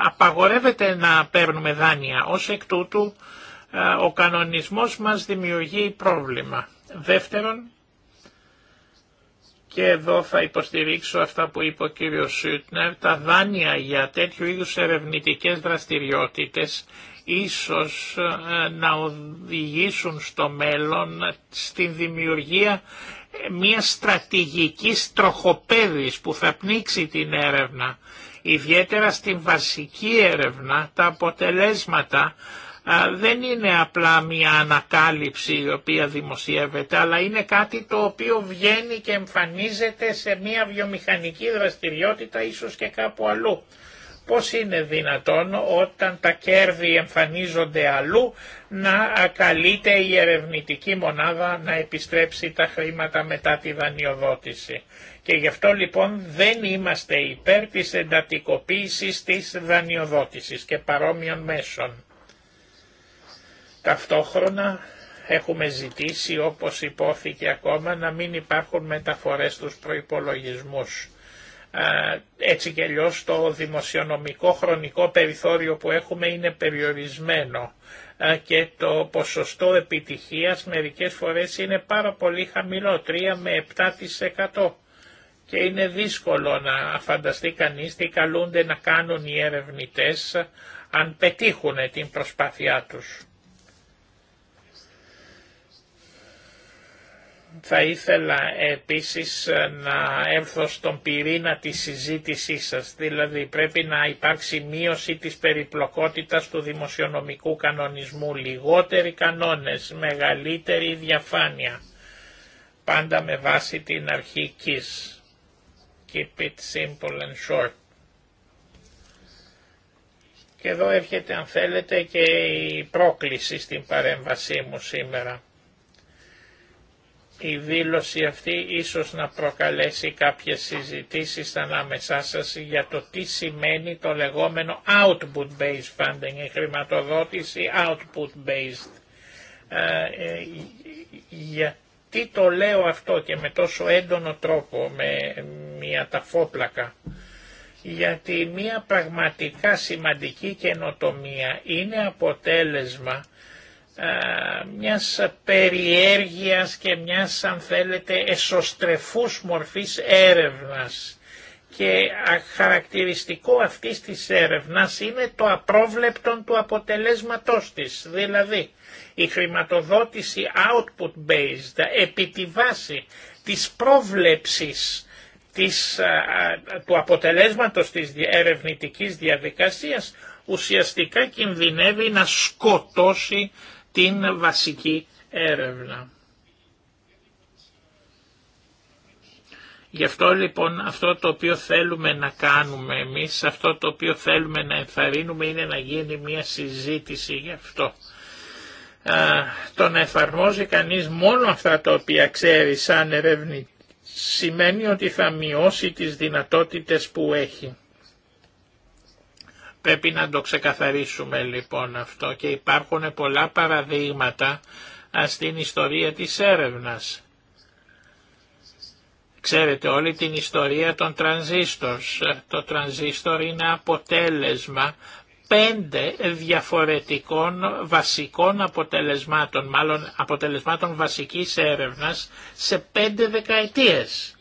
απαγορεύεται να παίρνουμε δάνεια. Ως εκ τούτου ε, ο κανονισμός μας δημιουργεί πρόβλημα. Δεύτερον, και εδώ θα υποστηρίξω αυτά που είπε ο κύριος Σούτνερ, τα δάνεια για τέτοιου είδους ερευνητικές δραστηριότητες ίσως ε, να οδηγήσουν στο μέλλον ε, στην δημιουργία ε, μια στρατηγική τροχοπέδης που θα πνίξει την έρευνα. Ιδιαίτερα στην βασική έρευνα τα αποτελέσματα δεν είναι απλά μια ανακάλυψη η οποία δημοσιεύεται, αλλά είναι κάτι το οποίο βγαίνει και εμφανίζεται σε μια βιομηχανική δραστηριότητα ίσως και κάπου αλλού. Πώς είναι δυνατόν όταν τα κέρδη εμφανίζονται αλλού να καλείται η ερευνητική μονάδα να επιστρέψει τα χρήματα μετά τη δανειοδότηση. Και γι' αυτό λοιπόν δεν είμαστε υπέρ της εντατικοποίησης της δανειοδότησης και παρόμοιων μέσων. Ταυτόχρονα έχουμε ζητήσει όπως υπόθηκε ακόμα να μην υπάρχουν μεταφορές στους προϋπολογισμούς. Ε, έτσι και αλλιώ το δημοσιονομικό χρονικό περιθώριο που έχουμε είναι περιορισμένο ε, και το ποσοστό επιτυχίας μερικές φορές είναι πάρα πολύ χαμηλό, 3 με 7% και είναι δύσκολο να φανταστεί κανείς τι καλούνται να κάνουν οι ερευνητές ε, αν πετύχουν την προσπάθειά τους. Θα ήθελα επίσης ε, να έρθω στον πυρήνα της συζήτησής σας, δηλαδή πρέπει να υπάρξει μείωση της περιπλοκότητας του δημοσιονομικού κανονισμού, λιγότεροι κανόνες, μεγαλύτερη διαφάνεια, πάντα με βάση την αρχή KISS. Keep it simple and short. Και εδώ έρχεται αν θέλετε και η πρόκληση στην παρέμβασή μου σήμερα η δήλωση αυτή ίσως να προκαλέσει κάποιες συζητήσεις ανάμεσά σας για το τι σημαίνει το λεγόμενο output-based funding, η χρηματοδότηση output-based. Ε, ε, γιατί το λέω αυτό και με τόσο έντονο τρόπο, με μια ταφόπλακα. Γιατί μια πραγματικά σημαντική καινοτομία είναι αποτέλεσμα ε, μιας περιέργειας και μιας αν θέλετε εσωστρεφούς μορφής έρευνας και χαρακτηριστικό αυτής της έρευνας είναι το απρόβλεπτον του αποτελέσματός της, δηλαδή η χρηματοδότηση output-based επί τη βάση της πρόβλεψης της, του αποτελέσματος της ερευνητικής διαδικασίας ουσιαστικά κινδυνεύει να σκοτώσει την βασική έρευνα. Γι' αυτό λοιπόν αυτό το οποίο θέλουμε να κάνουμε εμείς, αυτό το οποίο θέλουμε να ενθαρρύνουμε είναι να γίνει μια συζήτηση γι' αυτό. Α, το να εφαρμόζει κανείς μόνο αυτά τα οποία ξέρει σαν ερευνητή σημαίνει ότι θα μειώσει τις δυνατότητες που έχει. Πρέπει να το ξεκαθαρίσουμε λοιπόν αυτό και υπάρχουν πολλά παραδείγματα στην ιστορία της έρευνας. Ξέρετε όλη την ιστορία των τρανζίστορς. Το τρανζίστορ είναι αποτέλεσμα πέντε διαφορετικών βασικών αποτελεσμάτων, μάλλον αποτελεσμάτων βασικής έρευνας σε πέντε δεκαετίες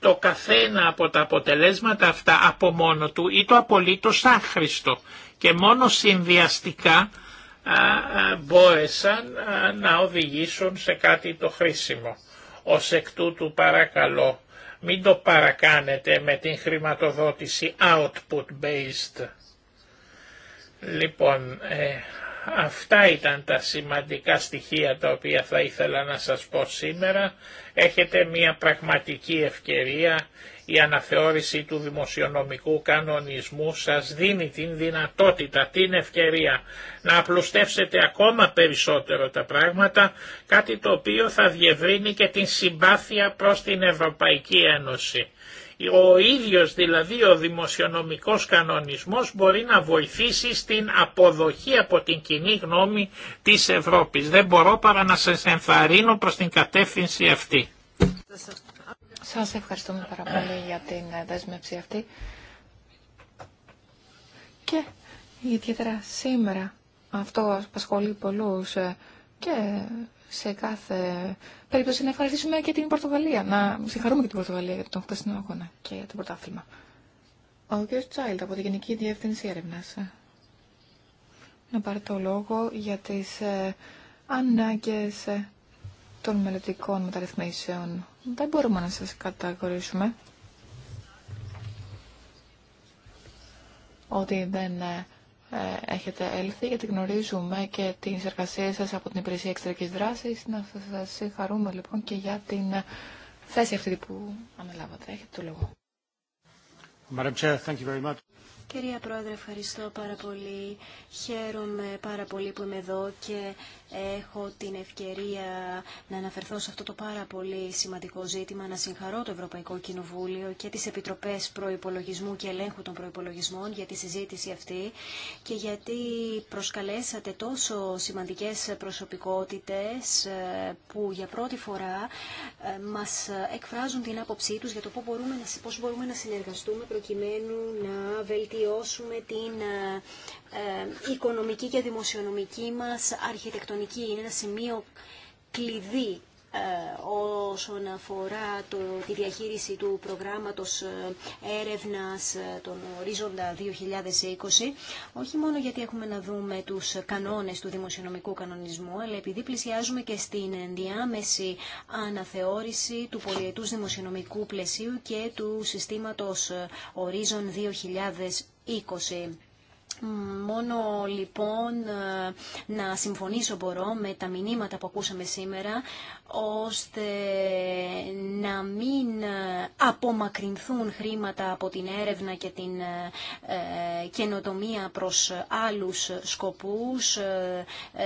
το καθένα από τα αποτελέσματα αυτά από μόνο του ή το απολύτως άχρηστο και μόνο συνδυαστικά μπόρεσαν να οδηγήσουν σε κάτι το χρήσιμο. Ως εκ τούτου παρακαλώ μην το παρακάνετε με την χρηματοδότηση output based. Λοιπόν, ε, αυτά ήταν τα σημαντικά στοιχεία τα οποία θα ήθελα να σας πω σήμερα έχετε μια πραγματική ευκαιρία. Η αναθεώρηση του δημοσιονομικού κανονισμού σας δίνει την δυνατότητα, την ευκαιρία να απλουστεύσετε ακόμα περισσότερο τα πράγματα, κάτι το οποίο θα διευρύνει και την συμπάθεια προς την Ευρωπαϊκή Ένωση. Ο ίδιος δηλαδή ο δημοσιονομικός κανονισμός μπορεί να βοηθήσει στην αποδοχή από την κοινή γνώμη της Ευρώπης. Δεν μπορώ παρά να σας ενθαρρύνω προς την κατεύθυνση αυτή. Σας ευχαριστούμε πάρα πολύ για την ε, δέσμευση αυτή. Και ιδιαίτερα σήμερα αυτό απασχολεί πολλούς ε, και σε κάθε περίπτωση να ευχαριστήσουμε και την Πορτογαλία, να συγχαρούμε και την Πορτογαλία για τον χτεσινό αγώνα και για το πρωτάθλημα. Ο κ. Τσάιλτ από τη Γενική Διεύθυνση Έρευνα. Να πάρει το λόγο για τι ε, ανάγκε ε, των μελλοντικών μεταρρυθμίσεων. Δεν μπορούμε να σα κατακορίσουμε ότι δεν ε, ε, έχετε έλθει, γιατί γνωρίζουμε και την εργασίες σας από την Υπηρεσία Εξωτερικής Δράσης. Να σας συγχαρούμε λοιπόν και για την θέση αυτή που αναλάβατε. Έχετε το λόγο. Κυρία Πρόεδρε, ευχαριστώ πάρα πολύ. Χαίρομαι πάρα πολύ που είμαι εδώ και έχω την ευκαιρία να αναφερθώ σε αυτό το πάρα πολύ σημαντικό ζήτημα, να συγχαρώ το Ευρωπαϊκό Κοινοβούλιο και τις Επιτροπές Προϋπολογισμού και Ελέγχου των Προϋπολογισμών για τη συζήτηση αυτή και γιατί προσκαλέσατε τόσο σημαντικές προσωπικότητες ε, που για πρώτη φορά ε, μας εκφράζουν την άποψή τους για το πώς μπορούμε να, να συνεργαστούμε προκειμένου να βελτιώσουμε την ε, οικονομική και δημοσιονομική μας αρχιτεκτονική είναι ένα σημείο κλειδί ε, όσον αφορά το, τη διαχείριση του προγράμματος ε, έρευνας ε, των ορίζοντα 2020, όχι μόνο γιατί έχουμε να δούμε τους κανόνες του δημοσιονομικού κανονισμού, αλλά επειδή πλησιάζουμε και στην ενδιάμεση αναθεώρηση του πολιετούς δημοσιονομικού πλαισίου και του συστήματος ορίζον 2020. Μόνο λοιπόν ε, να συμφωνήσω μπορώ με τα μηνύματα που ακούσαμε σήμερα ώστε να μην ε, απομακρυνθούν χρήματα από την έρευνα και την ε, καινοτομία προς άλλους σκοπούς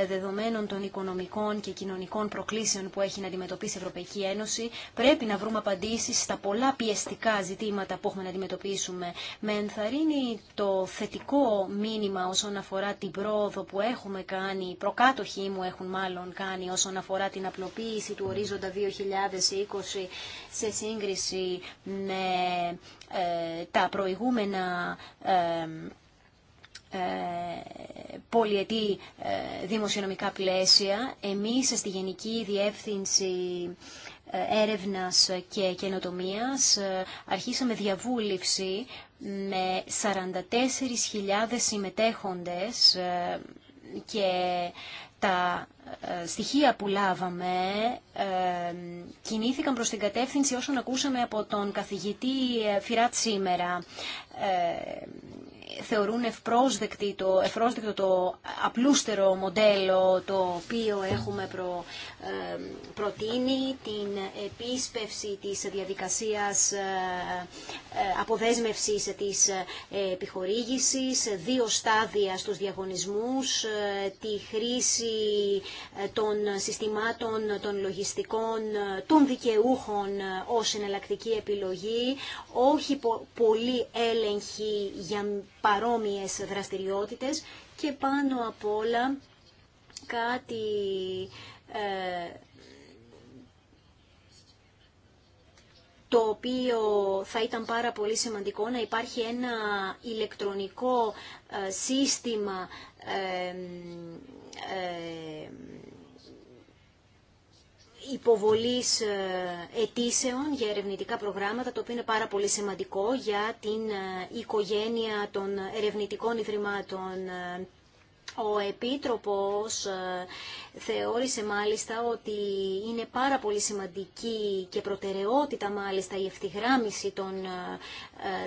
δεδομένων των οικονομικών και κοινωνικών προκλήσεων που έχει να αντιμετωπίσει η Ευρωπαϊκή Ένωση. Πρέπει να βρούμε απαντήσεις στα πολλά πιεστικά ζητήματα που έχουμε να αντιμετωπίσουμε. Με ενθαρρύνει το θετικό μήνυμα όσον αφορά την πρόοδο που έχουμε κάνει, οι προκάτοχοί μου έχουν μάλλον κάνει όσον αφορά την απλοποίηση του ορίζοντα 2020 σε σύγκριση με ε, τα προηγούμενα ε, ε πολιετή ε, δημοσιονομικά πλαίσια. Εμείς στη Γενική Διεύθυνση ε, Έρευνας και Καινοτομίας ε, αρχίσαμε διαβούλευση με 44.000 συμμετέχοντες και τα στοιχεία που λάβαμε κινήθηκαν προς την κατεύθυνση όσων ακούσαμε από τον καθηγητή Φυράτ σήμερα θεωρούν ευπρόσδεκτο το, ευπρόσδεκτο το απλούστερο μοντέλο το οποίο έχουμε προ, προτείνει, την επίσπευση της διαδικασίας ε, ε αποδέσμευσης της ε, επιχορήγησης, δύο στάδια στους διαγωνισμούς, ε, τη χρήση των συστημάτων των λογιστικών, των δικαιούχων ως εναλλακτική επιλογή, όχι πολύ έλεγχη για παρόμοιες δραστηριότητες και πάνω απ' όλα κάτι ε, το οποίο θα ήταν πάρα πολύ σημαντικό να υπάρχει ένα ηλεκτρονικό ε, σύστημα ε, υποβολής ε, αιτήσεων για ερευνητικά προγράμματα, το οποίο είναι πάρα πολύ σημαντικό για την ε, οικογένεια των ερευνητικών ιδρυμάτων. Ο Επίτροπος ε, θεώρησε μάλιστα ότι είναι πάρα πολύ σημαντική και προτεραιότητα μάλιστα η ευθυγράμμιση των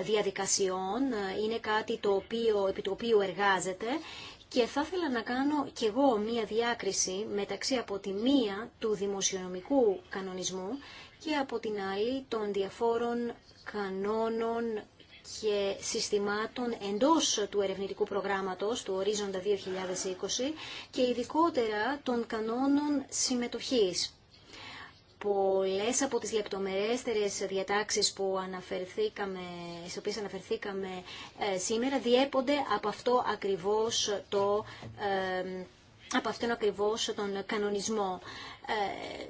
διαδικασιών. Είναι κάτι το οποίο, επί το οποίο εργάζεται και θα ήθελα να κάνω κι εγώ μία διάκριση μεταξύ από τη μία του δημοσιονομικού κανονισμού και από την άλλη των διαφόρων κανόνων και συστημάτων εντός του ερευνητικού προγράμματος του ορίζοντα 2020 και ειδικότερα των κανόνων συμμετοχής πολλές από τις λεπτομερέστερες διατάξεις που αναφερθήκαμε, στις οποίες αναφερθήκαμε ε, σήμερα διέπονται από αυτό ακριβώς το ε, από αυτόν ακριβώς τον κανονισμό. Ε,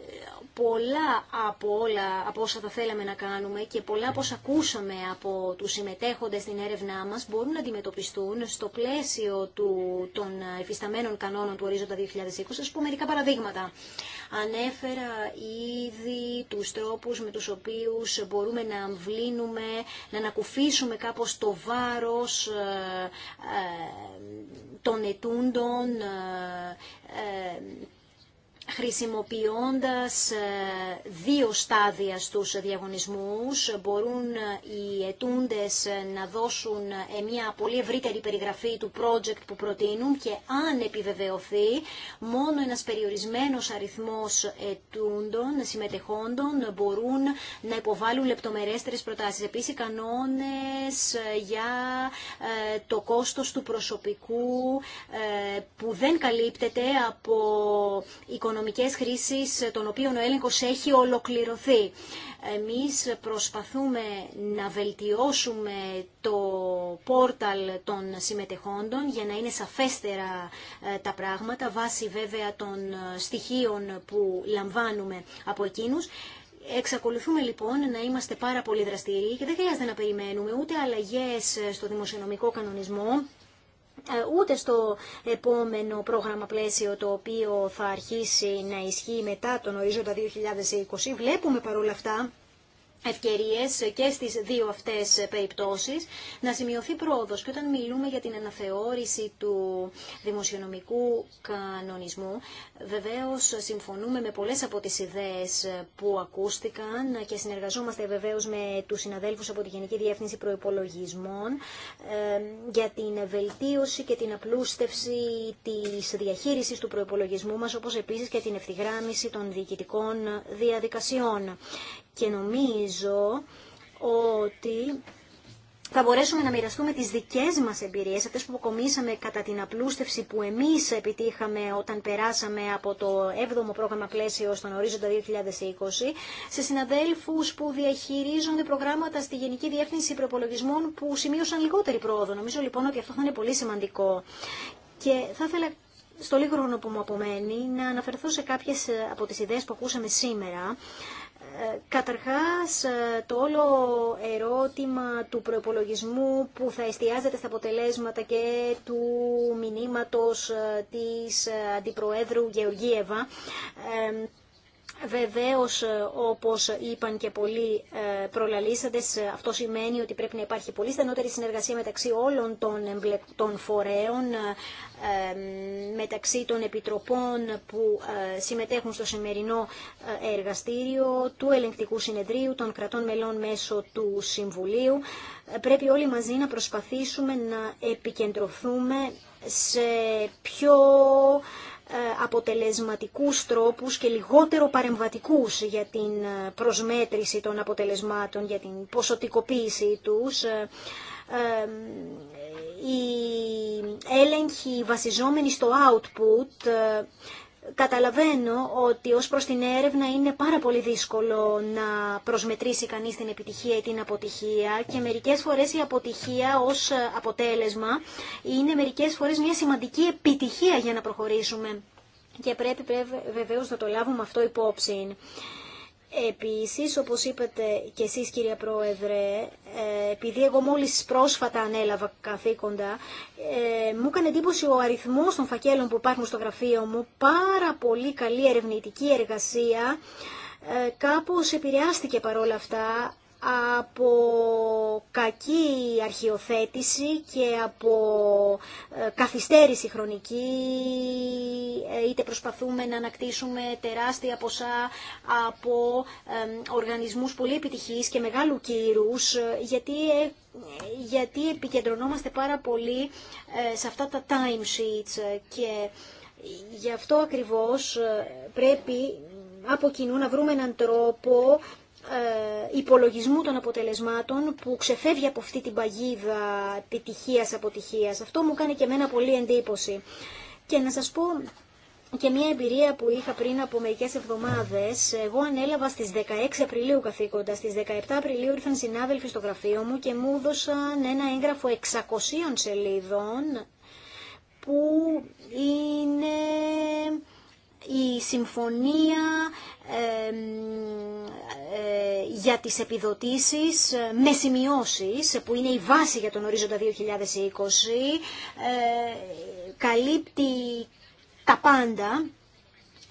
πολλά από όλα από όσα θα θέλαμε να κάνουμε και πολλά από όσα ακούσαμε από τους συμμετέχοντες στην έρευνά μας μπορούν να αντιμετωπιστούν στο πλαίσιο του, των εφισταμένων κανόνων του ορίζοντα 2020. Ας πούμε μερικά παραδείγματα. Ανέφερα ήδη τους τρόπους με τους οποίους μπορούμε να αμβλύνουμε, να ανακουφίσουμε κάπως το βάρος ε, ε, των ετούντων χρησιμοποιώντας ε, δύο στάδια στους διαγωνισμούς μπορούν ε, οι ετούντες ε, να δώσουν μια πολύ ευρύτερη περιγραφή του project που προτείνουν και αν επιβεβαιωθεί μόνο ένας περιορισμένος αριθμός ετούντων, συμμετεχόντων μπορούν να υποβάλουν λεπτομερέστερες προτάσεις. Επίσης κανόνες για το κόστος του προσωπικού που δεν καλύπτεται από οικονομικές οικονομικές χρήσει ε, των οποίων ο έλεγχο έχει ολοκληρωθεί. Εμεί προσπαθούμε να βελτιώσουμε το πόρταλ των συμμετεχόντων για να είναι σαφέστερα ε, τα πράγματα βάσει βέβαια των ε, στοιχείων που λαμβάνουμε από εκείνου. Εξακολουθούμε λοιπόν να είμαστε πάρα πολύ δραστηριοί και δεν χρειάζεται να περιμένουμε ούτε αλλαγές στο δημοσιονομικό κανονισμό ε, ούτε στο επόμενο πρόγραμμα πλαίσιο το οποίο θα αρχίσει να ισχύει μετά τον ορίζοντα 2020. Βλέπουμε παρόλα αυτά ευκαιρίες και στις δύο αυτές περιπτώσεις να σημειωθεί πρόοδος. Και όταν μιλούμε για την αναθεώρηση του δημοσιονομικού κανονισμού, βεβαίως συμφωνούμε με πολλές από τις ιδέες που ακούστηκαν και συνεργαζόμαστε βεβαίως με τους συναδέλφους από τη Γενική Διεύθυνση Προϋπολογισμών ε, για την βελτίωση και την απλούστευση της διαχείρισης του προϋπολογισμού μας, όπως επίσης και την ευθυγράμμιση των διοικητικών διαδικασιών και νομίζω ότι θα μπορέσουμε να μοιραστούμε τις δικές μας εμπειρίες, αυτές που αποκομίσαμε κατά την απλούστευση που εμείς επιτύχαμε όταν περάσαμε από το 7ο πρόγραμμα πλαίσιο στον ορίζοντα 2020, σε συναδέλφους που διαχειρίζονται προγράμματα στη Γενική Διεύθυνση Προπολογισμών που σημείωσαν λιγότερη πρόοδο. Νομίζω λοιπόν ότι αυτό θα είναι πολύ σημαντικό. Και θα ήθελα στο λίγο χρόνο που μου απομένει να αναφερθώ σε κάποιες από τις ιδέες που ακούσαμε σήμερα ε, καταρχάς, ε, το όλο ερώτημα του προπολογισμού που θα εστιάζεται στα αποτελέσματα και του μηνύματος ε, της Αντιπροέδρου Γεωργίευα Βεβαίως, ε, όπως είπαν και πολλοί ε, προλαλήσαντες, ε, αυτό σημαίνει ότι πρέπει να υπάρχει πολύ στενότερη συνεργασία μεταξύ όλων των φορέων, μεταξύ των επιτροπών που συμμετέχουν στο σημερινό εργαστήριο, του ελεγκτικού συνεδρίου, των κρατών μελών μέσω του Συμβουλίου. Πρέπει όλοι μαζί να προσπαθήσουμε να επικεντρωθούμε σε πιο ε, αποτελεσματικούς τρόπους και λιγότερο παρεμβατικούς για την ε, προσμέτρηση των αποτελεσμάτων, για την ποσοτικοποίηση τους. Ε, οι έλεγχοι βασιζόμενοι στο output Καταλαβαίνω ότι ως προς την έρευνα είναι πάρα πολύ δύσκολο να προσμετρήσει κανείς την επιτυχία ή την αποτυχία και μερικές φορές η αποτυχία ως αποτέλεσμα είναι μερικές φορές μια σημαντική επιτυχία για να προχωρήσουμε. Και πρέπει βεβαίως να το λάβουμε αυτό υπόψη. Επίσης, όπως είπατε και εσείς κυρία Πρόεδρε, ε, επειδή εγώ μόλις πρόσφατα ανέλαβα καθήκοντα, ε, μου έκανε εντύπωση ο αριθμός των φακέλων που υπάρχουν στο γραφείο μου, πάρα πολύ καλή ερευνητική εργασία, ε, κάπως επηρεάστηκε παρόλα αυτά από κακή αρχιοθέτηση και από ε, καθυστέρηση χρονική, ε, είτε προσπαθούμε να ανακτήσουμε τεράστια ποσά από οργανισμούς πολύ επιτυχείς και μεγάλου κύρους, ε, γιατί γιατί επικεντρωνόμαστε πάρα πολύ σε αυτά τα time sheets και γι' αυτό ακριβώς πρέπει από κοινού να βρούμε έναν τρόπο ε, υπολογισμού των αποτελεσμάτων που ξεφεύγει από αυτή την παγίδα επιτυχίας-αποτυχίας. Αυτό μου κάνει και εμένα πολύ εντύπωση. Και να σας πω και μια εμπειρία που είχα πριν από μερικές εβδομάδες. Εγώ ανέλαβα στις 16 Απριλίου καθήκοντα. Στις 17 Απριλίου ήρθαν συνάδελφοι στο γραφείο μου και μου έδωσαν ένα έγγραφο 600 σελίδων που είναι η συμφωνία ε, για τις επιδοτήσεις ε, με σημειώσεις, που είναι η βάση για τον ορίζοντα 2020, ε, καλύπτει τα πάντα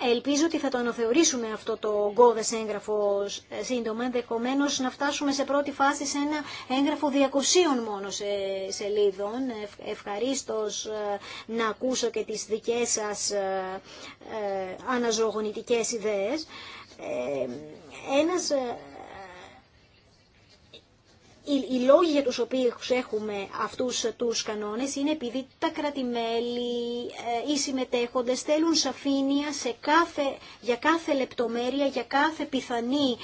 Ελπίζω ότι θα το αναθεωρήσουμε αυτό το γκώδες έγγραφο ε, σύντομα, ενδεχομένω να φτάσουμε σε πρώτη φάση σε ένα έγγραφο 200 μόνο σελίδων. Ε, Ευχαρίστω ε, να ακούσω και τις δικές σας αναζωογονητικές ιδέες. Ένας οι, λόγοι για τους οποίους έχουμε αυτούς τους κανόνες είναι επειδή τα κρατημέλη ή ε, συμμετέχοντες θέλουν σαφήνεια σε κάθε, για κάθε λεπτομέρεια, για κάθε πιθανή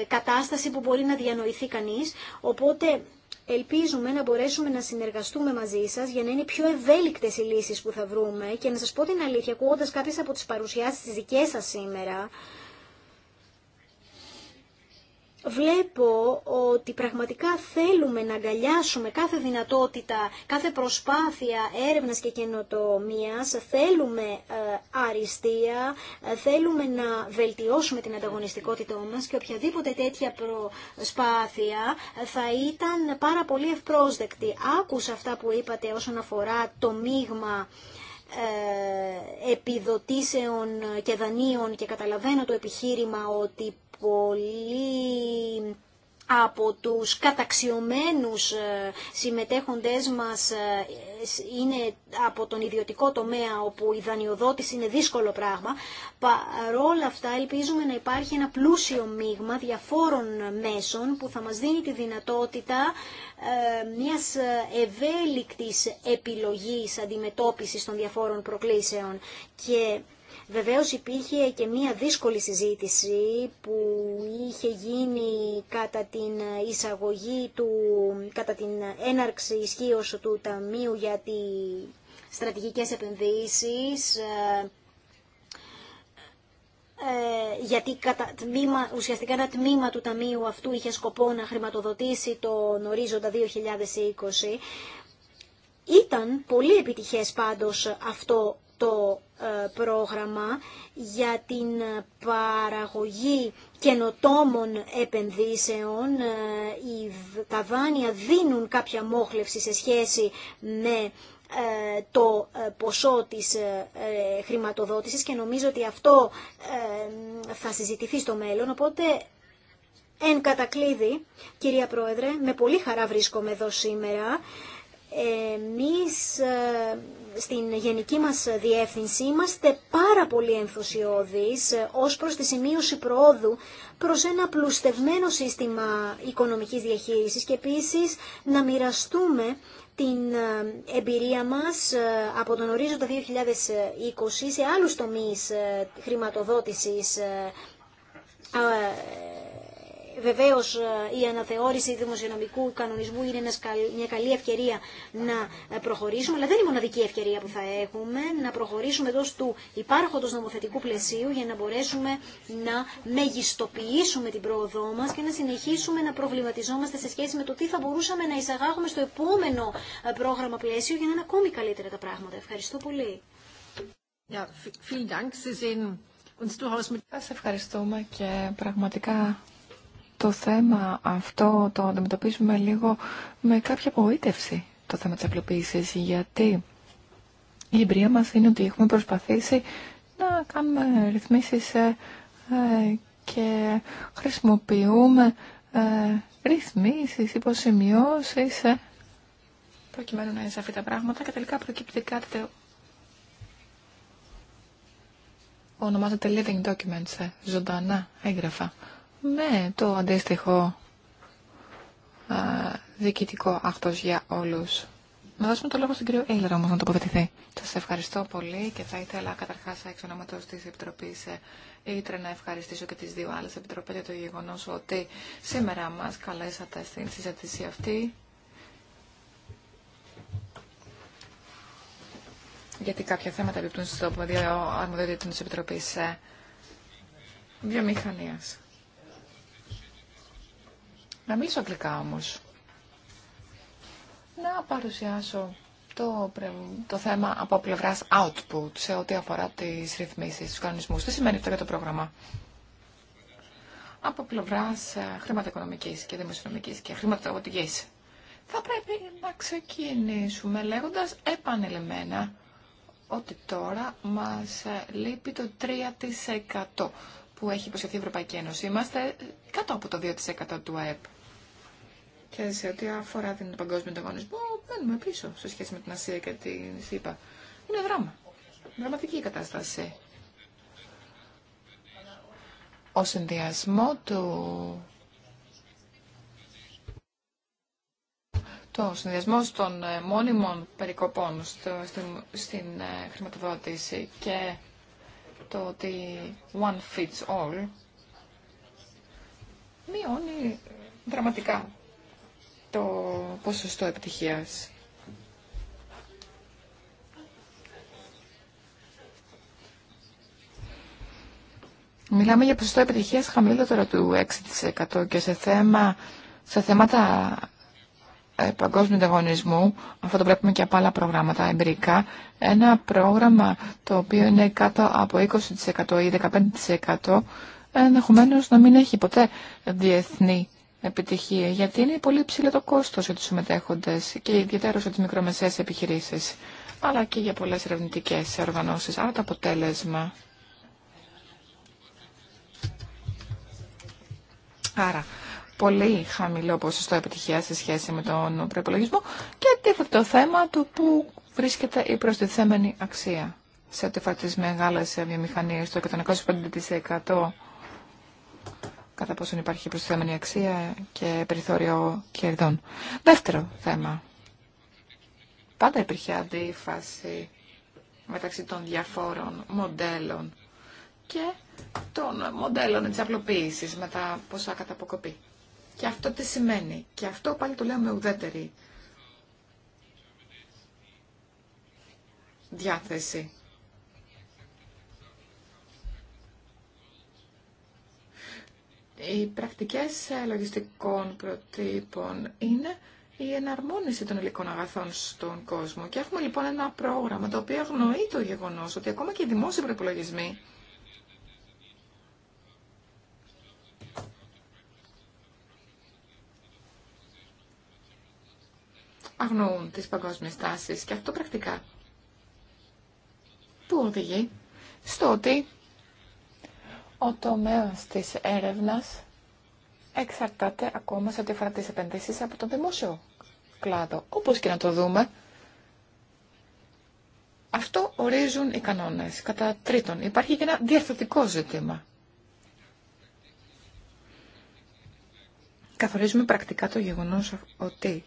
ε, κατάσταση που μπορεί να διανοηθεί κανείς. Οπότε ελπίζουμε να μπορέσουμε να συνεργαστούμε μαζί σας για να είναι πιο ευέλικτες οι λύσεις που θα βρούμε και να σας πω την αλήθεια, ακούγοντα κάποιες από τις παρουσιάσεις τις δικές σας σήμερα, βλέπω ότι πραγματικά θέλουμε να αγκαλιάσουμε κάθε δυνατότητα, κάθε προσπάθεια έρευνας και καινοτομίας, θέλουμε ε, αριστεία, ε, θέλουμε να βελτιώσουμε την ανταγωνιστικότητά μας και οποιαδήποτε τέτοια προσπάθεια ε, θα ήταν πάρα πολύ ευπρόσδεκτη. Άκουσα αυτά που είπατε όσον αφορά το μείγμα επιδοτήσεων και δανείων και καταλαβαίνω το επιχείρημα ότι πολύ από τους καταξιωμένους ε, συμμετέχοντές μας ε, είναι από τον ιδιωτικό τομέα όπου η δανειοδότηση είναι δύσκολο πράγμα. Παρόλα αυτά ελπίζουμε να υπάρχει ένα πλούσιο μείγμα διαφόρων μέσων που θα μας δίνει τη δυνατότητα ε, μιας ευέλικτης επιλογής αντιμετώπισης των διαφόρων προκλήσεων. Και Βεβαίως υπήρχε και μία δύσκολη συζήτηση που είχε γίνει κατά την εισαγωγή του, κατά την έναρξη ισχύω του Ταμείου για τις στρατηγικές επενδύσεις, ε, γιατί κατά τμήμα, ουσιαστικά ένα τμήμα του Ταμείου αυτού είχε σκοπό να χρηματοδοτήσει τον ορίζοντα 2020. Ήταν πολύ επιτυχές πάντως αυτό το ε, πρόγραμμα για την παραγωγή καινοτόμων επενδύσεων. Ε, τα δάνεια δίνουν κάποια μόχλευση σε σχέση με ε, το ποσό της χρηματοδότησης και νομίζω ότι αυτό θα συζητηθεί στο μέλλον. Οπότε, εν κατακλείδη, κυρία Πρόεδρε, με πολύ χαρά βρίσκομαι εδώ σήμερα. Εμείς στην γενική μας διεύθυνση είμαστε πάρα πολύ ενθουσιώδεις ε, ως προς τη σημείωση προόδου προς ένα πλουστευμένο σύστημα οικονομικής διαχείρισης και επίσης να μοιραστούμε την ε, εμπειρία μας ε, από τον ορίζοντα 2020 σε άλλους τομείς χρηματοδότησης Βεβαίω, ε, η αναθεώρηση δημοσιονομικού κανονισμού είναι μια καλή ευκαιρία να ε, προχωρήσουμε, αλλά δεν είναι η μοναδική ευκαιρία που θα έχουμε, να προχωρήσουμε εντό του υπάρχοντο νομοθετικού πλαισίου για να μπορέσουμε να μεγιστοποιήσουμε την πρόοδό μα και να συνεχίσουμε να προβληματιζόμαστε σε σχέση με το τι θα μπορούσαμε να εισαγάγουμε στο επόμενο ε, πρόγραμμα πλαίσιο για να είναι ακόμη καλύτερα τα πράγματα. Ευχαριστώ πολύ. Σας ευχαριστούμε και πραγματικά το θέμα αυτό το αντιμετωπίζουμε λίγο με κάποια απογοήτευση το θέμα της απλοποίησης, γιατί η εμπειρία μας είναι ότι έχουμε προσπαθήσει να κάνουμε ρυθμίσεις ε, ε, και χρησιμοποιούμε ε, ρυθμίσεις, υποσημειώσεις, ε, προκειμένου να είναι σαφή τα πράγματα και τελικά προκύπτει κάτι το ονομάζεται living documents, ε, ζωντανά έγγραφα. Ναι, το αντίστοιχο α, ε, διοικητικό αυτό για όλους. Να δώσουμε το λόγο στον κύριο Έιλερ όμω να τοποθετηθεί. Σα ευχαριστώ πολύ και θα ήθελα καταρχάς εξ ονόματο τη Επιτροπή ε, Ήτρε να ευχαριστήσω και τις δύο άλλε επιτροπές για το γεγονός ότι σήμερα μας καλέσατε στην συζήτηση αυτή. Γιατί κάποια θέματα επιπτούν στο πεδίο αρμοδιότητα τη Επιτροπή ε, βιομηχανία. Να μιλήσω αγγλικά όμως. Να παρουσιάσω το, το θέμα από πλευράς output σε ό,τι αφορά τις ρυθμίσεις, του κανονισμούς. Τι σημαίνει αυτό για το πρόγραμμα. Από πλευράς ε, χρηματοοικονομικής και δημοσιονομικής και χρηματοδοτική. Θα πρέπει να ξεκινήσουμε λέγοντας επανελέμενα ότι τώρα μας ε, λείπει το 3% που έχει υποσχεθεί η Ευρωπαϊκή Ένωση. Είμαστε κάτω από το 2% του ΑΕΠ. Και σε ό,τι αφορά την παγκόσμιο ανταγωνισμό, μένουμε πίσω σε σχέση με την Ασία και την ΣΥΠΑ. Είναι δράμα. Δραματική η κατάσταση. Ο συνδυασμό του... Το συνδυασμό των ε, μόνιμων περικοπών στο, στην, στην ε, χρηματοδότηση και το ότι one fits all μειώνει δραματικά το ποσοστό επιτυχίας. Μιλάμε για ποσοστό επιτυχίας χαμηλότερο του 6% και σε, θέμα, σε θέματα ε, παγκόσμιου ανταγωνισμού, αυτό το βλέπουμε και από άλλα προγράμματα εμπειρικά, ένα πρόγραμμα το οποίο είναι κάτω από 20% ή 15% ενδεχομένως να μην έχει ποτέ διεθνή επιτυχία, γιατί είναι πολύ ψηλό το κόστος για τους συμμετέχοντες και ιδιαίτερα για τις μικρομεσαίες επιχειρήσεις, αλλά και για πολλές ερευνητικέ οργανώσεις. Άρα το αποτέλεσμα. Άρα, πολύ χαμηλό ποσοστό επιτυχία σε σχέση με τον προπολογισμό και τίθεται το θέμα του που βρίσκεται η προστιθέμενη αξία σε ό,τι τις μεγάλες βιομηχανίες, το 125% κατά πόσον υπάρχει προσθέμενη αξία και περιθώριο κερδών. Δεύτερο θέμα. Πάντα υπήρχε αντίφαση μεταξύ των διαφόρων μοντέλων και των μοντέλων της απλοποίησης με τα ποσά κατά αποκοπή. Και αυτό τι σημαίνει. Και αυτό πάλι το λέω ουδέτερη διάθεση. Οι πρακτικές λογιστικών προτύπων είναι η εναρμόνιση των υλικών αγαθών στον κόσμο. Και έχουμε λοιπόν ένα πρόγραμμα το οποίο αγνοεί το γεγονός ότι ακόμα και οι δημόσιοι προπολογισμοί αγνοούν τις παγκόσμιες τάσεις και αυτό πρακτικά που οδηγεί στο ότι ο τομέας της έρευνας εξαρτάται ακόμα σε ό,τι αφορά επενδύσεις από τον δημόσιο κλάδο. Όπως και να το δούμε, αυτό ορίζουν οι κανόνες. Κατά τρίτον, υπάρχει και ένα διαρθωτικό ζήτημα. Καθορίζουμε πρακτικά το γεγονός ότι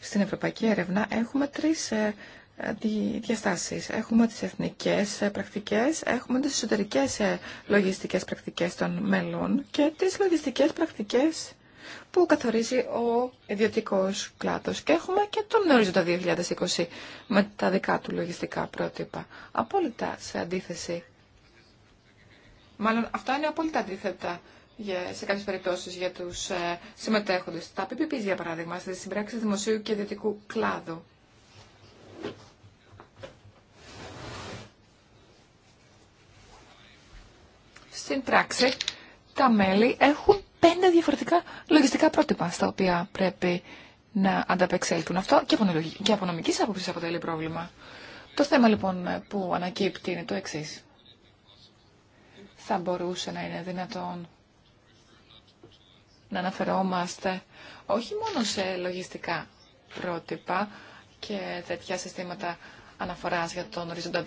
στην ευρωπαϊκή έρευνα έχουμε τρεις ε, διαστάσεις. Έχουμε τις εθνικές ε, πρακτικές, έχουμε τις εσωτερικές ε, λογιστικές πρακτικές των μέλων και τις λογιστικές πρακτικές που καθορίζει ο ιδιωτικός κλάδος. Και έχουμε και τον ορίζοντα 2020 με τα δικά του λογιστικά πρότυπα. Απόλυτα σε αντίθεση. Μάλλον αυτά είναι απόλυτα αντίθετα σε κάποιε περιπτώσει για του ε, συμμετέχοντε. Τα PPP, για παράδειγμα, στι συμπράξει δημοσίου και ιδιωτικού κλάδου. στην πράξη τα μέλη έχουν πέντε διαφορετικά λογιστικά πρότυπα στα οποία πρέπει να ανταπεξέλθουν. Αυτό και από νομική άποψης αποτελεί πρόβλημα. Το θέμα λοιπόν που ανακύπτει είναι το εξή. Θα μπορούσε να είναι δυνατόν να αναφερόμαστε όχι μόνο σε λογιστικά πρότυπα και τέτοια συστήματα αναφοράς για τον ορίζοντα 2020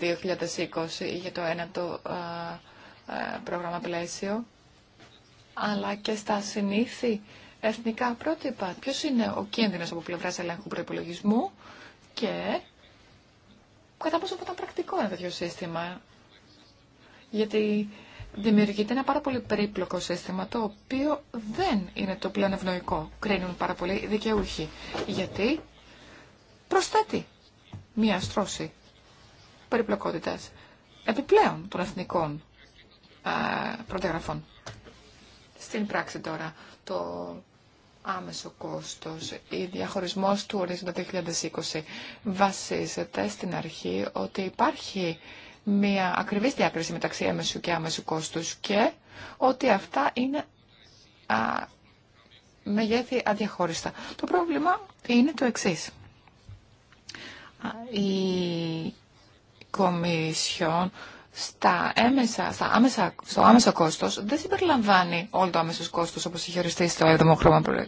ή για το 1ο ε, πρόγραμμα πλαίσιο, αλλά και στα συνήθη εθνικά πρότυπα. Ποιο είναι ο κίνδυνο από πλευρά ελέγχου προπολογισμού και κατά πόσο θα ήταν πρακτικό ένα τέτοιο σύστημα. Γιατί δημιουργείται ένα πάρα πολύ περίπλοκο σύστημα, το οποίο δεν είναι το πλέον ευνοϊκό, κρίνουν πάρα πολλοί δικαιούχοι. Γιατί προσθέτει μία στρώση περιπλοκότητας επιπλέον των εθνικών πρωτεγραφών. Στην πράξη τώρα, το άμεσο κόστος ή διαχωρισμός του ορίζοντα 2020 βασίζεται στην αρχή ότι υπάρχει μια ακριβής διάκριση μεταξύ έμεσου και άμεσου κόστους και ότι αυτά είναι α, μεγέθη αδιαχώριστα. Το πρόβλημα είναι το εξής. Η Κομισιόν στα έμεσα, στα άμεσα, στο άμεσο κόστος δεν συμπεριλαμβάνει όλο το άμεσο κόστο όπως είχε οριστεί στο 7ο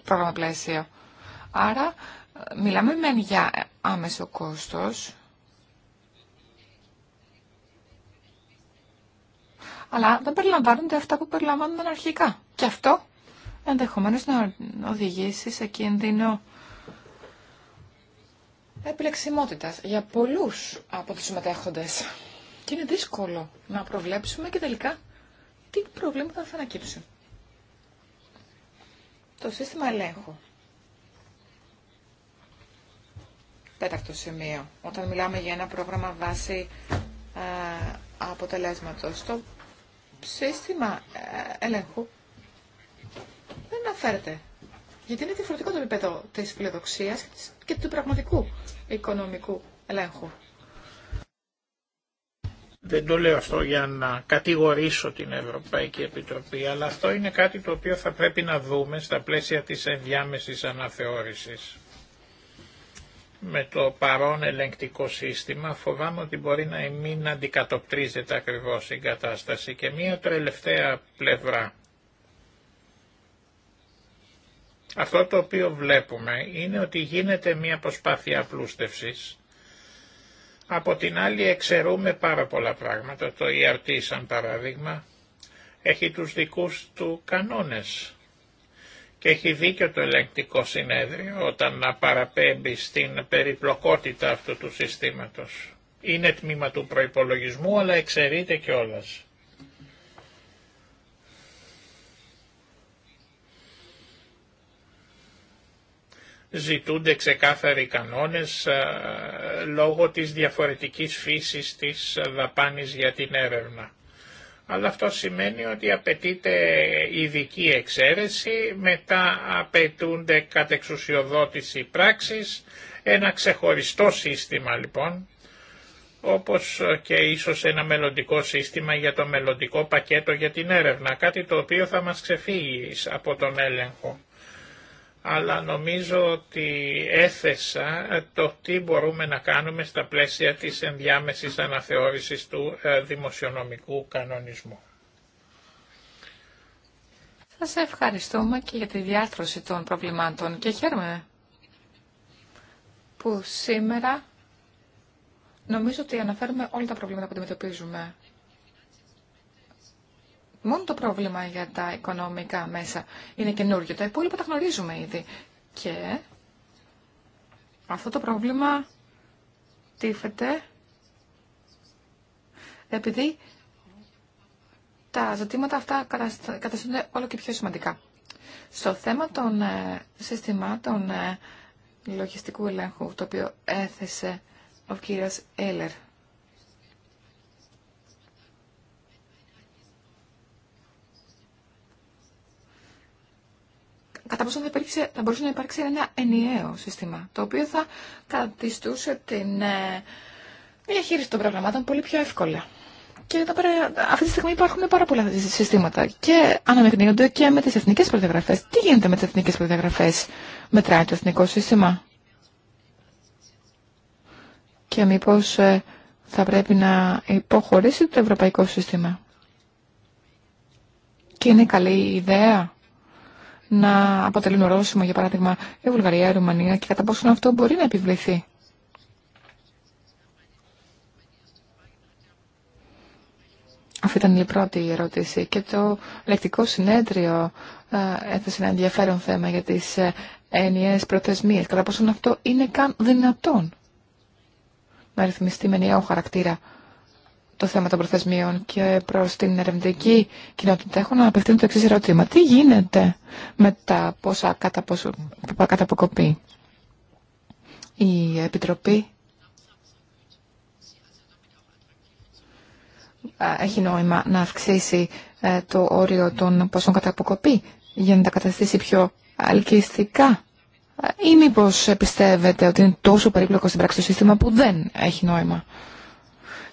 πρόγραμμα πλαίσιο. Άρα ε, μιλάμε μεν για άμεσο κόστος, αλλά δεν περιλαμβάνονται αυτά που περιλαμβάνονταν αρχικά. Και αυτό ενδεχομένω να οδηγήσει σε κίνδυνο επιλεξιμότητας για πολλούς από τους συμμετέχοντες. Και είναι δύσκολο να προβλέψουμε και τελικά τι προβλήματα θα ανακύψουν. Το σύστημα ελέγχου. Τέταρτο σημείο. Όταν μιλάμε για ένα πρόγραμμα βάση ε, αποτελέσματος, το σύστημα ε, ελέγχου δεν αναφέρεται. Γιατί είναι διαφορετικό το επίπεδο της φιλοδοξίας και του πραγματικού οικονομικού ελέγχου. Δεν το λέω αυτό για να κατηγορήσω την Ευρωπαϊκή Επιτροπή, αλλά αυτό είναι κάτι το οποίο θα πρέπει να δούμε στα πλαίσια της ενδιάμεσης αναθεώρησης. Με το παρόν ελεγκτικό σύστημα φοβάμαι ότι μπορεί να μην αντικατοπτρίζεται ακριβώς η κατάσταση. Και μία τελευταία πλευρά. Αυτό το οποίο βλέπουμε είναι ότι γίνεται μία προσπάθεια απλούστευσης από την άλλη εξαιρούμε πάρα πολλά πράγματα. Το ERT σαν παράδειγμα έχει τους δικούς του κανόνες. Και έχει δίκιο το ελεγκτικό συνέδριο όταν να παραπέμπει στην περιπλοκότητα αυτού του συστήματος. Είναι τμήμα του προϋπολογισμού αλλά εξαιρείται κιόλας. ζητούνται ξεκάθαροι κανόνες ε, λόγω της διαφορετικής φύσης της δαπάνης για την έρευνα. Αλλά αυτό σημαίνει ότι απαιτείται ειδική εξαίρεση, μετά απαιτούνται κατεξουσιοδότηση πράξης, ένα ξεχωριστό σύστημα λοιπόν, όπως και ίσως ένα μελλοντικό σύστημα για το μελλοντικό πακέτο για την έρευνα, κάτι το οποίο θα μας ξεφύγει από τον έλεγχο αλλά νομίζω ότι έθεσα το τι μπορούμε να κάνουμε στα πλαίσια της ενδιάμεσης αναθεώρησης του ε, δημοσιονομικού κανονισμού. Σας ευχαριστούμε και για τη διάρθρωση των προβλημάτων και χαίρομαι που σήμερα νομίζω ότι αναφέρουμε όλα τα προβλήματα που αντιμετωπίζουμε. Μόνο το πρόβλημα για τα οικονομικά μέσα είναι καινούργιο. Τα υπόλοιπα τα γνωρίζουμε ήδη. Και αυτό το πρόβλημα τύφεται επειδή τα ζητήματα αυτά καταστούνται όλο και πιο σημαντικά. Στο θέμα των ε, συστημάτων ε, λογιστικού ελέγχου, το οποίο έθεσε ο κύριος Έλερ κατά πόσο θα, θα μπορούσε να υπάρξει ένα ενιαίο σύστημα, το οποίο θα καθιστούσε την ε, διαχείριση των προγραμμάτων πολύ πιο εύκολα. Και εδώ πέρα, αυτή τη στιγμή υπάρχουν πάρα πολλά συστήματα και αναμεγνύονται και με τις εθνικές προδιαγραφές. Τι γίνεται με τις εθνικές προδιαγραφές, μετράει το εθνικό σύστημα. Και μήπως ε, θα πρέπει να υποχωρήσει το ευρωπαϊκό σύστημα. Και είναι καλή ιδέα να αποτελούν ορόσημο, για παράδειγμα, η Βουλγαρία, η Ρουμανία και κατά πόσο αυτό μπορεί να επιβληθεί. Αυτή ήταν η πρώτη ερώτηση. Και το λεκτικό συνέδριο ε, έθεσε ένα ενδιαφέρον θέμα για τις ε, ενιαίες προθεσμίες. Κατά πόσον αυτό είναι καν δυνατόν να ρυθμιστεί με νέο χαρακτήρα το θέμα των προθεσμίων και προς την ερευνητική κοινότητα. Έχω να απευθύνω το εξή ερώτημα. Τι γίνεται με τα πόσα κατά αποκοπή Η Επιτροπή έχει νόημα να αυξήσει ε, το όριο των ποσών καταποκοπεί για να τα καταστήσει πιο αλκυστικά. Ε, ή μήπως πιστεύετε ότι είναι τόσο περίπλοκο στην πράξη το σύστημα που δεν έχει νόημα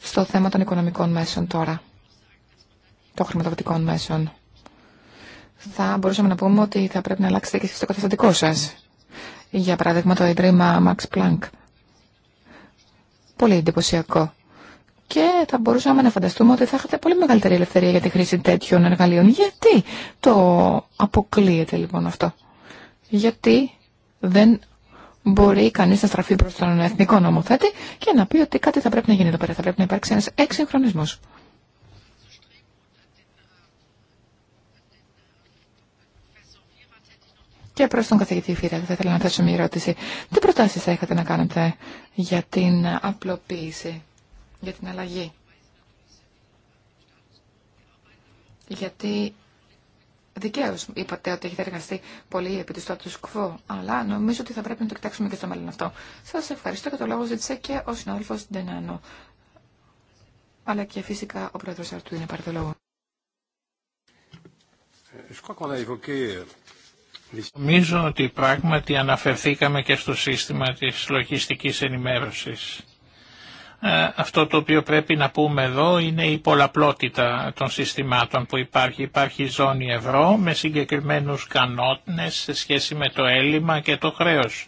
στο θέμα των οικονομικών μέσων τώρα, των χρηματοδοτικών μέσων. Θα μπορούσαμε να πούμε ότι θα πρέπει να αλλάξετε και στο το καταστατικό σας. Για παράδειγμα το Ιδρύμα Max Planck. Πολύ εντυπωσιακό. Και θα μπορούσαμε να φανταστούμε ότι θα είχατε πολύ μεγαλύτερη ελευθερία για τη χρήση τέτοιων εργαλείων. Γιατί το αποκλείεται λοιπόν αυτό. Γιατί δεν μπορεί κανεί να στραφεί προ τον εθνικό νομοθέτη και να πει ότι κάτι θα πρέπει να γίνει εδώ πέρα. Θα πρέπει να υπάρξει ένα εξυγχρονισμό. Και προ τον καθηγητή Φίρα, θα ήθελα να θέσω μια ερώτηση. Τι προτάσει θα είχατε να κάνετε για την απλοποίηση, για την αλλαγή. Γιατί Δικαίω είπατε ότι έχετε εργαστεί πολύ επί του status αλλά νομίζω ότι θα πρέπει να το κοιτάξουμε και στο μέλλον αυτό. Σα ευχαριστώ και το λόγο ζήτησε και ο συνάδελφο Ντενάνο. Αλλά και φυσικά ο πρόεδρο Αρτού είναι πάρει το λόγο. Νομίζω ότι πράγματι αναφερθήκαμε και στο σύστημα της λογιστικής ενημέρωσης. Ε, αυτό το οποίο πρέπει να πούμε εδώ είναι η πολλαπλότητα των συστημάτων που υπάρχει. Υπάρχει ζώνη ευρώ με συγκεκριμένους κανόνες σε σχέση με το έλλειμμα και το χρέος.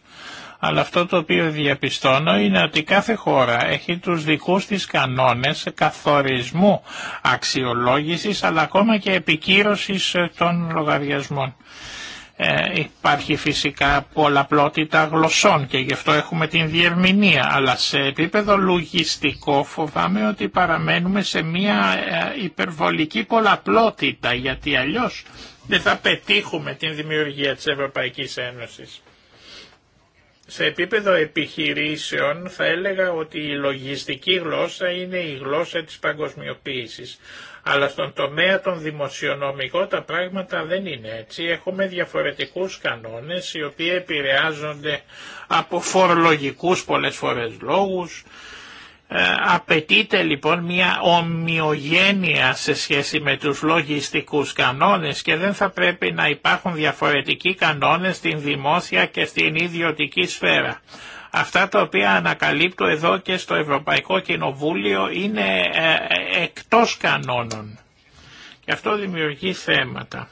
Αλλά αυτό το οποίο διαπιστώνω είναι ότι κάθε χώρα έχει τους δικούς της κανόνες καθορισμού αξιολόγησης αλλά ακόμα και επικύρωσης των λογαριασμών. Ε, υπάρχει φυσικά πολλαπλότητα γλωσσών και γι' αυτό έχουμε την διερμηνία, αλλά σε επίπεδο λογιστικό φοβάμαι ότι παραμένουμε σε μια ε, υπερβολική πολλαπλότητα, γιατί αλλιώς δεν θα πετύχουμε την δημιουργία της Ευρωπαϊκής Ένωσης. Σε επίπεδο επιχειρήσεων θα έλεγα ότι η λογιστική γλώσσα είναι η γλώσσα της παγκοσμιοποίησης. Αλλά στον τομέα των δημοσιονομικών τα πράγματα δεν είναι έτσι. Έχουμε διαφορετικούς κανόνες οι οποίοι επηρεάζονται από φορολογικούς πολλές φορές λόγους. Ε, απαιτείται λοιπόν μια ομοιογένεια σε σχέση με τους λογιστικούς κανόνες και δεν θα πρέπει να υπάρχουν διαφορετικοί κανόνες στην δημόσια και στην ιδιωτική σφαίρα. Αυτά τα οποία ανακαλύπτω εδώ και στο Ευρωπαϊκό Κοινοβούλιο είναι ε, ε, εκτός κανόνων. Και αυτό δημιουργεί θέματα.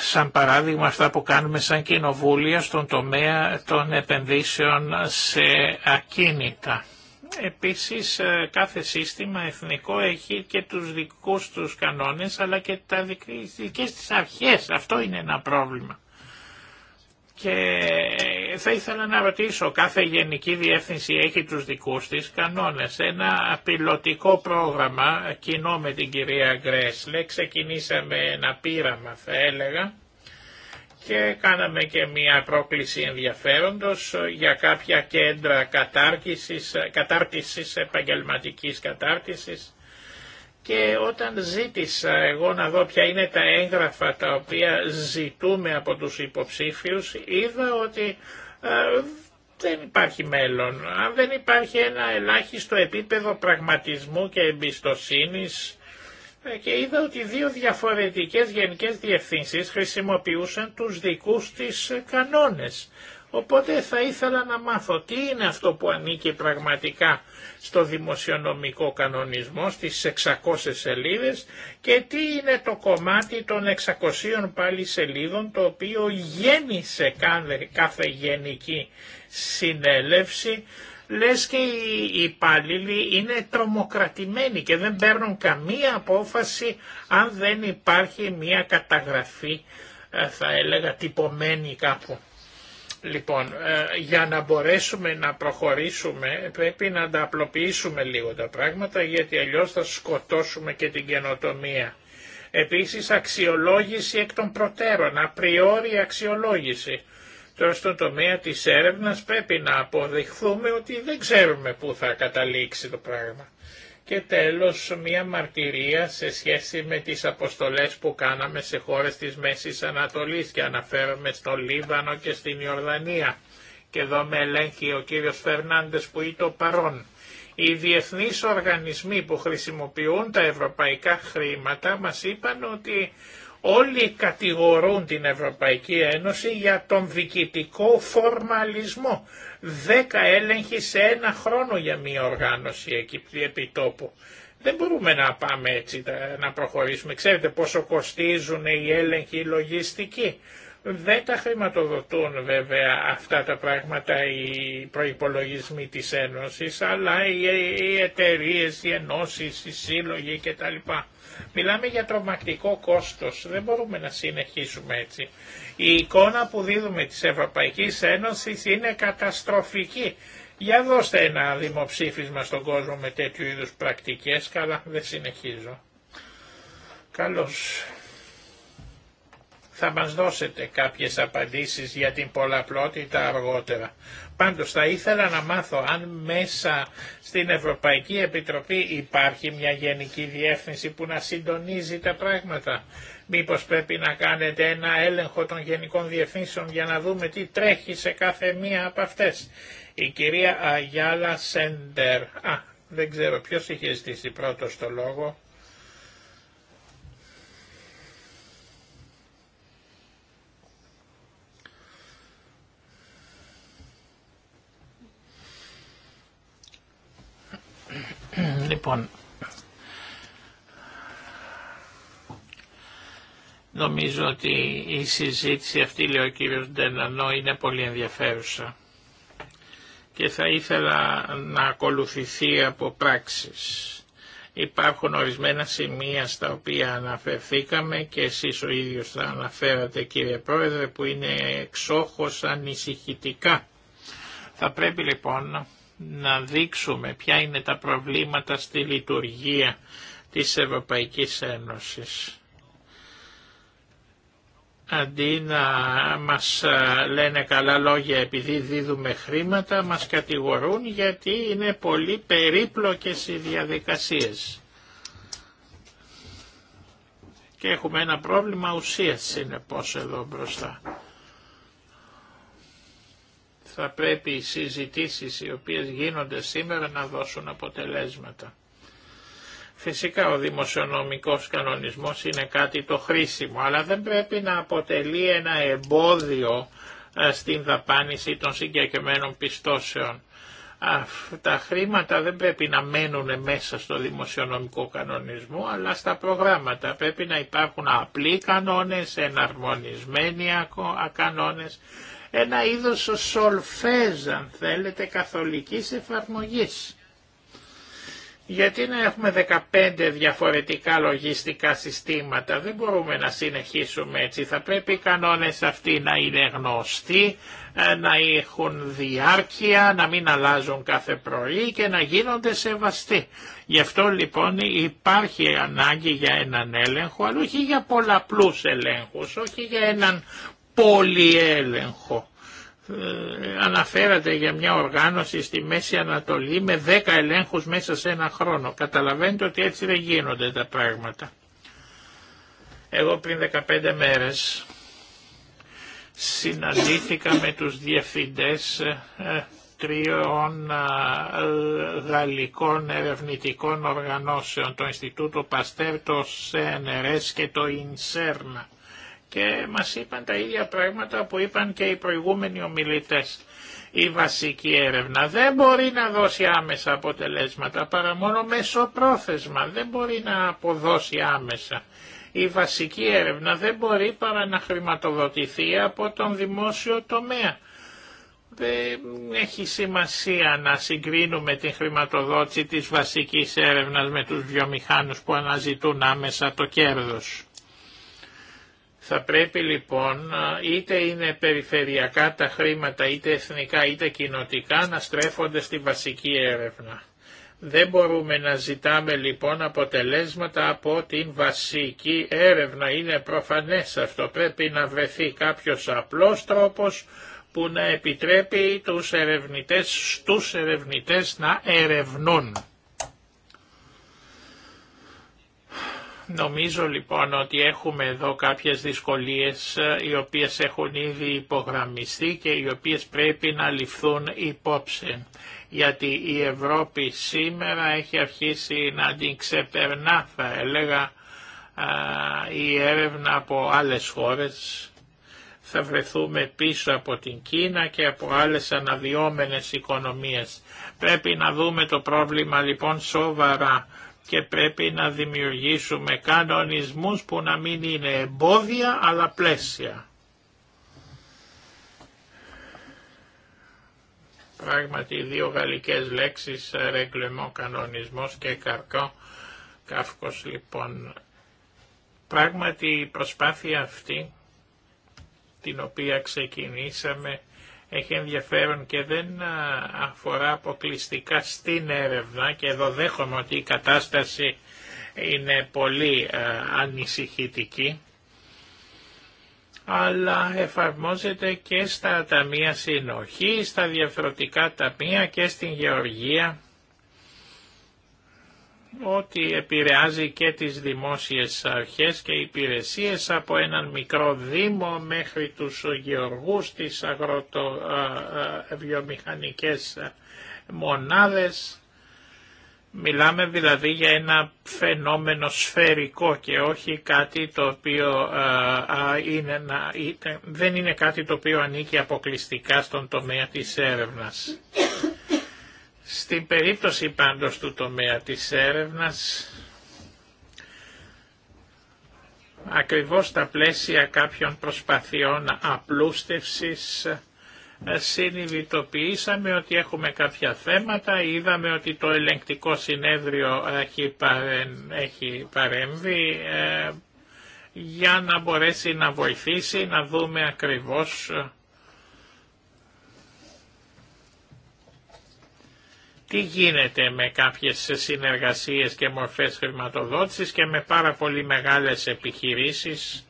Σαν παράδειγμα αυτά που κάνουμε σαν κοινοβούλια στον τομέα των επενδύσεων σε ακίνητα. Επίσης ε, κάθε σύστημα εθνικό έχει και τους δικούς τους κανόνες αλλά και τα δικές της αρχές. Αυτό είναι ένα πρόβλημα. Και ε, θα ήθελα να ρωτήσω, κάθε γενική διεύθυνση έχει τους δικούς της κανόνες. Ένα πιλωτικό πρόγραμμα κοινό με την κυρία Γκρέσλε, ξεκινήσαμε ένα πείραμα θα έλεγα και κάναμε και μια πρόκληση ενδιαφέροντος για κάποια κέντρα κατάρτισης, κατάρτισης επαγγελματικής κατάρτισης και όταν ζήτησα εγώ να δω ποια είναι τα έγγραφα τα οποία ζητούμε από τους υποψήφιους, είδα ότι ε, δεν υπάρχει μέλλον. Αν δεν υπάρχει ένα ελάχιστο επίπεδο πραγματισμού και εμπιστοσύνης ε, και είδα ότι δύο διαφορετικές γενικές διευθύνσεις χρησιμοποιούσαν τους δικούς της κανόνες. Οπότε θα ήθελα να μάθω τι είναι αυτό που ανήκει πραγματικά στο δημοσιονομικό κανονισμό, στις 600 σελίδες και τι είναι το κομμάτι των 600 πάλι σελίδων το οποίο γέννησε κάθε γενική συνέλευση λες και οι υπάλληλοι είναι τρομοκρατημένοι και δεν παίρνουν καμία απόφαση αν δεν υπάρχει μια καταγραφή ε, θα έλεγα τυπωμένη κάπου. Λοιπόν, ε, για να μπορέσουμε να προχωρήσουμε πρέπει να τα λίγο τα πράγματα γιατί αλλιώς θα σκοτώσουμε και την καινοτομία. Επίσης αξιολόγηση εκ των προτέρων, απριόρι αξιολόγηση. Τώρα στον τομέα της έρευνας πρέπει να αποδειχθούμε ότι δεν ξέρουμε πού θα καταλήξει το πράγμα. Και τέλος μία μαρτυρία σε σχέση με τις αποστολές που κάναμε σε χώρες της Μέσης Ανατολής και αναφέρομαι στο Λίβανο και στην Ιορδανία. Και εδώ με ελέγχει ο κύριος Φερνάντες που είναι το παρόν. Οι διεθνείς οργανισμοί που χρησιμοποιούν τα ευρωπαϊκά χρήματα μας είπαν ότι όλοι κατηγορούν την Ευρωπαϊκή Ένωση για τον διοικητικό φορμαλισμό δέκα έλεγχοι σε ένα χρόνο για μια οργάνωση εκεί τόπου. Δεν μπορούμε να πάμε έτσι, να προχωρήσουμε. Ξέρετε πόσο κοστίζουν οι έλεγχοι, οι λογιστικοί. Δεν τα χρηματοδοτούν βέβαια αυτά τα πράγματα οι προϋπολογισμοί της Ένωσης, αλλά οι εταιρείε, οι ενώσεις, οι σύλλογοι κτλ. Μιλάμε για τρομακτικό κόστος, δεν μπορούμε να συνεχίσουμε έτσι. Η εικόνα που δίδουμε της Ευρωπαϊκής Ένωσης είναι καταστροφική. Για δώστε ένα δημοψήφισμα στον κόσμο με τέτοιου είδους πρακτικές, καλά δεν συνεχίζω. Καλώς. Θα μας δώσετε κάποιες απαντήσεις για την πολλαπλότητα αργότερα. Πάντως θα ήθελα να μάθω αν μέσα στην Ευρωπαϊκή Επιτροπή υπάρχει μια γενική διεύθυνση που να συντονίζει τα πράγματα. Μήπως πρέπει να κάνετε ένα έλεγχο των γενικών διευθύνσεων για να δούμε τι τρέχει σε κάθε μία από αυτές. Η κυρία Αγιάλα Σέντερ. Α, δεν ξέρω ποιος είχε ζητήσει πρώτος το λόγο. Λοιπόν, Νομίζω ότι η συζήτηση αυτή, λέει ο κύριος Ντενανό, είναι πολύ ενδιαφέρουσα και θα ήθελα να ακολουθηθεί από πράξεις. Υπάρχουν ορισμένα σημεία στα οποία αναφερθήκαμε και εσείς ο ίδιος θα αναφέρατε κύριε Πρόεδρε που είναι εξόχως ανησυχητικά. Θα πρέπει λοιπόν να δείξουμε ποια είναι τα προβλήματα στη λειτουργία της Ευρωπαϊκής Ένωσης αντί να μας ε, λένε καλά λόγια επειδή δίδουμε χρήματα, μας κατηγορούν γιατί είναι πολύ περίπλοκες οι διαδικασίες. Και έχουμε ένα πρόβλημα ουσίας πώς εδώ μπροστά. Θα πρέπει οι συζητήσεις οι οποίες γίνονται σήμερα να δώσουν αποτελέσματα. Φυσικά ο δημοσιονομικός κανονισμός είναι κάτι το χρήσιμο, αλλά δεν πρέπει να αποτελεί ένα εμπόδιο ε, στην δαπάνηση των συγκεκριμένων πιστώσεων. Τα χρήματα δεν πρέπει να μένουν μέσα στο δημοσιονομικό κανονισμό, αλλά στα προγράμματα. Πρέπει να υπάρχουν απλοί κανόνες, εναρμονισμένοι κανόνες, ένα είδος σολφέζ, αν θέλετε, καθολικής εφαρμογής γιατί να έχουμε 15 διαφορετικά λογιστικά συστήματα, δεν μπορούμε να συνεχίσουμε έτσι. Θα πρέπει οι κανόνες αυτοί να είναι γνωστοί, ε, να έχουν διάρκεια, να μην αλλάζουν κάθε πρωί και να γίνονται σεβαστοί. Γι' αυτό λοιπόν υπάρχει ανάγκη για έναν έλεγχο, αλλά όχι για πολλαπλούς ελέγχους, όχι για έναν πολυέλεγχο. Ε, αναφέρατε για μια οργάνωση στη Μέση Ανατολή με 10 ελέγχους μέσα σε ένα χρόνο. Καταλαβαίνετε ότι έτσι δεν γίνονται τα πράγματα. Εγώ πριν 15 μέρες συναντήθηκα με τους διευθυντές ε, τριών ε, γαλλικών ερευνητικών οργανώσεων, το Ινστιτούτο Παστέρ, το ΣΕΝΕΡΕΣ και το ΙΝΣΕΡΝΑ και μας είπαν τα ίδια πράγματα που είπαν και οι προηγούμενοι ομιλητές. Η βασική έρευνα δεν μπορεί να δώσει άμεσα αποτελέσματα παρά μόνο μεσοπρόθεσμα, δεν μπορεί να αποδώσει άμεσα. Η βασική έρευνα δεν μπορεί παρά να χρηματοδοτηθεί από τον δημόσιο τομέα. Δεν έχει σημασία να συγκρίνουμε την χρηματοδότηση της βασικής έρευνας με τους βιομηχάνους που αναζητούν άμεσα το κέρδος. Θα πρέπει λοιπόν είτε είναι περιφερειακά τα χρήματα είτε εθνικά είτε κοινοτικά να στρέφονται στη βασική έρευνα. Δεν μπορούμε να ζητάμε λοιπόν αποτελέσματα από την βασική έρευνα. Είναι προφανές αυτό. Πρέπει να βρεθεί κάποιος απλός τρόπος που να επιτρέπει τους ερευνητές, στους ερευνητές να ερευνούν. Νομίζω λοιπόν ότι έχουμε εδώ κάποιες δυσκολίες ε, οι οποίες έχουν ήδη υπογραμμιστεί και οι οποίες πρέπει να ληφθούν υπόψη. Γιατί η Ευρώπη σήμερα έχει αρχίσει να την ξεπερνά θα έλεγα η έρευνα από άλλες χώρες. Θα βρεθούμε πίσω από την Κίνα και από άλλες αναδυόμενες οικονομίες. Πρέπει να δούμε το πρόβλημα λοιπόν σοβαρά και πρέπει να δημιουργήσουμε κανονισμούς που να μην είναι εμπόδια αλλά πλαίσια. Πράγματι δύο γαλλικές λέξεις, ε, ρεγκλεμό, κανονισμός και καρκό, καύκος λοιπόν. Πράγματι η προσπάθεια αυτή την οποία ξεκινήσαμε έχει ενδιαφέρον και δεν αφορά αποκλειστικά στην έρευνα και εδώ δέχομαι ότι η κατάσταση είναι πολύ ανησυχητική αλλά εφαρμόζεται και στα ταμεία συνοχή, στα διαφορετικά ταμεία και στην γεωργία ότι επηρεάζει και τις δημόσιες αρχές και υπηρεσίες από έναν μικρό δήμο μέχρι τους γεωργούς, τις αγροτοβιομηχανικές μονάδες. Μιλάμε δηλαδή για ένα φαινόμενο σφαιρικό και όχι κάτι το οποίο είναι, δεν είναι κάτι το οποίο ανήκει αποκλειστικά στον τομέα της έρευνας. Στην περίπτωση πάντως του τομέα της έρευνας, ακριβώς τα πλαίσια κάποιων προσπαθειών απλούστευσης ε, συνειδητοποιήσαμε ότι έχουμε κάποια θέματα, είδαμε ότι το ελεγκτικό συνέδριο έχει, έχει παρέμβει ε, για να μπορέσει να βοηθήσει, να δούμε ακριβώς ε, τι γίνεται με κάποιες συνεργασίες και μορφές χρηματοδότησης και με πάρα πολύ μεγάλες επιχειρήσεις.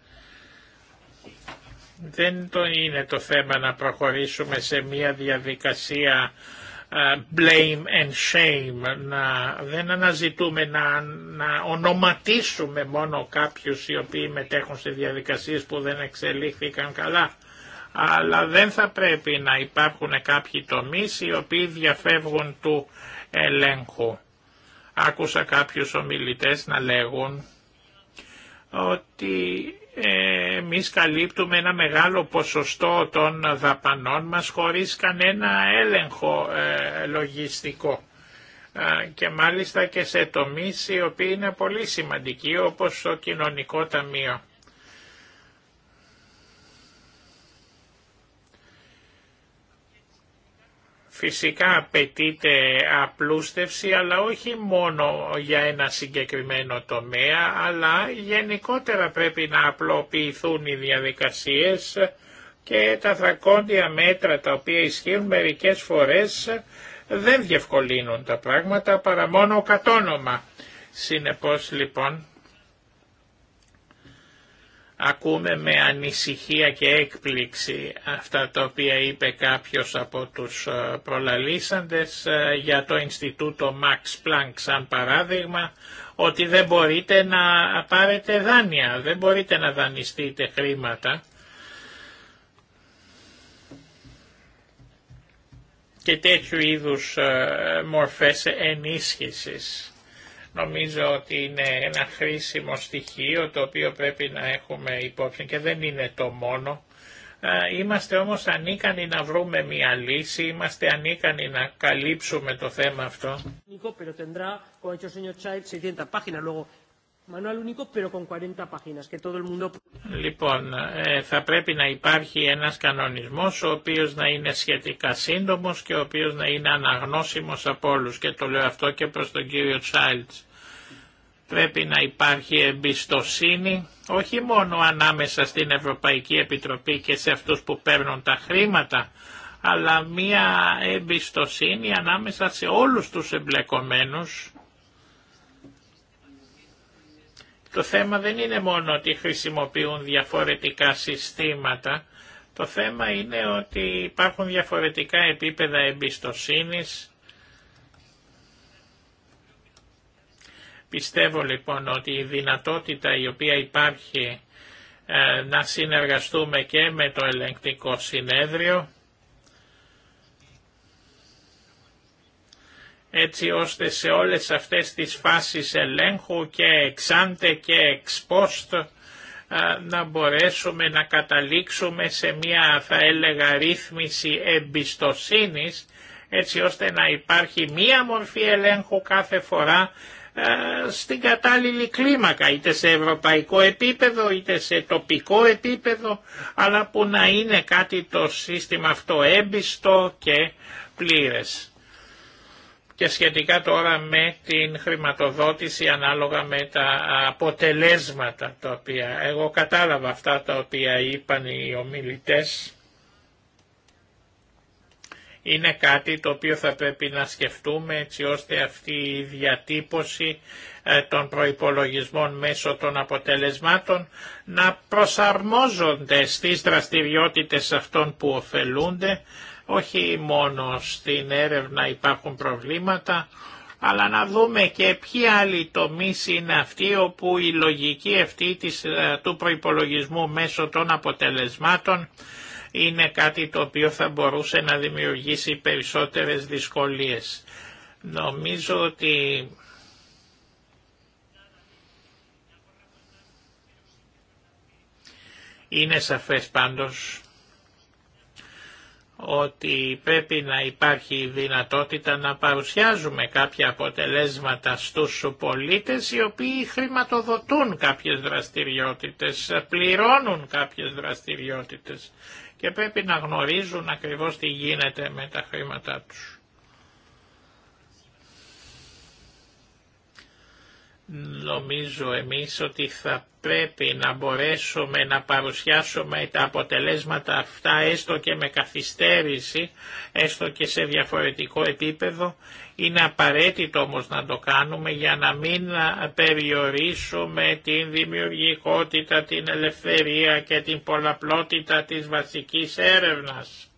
Δεν το είναι το θέμα να προχωρήσουμε σε μια διαδικασία ε, blame and shame, να, δεν αναζητούμε να, να ονοματίσουμε μόνο κάποιους οι οποίοι μετέχουν σε διαδικασίες που δεν εξελίχθηκαν καλά αλλά δεν θα πρέπει να υπάρχουν κάποιοι τομείς οι οποίοι διαφεύγουν του ελέγχου. Άκουσα κάποιους ομιλητές να λέγουν ότι ε, εμείς καλύπτουμε ένα μεγάλο ποσοστό των δαπανών μας χωρίς κανένα έλεγχο ε, λογιστικό και μάλιστα και σε τομείς οι οποίοι είναι πολύ σημαντικοί όπως το κοινωνικό ταμείο. Φυσικά απαιτείται απλούστευση, αλλά όχι μόνο για ένα συγκεκριμένο τομέα, αλλά γενικότερα πρέπει να απλοποιηθούν οι διαδικασίες και τα δρακόντια μέτρα τα οποία ισχύουν μερικές φορές δεν διευκολύνουν τα πράγματα παρά μόνο κατόνομα. Συνεπώς λοιπόν Ακούμε με ανησυχία και έκπληξη αυτά τα οποία είπε κάποιος από τους ε, προλαλήσαντες ε, για το Ινστιτούτο Max Planck σαν παράδειγμα ότι δεν μπορείτε να πάρετε δάνεια, δεν μπορείτε να δανειστείτε χρήματα. και τέτοιου είδους ε, μορφές ενίσχυσης. Νομίζω ότι είναι ένα χρήσιμο στοιχείο το οποίο πρέπει να έχουμε υπόψη και δεν είναι το μόνο. Είμαστε όμως ανίκανοι να βρούμε μια λύση, είμαστε ανίκανοι να καλύψουμε το θέμα αυτό. 40 Λοιπόν, ε, θα πρέπει να υπάρχει ένας κανονισμός ο οποίος να είναι σχετικά σύντομος και ο οποίος να είναι αναγνώσιμος από όλους. Και το λέω αυτό και προς τον κύριο Τσάιλτς. Πρέπει να υπάρχει εμπιστοσύνη, όχι μόνο ανάμεσα στην Ευρωπαϊκή Επιτροπή και σε αυτούς που παίρνουν τα χρήματα, αλλά μία εμπιστοσύνη ανάμεσα σε όλους τους εμπλεκομένους Το θέμα δεν είναι μόνο ότι χρησιμοποιούν διαφορετικά συστήματα, το θέμα είναι ότι υπάρχουν διαφορετικά επίπεδα εμπιστοσύνης. Πιστεύω λοιπόν ότι η δυνατότητα η οποία υπάρχει ε, να συνεργαστούμε και με το ελεγκτικό συνέδριο έτσι ώστε σε όλες αυτές τις φάσεις ελέγχου και εξάντε και εξπόστ να μπορέσουμε να καταλήξουμε σε μια θα έλεγα ρύθμιση εμπιστοσύνης έτσι ώστε να υπάρχει μία μορφή ελέγχου κάθε φορά στην κατάλληλη κλίμακα, είτε σε ευρωπαϊκό επίπεδο, είτε σε τοπικό επίπεδο, αλλά που να είναι κάτι το σύστημα αυτό έμπιστο και πλήρες και σχετικά τώρα με την χρηματοδότηση ανάλογα με τα αποτελέσματα τα οποία εγώ κατάλαβα αυτά τα οποία είπαν οι ομιλητές είναι κάτι το οποίο θα πρέπει να σκεφτούμε έτσι ώστε αυτή η διατύπωση ε, των προϋπολογισμών μέσω των αποτελεσμάτων να προσαρμόζονται στις δραστηριότητες αυτών που ωφελούνται όχι μόνο στην έρευνα υπάρχουν προβλήματα, αλλά να δούμε και ποιοι άλλοι τομεί είναι αυτοί όπου η λογική αυτή της, ε, του προϋπολογισμού μέσω των αποτελεσμάτων είναι κάτι το οποίο θα μπορούσε να δημιουργήσει περισσότερες δυσκολίες. Νομίζω ότι είναι σαφές πάντως ότι πρέπει να υπάρχει η δυνατότητα να παρουσιάζουμε κάποια αποτελέσματα στους πολίτες οι οποίοι χρηματοδοτούν κάποιες δραστηριότητες, πληρώνουν κάποιες δραστηριότητες και πρέπει να γνωρίζουν ακριβώς τι γίνεται με τα χρήματά τους. Νομίζω εμείς ότι θα πρέπει να μπορέσουμε να παρουσιάσουμε τα αποτελέσματα αυτά έστω και με καθυστέρηση, έστω και σε διαφορετικό επίπεδο. Είναι απαραίτητο όμως να το κάνουμε για να μην περιορίσουμε την δημιουργικότητα, την ελευθερία και την πολλαπλότητα της βασικής έρευνας.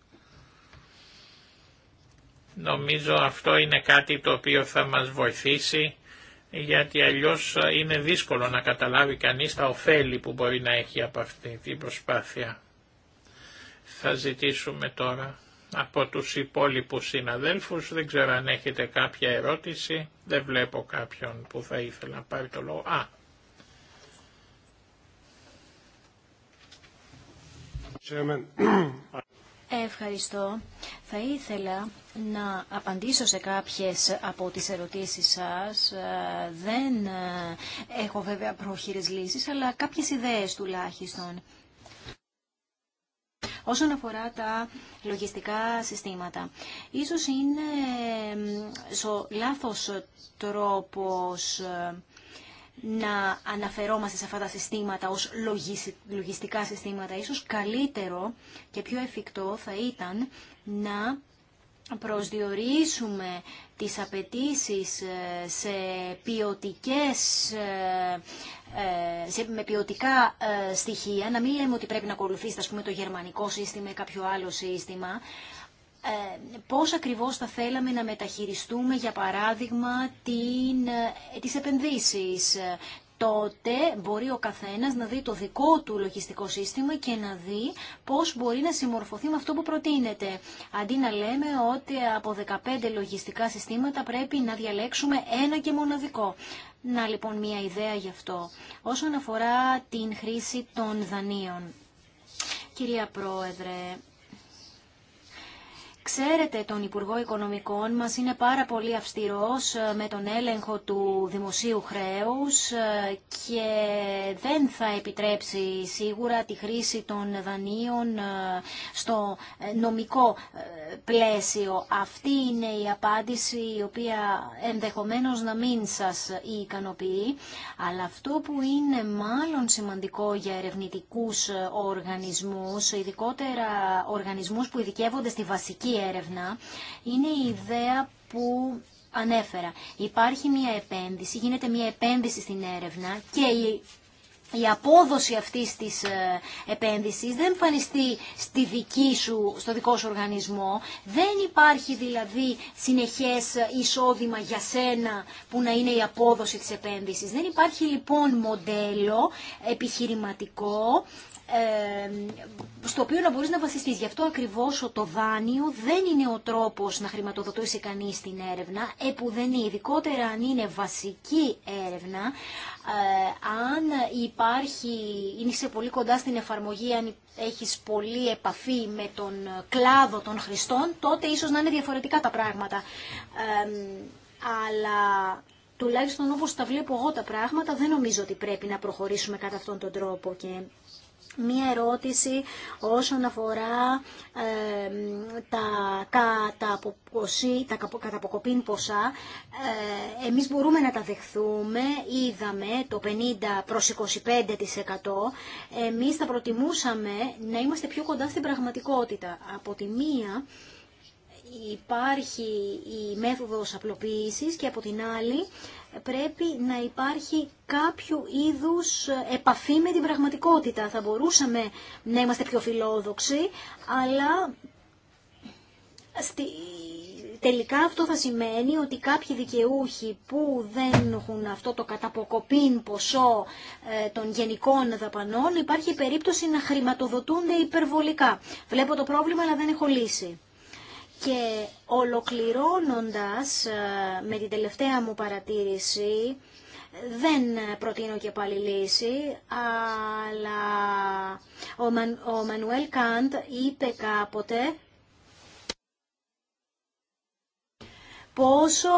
Νομίζω αυτό είναι κάτι το οποίο θα μας βοηθήσει γιατί αλλιώς είναι δύσκολο να καταλάβει κανείς τα ωφέλη που μπορεί να έχει από αυτή την προσπάθεια. Θα ζητήσουμε τώρα από τους υπόλοιπους συναδέλφους, δεν ξέρω αν έχετε κάποια ερώτηση, δεν βλέπω κάποιον που θα ήθελα να πάρει το λόγο. Α. Ευχαριστώ. Θα ήθελα να απαντήσω σε κάποιες από τις ερωτήσεις σας. Ε, δεν ε, έχω βέβαια προχειρές λύσεις, αλλά κάποιες ιδέες τουλάχιστον. Όσον αφορά τα λογιστικά συστήματα, ίσως είναι ε, στο λάθος τρόπος να αναφερόμαστε σε αυτά τα συστήματα ως λογιστικά συστήματα. Ίσως καλύτερο και πιο εφικτό θα ήταν να προσδιορίσουμε τις απαιτήσεις ε, σε ποιοτικές, ε, ε, σε, με ποιοτικά στοιχεία, να μην λέμε ότι πρέπει να ακολουθήσετε πούμε, το γερμανικό σύστημα ή κάποιο άλλο σύστημα, πώς ακριβώς θα θέλαμε να μεταχειριστούμε, για παράδειγμα, την, τις επενδύσεις, τότε μπορεί ο καθένας να δει το δικό του λογιστικό σύστημα και να δει πώς μπορεί να συμμορφωθεί με αυτό που προτείνεται. Αντί να λέμε ότι από 15 λογιστικά συστήματα πρέπει να διαλέξουμε ένα και μοναδικό. Να λοιπόν μια ιδέα γι' αυτό. Όσον αφορά την χρήση των δανείων. Κυρία Πρόεδρε, Ξέρετε, τον Υπουργό Οικονομικών μας είναι πάρα πολύ αυστηρός ε, με τον έλεγχο του δημοσίου χρέους ε, και δεν θα επιτρέψει σίγουρα τη χρήση των δανείων ε, στο νομικό πλαίσιο. Αυτή είναι η απάντηση η οποία ενδεχομένως να μην σας ικανοποιεί, αλλά αυτό που είναι μάλλον σημαντικό για ερευνητικούς οργανισμούς, ειδικότερα οργανισμούς που ειδικεύονται στη βασική έρευνα είναι η ιδέα που ανέφερα. Υπάρχει μια επένδυση, γίνεται μια επένδυση στην έρευνα και η απόδοση αυτής της ε, επένδυσης δεν εμφανιστεί στη σου, στο δικό σου οργανισμό. Δεν υπάρχει δηλαδή συνεχές εισόδημα για σένα που να είναι η απόδοση της επένδυσης. Δεν υπάρχει λοιπόν μοντέλο επιχειρηματικό ε, στο οποίο να μπορεί να βασιστεί, Γι' αυτό ακριβώς το δάνειο δεν είναι ο τρόπο να χρηματοδοτήσει κανεί την έρευνα, επουδενή, ειδικότερα αν είναι βασική έρευνα, ε, αν υπάρχει, είναι πολύ κοντά στην εφαρμογή, αν έχει πολύ επαφή με τον κλάδο των χρηστών, τότε ίσω να είναι διαφορετικά τα πράγματα. αλλά τουλάχιστον όπως τα βλέπω εγώ τα πράγματα, δεν νομίζω ότι πρέπει να προχωρήσουμε κατά αυτόν τον τρόπο. Και Μία ερώτηση όσον αφορά τα, τα καταποκοπήν ποσά. Ε, εμείς μπορούμε να τα δεχθούμε, είδαμε το 50 προς 25%. Εμείς θα προτιμούσαμε να είμαστε πιο κοντά στην πραγματικότητα. Από τη μία υπάρχει η μέθοδος απλοποίησης και από την άλλη πρέπει να υπάρχει κάποιο είδους ε, επαφή με την πραγματικότητα. Θα μπορούσαμε να είμαστε πιο φιλόδοξοι, αλλά στη... τελικά αυτό θα σημαίνει ότι κάποιοι δικαιούχοι που δεν έχουν αυτό το καταποκοπήν ποσό ε, των γενικών δαπανών, υπάρχει περίπτωση να χρηματοδοτούνται υπερβολικά. Βλέπω το πρόβλημα, αλλά δεν έχω λύση. Και ολοκληρώνοντας ε, με την τελευταία μου παρατήρηση, δεν προτείνω και πάλι λύση, αλλά ο, Μαν, Μανουέλ Καντ είπε κάποτε πόσο,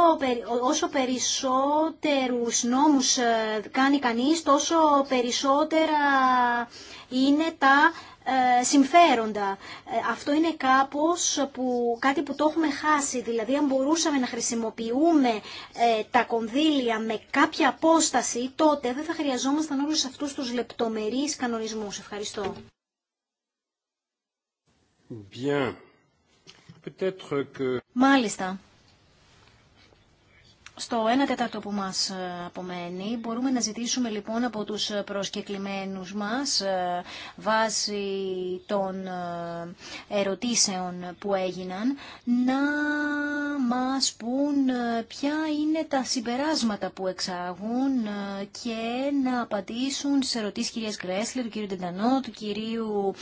όσο περισσότερους νόμους ε, κάνει κανείς, τόσο περισσότερα είναι τα ε, συμφέροντα. Ε, αυτό είναι κάπως που, κάτι που το έχουμε χάσει, δηλαδή αν μπορούσαμε να χρησιμοποιούμε ε, τα κονδύλια με κάποια απόσταση, τότε δεν θα χρειαζόμασταν όλους αυτούς τους λεπτομερείς κανονισμούς. Ευχαριστώ. Μάλιστα στο 1 τέταρτο που μας ε, απομένει μπορούμε να ζητήσουμε λοιπόν από τους προσκεκλημένους μας ε, βάσει των ε, ερωτήσεων που έγιναν να μας πούν ποια είναι τα συμπεράσματα που εξάγουν και να απαντήσουν σε ερωτήσεις κυρίας Γκρέσλε, του κυρίου Τεντανό, του κυρίου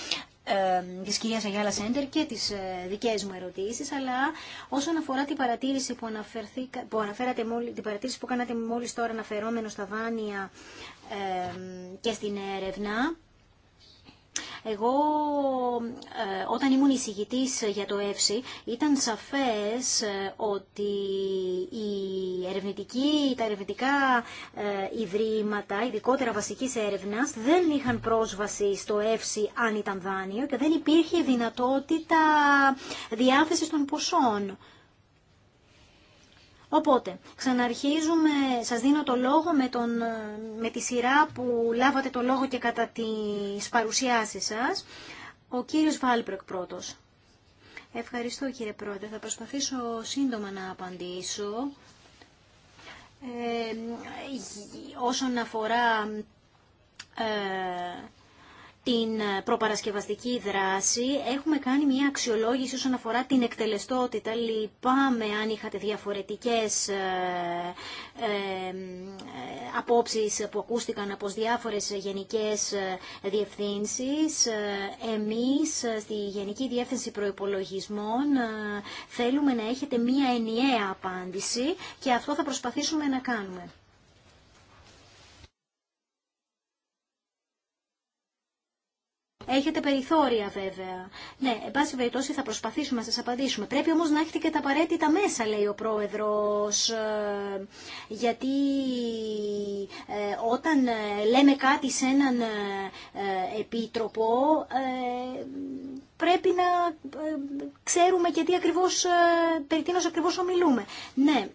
της κυρίας Αγιάλα Σέντερ και τις ε, δικές μου ερωτήσεις, αλλά όσον αφορά την παρατήρηση που, που αναφέρατε μόλι, την παρατήρηση που κάνατε μόλις τώρα αναφερόμενο στα δάνεια και στην έρευνα, εγώ ε, όταν ήμουν εισηγητής για το ΕΦΣΥ ήταν σαφές ε, ότι η ερευνητική, τα ερευνητικά ε, ιδρύματα, ειδικότερα βασικής έρευνας, δεν είχαν πρόσβαση στο ΕΦΣΥ αν ήταν δάνειο και δεν υπήρχε δυνατότητα διάθεσης των ποσών. Οπότε, ξαναρχίζουμε, σας δίνω το λόγο με, τον, με τη σειρά που λάβατε το λόγο και κατά τις παρουσιάσεις σας. Ο κύριος Βάλπρεκ πρώτος. Ευχαριστώ κύριε Πρόεδρε. Θα προσπαθήσω σύντομα να απαντήσω. Ε, όσον αφορά ε, την ε, προπαρασκευαστική δράση έχουμε κάνει μια αξιολόγηση όσον αφορά την εκτελεστότητα. Λυπάμαι αν είχατε διαφορετικές ε, ε, απόψεις που ακούστηκαν από διάφορες γενικές διευθύνσεις. Εμείς στη Γενική Διεύθυνση Προϋπολογισμών θέλουμε να έχετε μια ενιαία απάντηση και αυτό θα προσπαθήσουμε να κάνουμε. Έχετε περιθώρια βέβαια. Ναι, εν πάση περιπτώσει θα προσπαθήσουμε να σας απαντήσουμε. Πρέπει όμως να έχετε και τα απαραίτητα μέσα, λέει ο πρόεδρος, ε, γιατί ε, όταν ε, λέμε κάτι σε έναν επίτροπο, πρέπει να ξέρουμε και τι ακριβώς, περί τίνος ακριβώς ομιλούμε. Ναι,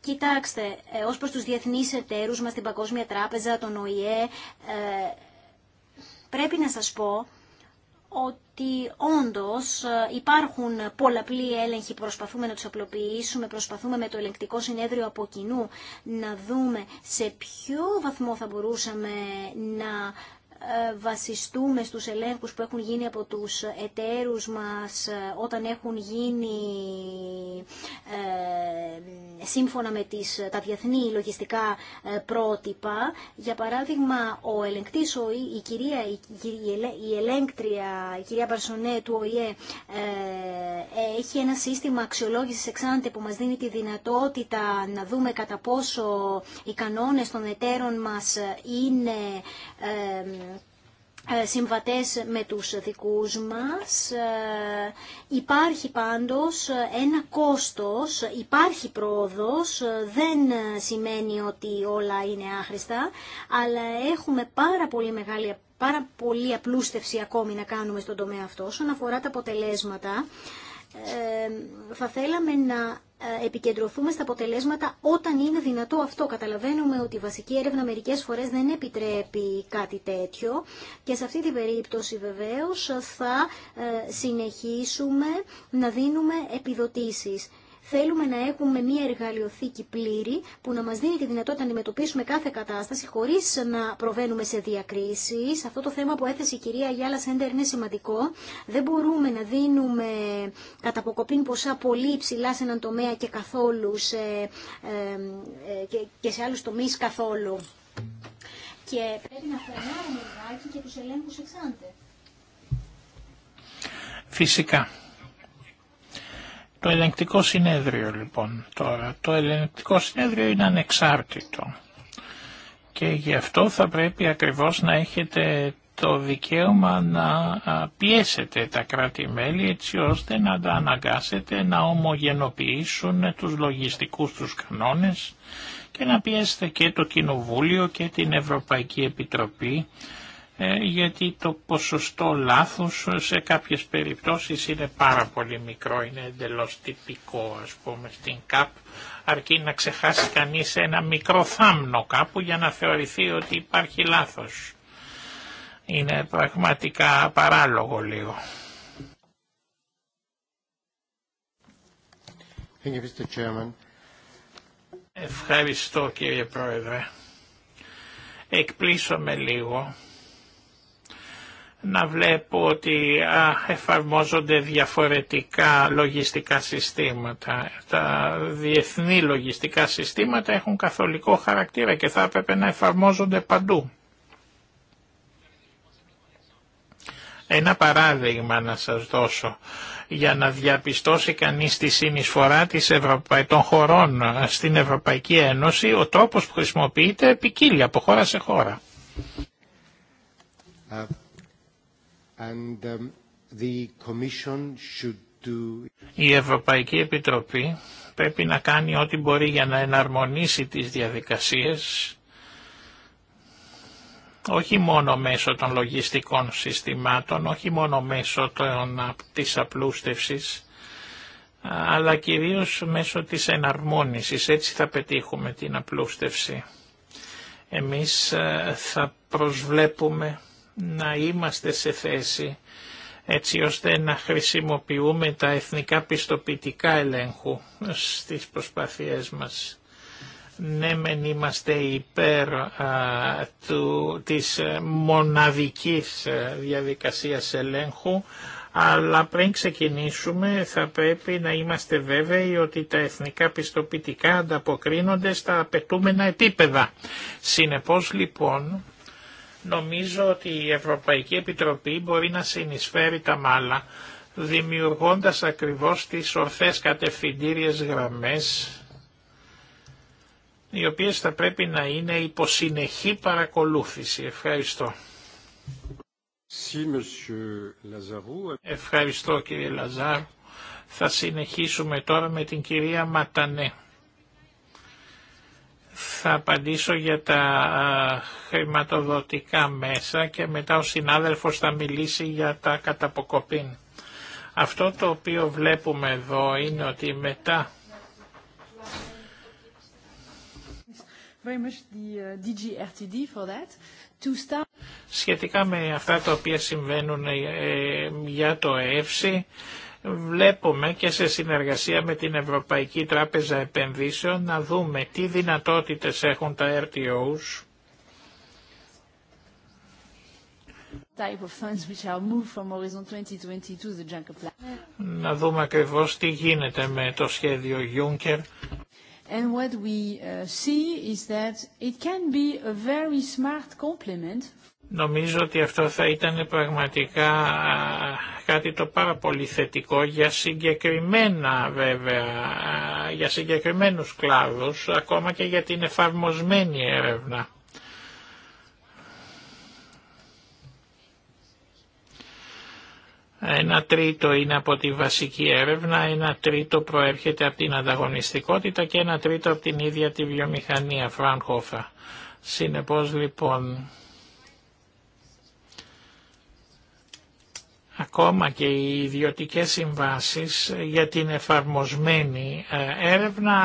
Κοιτάξτε, ως προς τους διεθνείς εταίρους μας, την Παγκόσμια Τράπεζα, τον ΟΗΕ, Πρέπει να σας πω ότι όντως ε, υπάρχουν πολλαπλοί έλεγχοι, προσπαθούμε να τους απλοποιήσουμε, προσπαθούμε με το ελεγκτικό συνέδριο από κοινού να δούμε σε ποιο βαθμό θα μπορούσαμε να βασιστούμε στους ελέγχους που έχουν γίνει από τους εταίρους μας ε, όταν έχουν γίνει ε, σύμφωνα με τα διεθνή λογιστικά ε, πρότυπα. Για παράδειγμα, ο ελεγκτής, η κυρία, η ελέγκτρια, η κυρία Μπαρσονέ του ΟΗΕ έχει ένα σύστημα αξιολόγησης εξάντε που μας δίνει τη δυνατότητα να δούμε κατά πόσο οι κανόνες των εταίρων μας είναι ε, συμβατές με τους δικούς μας. Ε, υπάρχει πάντως ένα κόστος, υπάρχει πρόοδος, ε, δεν σημαίνει ότι όλα είναι άχρηστα, αλλά έχουμε πάρα πολύ μεγάλη πάρα πολύ απλούστευση ακόμη να κάνουμε στον τομέα αυτό. Όσον αφορά τα αποτελέσματα, ε, θα θέλαμε να ε, επικεντρωθούμε στα αποτελέσματα όταν είναι δυνατό αυτό. Καταλαβαίνουμε ότι η βασική έρευνα μερικές φορές δεν επιτρέπει κάτι τέτοιο και σε αυτή την περίπτωση βεβαίως θα ε, συνεχίσουμε να δίνουμε επιδοτήσεις. Θέλουμε να έχουμε μια εργαλειοθήκη πλήρη που να μας δίνει τη δυνατότητα να αντιμετωπίσουμε κάθε κατάσταση χωρίς να προβαίνουμε σε διακρίσεις. Αυτό το θέμα που έθεσε η κυρία Γιάλα Σέντερ είναι σημαντικό. Δεν μπορούμε να δίνουμε κατά αποκοπήν ποσά πολύ υψηλά σε έναν τομέα και καθόλου σε, ε, ε, και, σε άλλους τομείς καθόλου. Και πρέπει να φερνάμε λιγάκι και τους ελέγχους εξάντε. Φυσικά. Το ελεγκτικό συνέδριο λοιπόν τώρα. Το ελεγκτικό συνέδριο είναι ανεξάρτητο και γι' αυτό θα πρέπει ακριβώς να έχετε το δικαίωμα να πιέσετε τα κράτη-μέλη έτσι ώστε να τα αναγκάσετε να ομογενοποιήσουν τους λογιστικούς τους κανόνες και να πιέσετε και το Κοινοβούλιο και την Ευρωπαϊκή Επιτροπή ε, γιατί το ποσοστό λάθους σε κάποιες περιπτώσεις είναι πάρα πολύ μικρό, είναι εντελώς τυπικό ας πούμε στην ΚΑΠ, αρκεί να ξεχάσει κανείς ένα μικρό θάμνο κάπου για να θεωρηθεί ότι υπάρχει λάθος. Είναι πραγματικά παράλογο λίγο. Ευχαριστώ κύριε Πρόεδρε. με λίγο να βλέπω ότι εφαρμόζονται διαφορετικά λογιστικά συστήματα. Τα διεθνή λογιστικά συστήματα έχουν καθολικό χαρακτήρα και θα έπρεπε να εφαρμόζονται παντού. Ένα παράδειγμα να σας δώσω για να διαπιστώσει κανείς τη συνεισφορά της των χωρών στην Ευρωπαϊκή Ένωση, ο τρόπος που χρησιμοποιείται ποικίλει από χώρα σε χώρα. Ε, Um, Η Ευρωπαϊκή Επιτροπή πρέπει να κάνει ό,τι μπορεί για να εναρμονίσει τις διαδικασίες όχι μόνο μέσω των λογιστικών συστημάτων, όχι μόνο μέσω των, της απλούστευσης, αλλά κυρίως μέσω της εναρμόνισης. Έτσι θα πετύχουμε την απλούστευση. Εμείς ε, θα προσβλέπουμε να είμαστε σε θέση έτσι ώστε να χρησιμοποιούμε τα εθνικά πιστοποιητικά ελέγχου στις προσπάθειές μας. Ναι, μεν είμαστε υπέρ α, του, της μοναδικής διαδικασίας ελέγχου, αλλά πριν ξεκινήσουμε θα πρέπει να είμαστε βέβαιοι ότι τα εθνικά πιστοποιητικά ανταποκρίνονται στα απαιτούμενα επίπεδα. Συνεπώς λοιπόν Νομίζω ότι η Ευρωπαϊκή Επιτροπή μπορεί να συνεισφέρει τα μάλα δημιουργώντας ακριβώς τις ορθές κατευθυντήριες γραμμές οι οποίες θα πρέπει να είναι υποσυνεχή παρακολούθηση. Ευχαριστώ. Ευχαριστώ κύριε Λαζάρου. Θα συνεχίσουμε τώρα με την κυρία Ματανέ. Θα απαντήσω για τα χρηματοδοτικά μέσα και μετά ο συνάδελφος θα μιλήσει για τα καταποκοπήν. Αυτό το οποίο βλέπουμε εδώ είναι ότι μετά uh, Σχετικά με αυτά τα οποία συμβαίνουν ε, ε, για το ΕΦΣΙ βλέπουμε και σε συνεργασία με την Ευρωπαϊκή Τράπεζα Επενδύσεων να δούμε τι δυνατότητες έχουν τα RTOs να δούμε ακριβώ τι γίνεται με το σχέδιο Juncker. And what we uh, see is that it can be a very smart complement Νομίζω ότι αυτό θα ήταν πραγματικά κάτι το πάρα πολύ θετικό για συγκεκριμένα βέβαια, για συγκεκριμένους κλάδους, ακόμα και για την εφαρμοσμένη έρευνα. Ένα τρίτο είναι από τη βασική έρευνα, ένα τρίτο προέρχεται από την ανταγωνιστικότητα και ένα τρίτο από την ίδια τη βιομηχανία Φρανχόφα. Συνεπώς λοιπόν ακόμα και οι ιδιωτικές συμβάσεις για την εφαρμοσμένη ε, έρευνα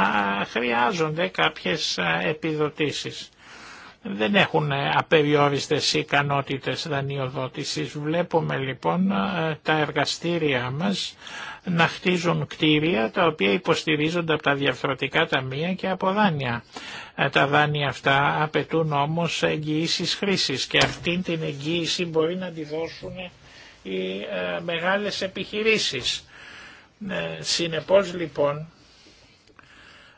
ε, χρειάζονται κάποιες ε, επιδοτήσεις. Δεν έχουν απεριόριστες ικανότητες δανειοδότησης. Βλέπουμε λοιπόν τα εργαστήρια μας να χτίζουν κτίρια τα οποία υποστηρίζονται από τα διαφορετικά ταμεία και από δάνεια. Τα δάνεια αυτά απαιτούν όμως εγγυήσεις χρήσης και αυτή την εγγύηση μπορεί να τη δώσουν οι ε, μεγάλες επιχειρήσεις. Ναι, συνεπώς λοιπόν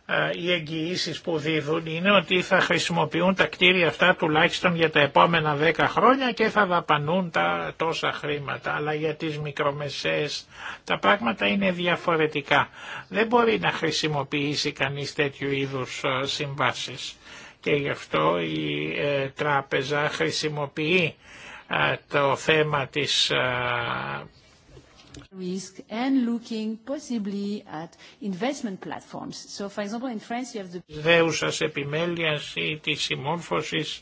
ε, οι εγγυήσει που δίδουν είναι ότι θα χρησιμοποιούν τα κτίρια αυτά τουλάχιστον για τα επόμενα δέκα χρόνια και θα δαπανούν τα τόσα χρήματα. Αλλά για τις μικρομεσαίες τα πράγματα είναι διαφορετικά. Δεν μπορεί να χρησιμοποιήσει κανείς τέτοιου είδους ε, συμβάσεις. Και γι' αυτό η τράπεζα χρησιμοποιεί το θέμα της and δέουσας επιμέλειας ή της συμμόρφωσης.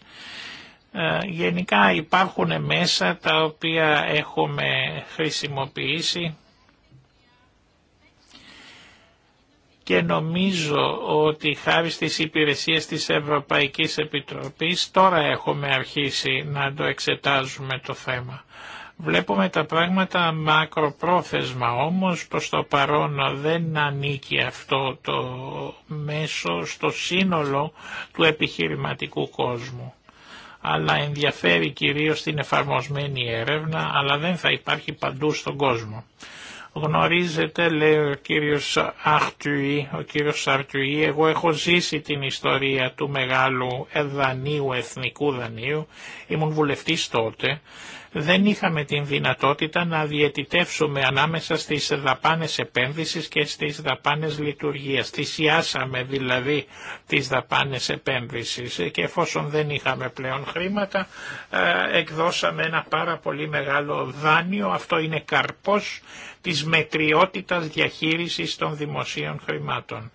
Γενικά υπάρχουν μέσα τα οποία έχουμε χρησιμοποιήσει και νομίζω ότι χάρη στις υπηρεσίες της Ευρωπαϊκής Επιτροπής τώρα έχουμε αρχίσει να το εξετάζουμε το θέμα. Βλέπουμε τα πράγματα μακροπρόθεσμα όμως προς το παρόν δεν ανήκει αυτό το μέσο στο σύνολο του επιχειρηματικού κόσμου αλλά ενδιαφέρει κυρίως την εφαρμοσμένη έρευνα, αλλά δεν θα υπάρχει παντού στον κόσμο. Γνωρίζετε, λέει ο κύριος Αχτουή, ο κύριος εγώ έχω ζήσει την ιστορία του μεγάλου δανείου, εθνικού δανείου, ήμουν βουλευτής τότε δεν είχαμε την δυνατότητα να διαιτητεύσουμε ανάμεσα στις δαπάνες επένδυσης και στις δαπάνες λειτουργίας. Θυσιάσαμε δηλαδή τις δαπάνες επένδυσης και εφόσον δεν είχαμε πλέον χρήματα ε, εκδώσαμε ένα πάρα πολύ μεγάλο δάνειο. Αυτό είναι καρπός της μετριότητας διαχείρισης των δημοσίων χρημάτων.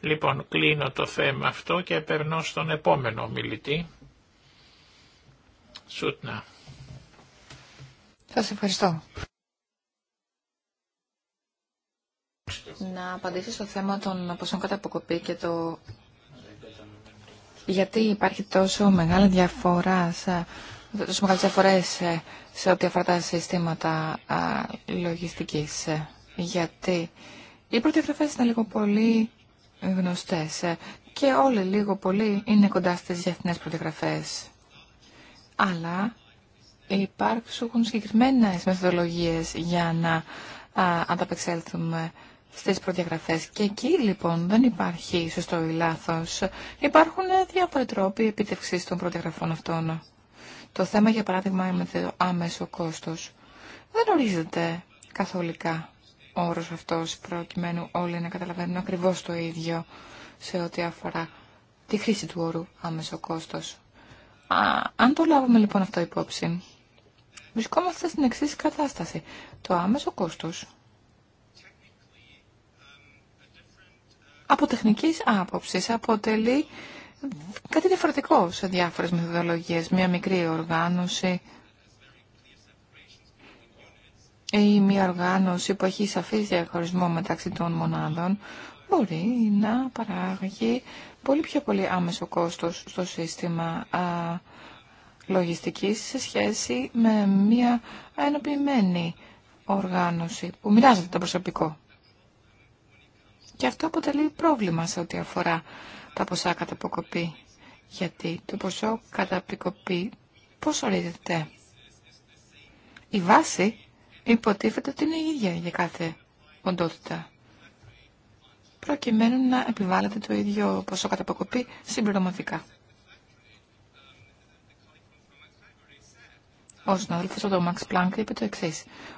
Λοιπόν, κλείνω το θέμα αυτό και περνώ στον επόμενο μιλητή. Σούτνα. Σας ευχαριστώ. Να απαντήσω στο θέμα των ποσών κατά και το γιατί υπάρχει τόσο μεγάλη διαφορά, τόσο μεγάλες διαφορές σε ό,τι αφορά τα συστήματα λογιστικής. Γιατί οι πρωτογραφές είναι λίγο πολύ γνωστές και όλοι λίγο πολύ είναι κοντά στις διεθνές πρωτογραφές. Αλλά Υπάρχουν συγκεκριμένες μεθοδολογίε για να ανταπεξέλθουμε στι προδιαγραφέ. Και εκεί λοιπόν δεν υπάρχει σωστό ή λάθο. Υπάρχουν διάφοροι τρόποι επίτευξη των προδιαγραφών αυτών. Το θέμα για παράδειγμα είναι το άμεσο κόστος. Δεν ορίζεται καθολικά ο όρος αυτός προκειμένου όλοι να καταλαβαίνουν ακριβώς το ίδιο σε ό,τι αφορά τη χρήση του όρου άμεσο κόστος. αν το λάβουμε λοιπόν αυτό υπόψη, βρισκόμαστε στην εξή κατάσταση. Το άμεσο κόστος από τεχνικής άποψης αποτελεί κάτι διαφορετικό σε διάφορες μεθοδολογίες. Μια μικρή οργάνωση ή μια οργάνωση που έχει σαφής διαχωρισμό μεταξύ των μονάδων μπορεί να παράγει πολύ πιο πολύ άμεσο κόστος στο σύστημα λογιστικής σε σχέση με μια αενοποιημένη οργάνωση που μοιράζεται το προσωπικό. Και αυτό αποτελεί πρόβλημα σε ό,τι αφορά τα ποσά καταποκοπή, Γιατί το ποσό κατά αποκοπή πώς ορίζεται. Η βάση υποτίθεται ότι είναι η ίδια για κάθε οντότητα. Προκειμένου να επιβάλλεται το ίδιο ποσό κατά αποκοπή συμπληρωματικά. Ο συνάδελφος του Μαξ Μάξ Πλάνκ είπε το εξή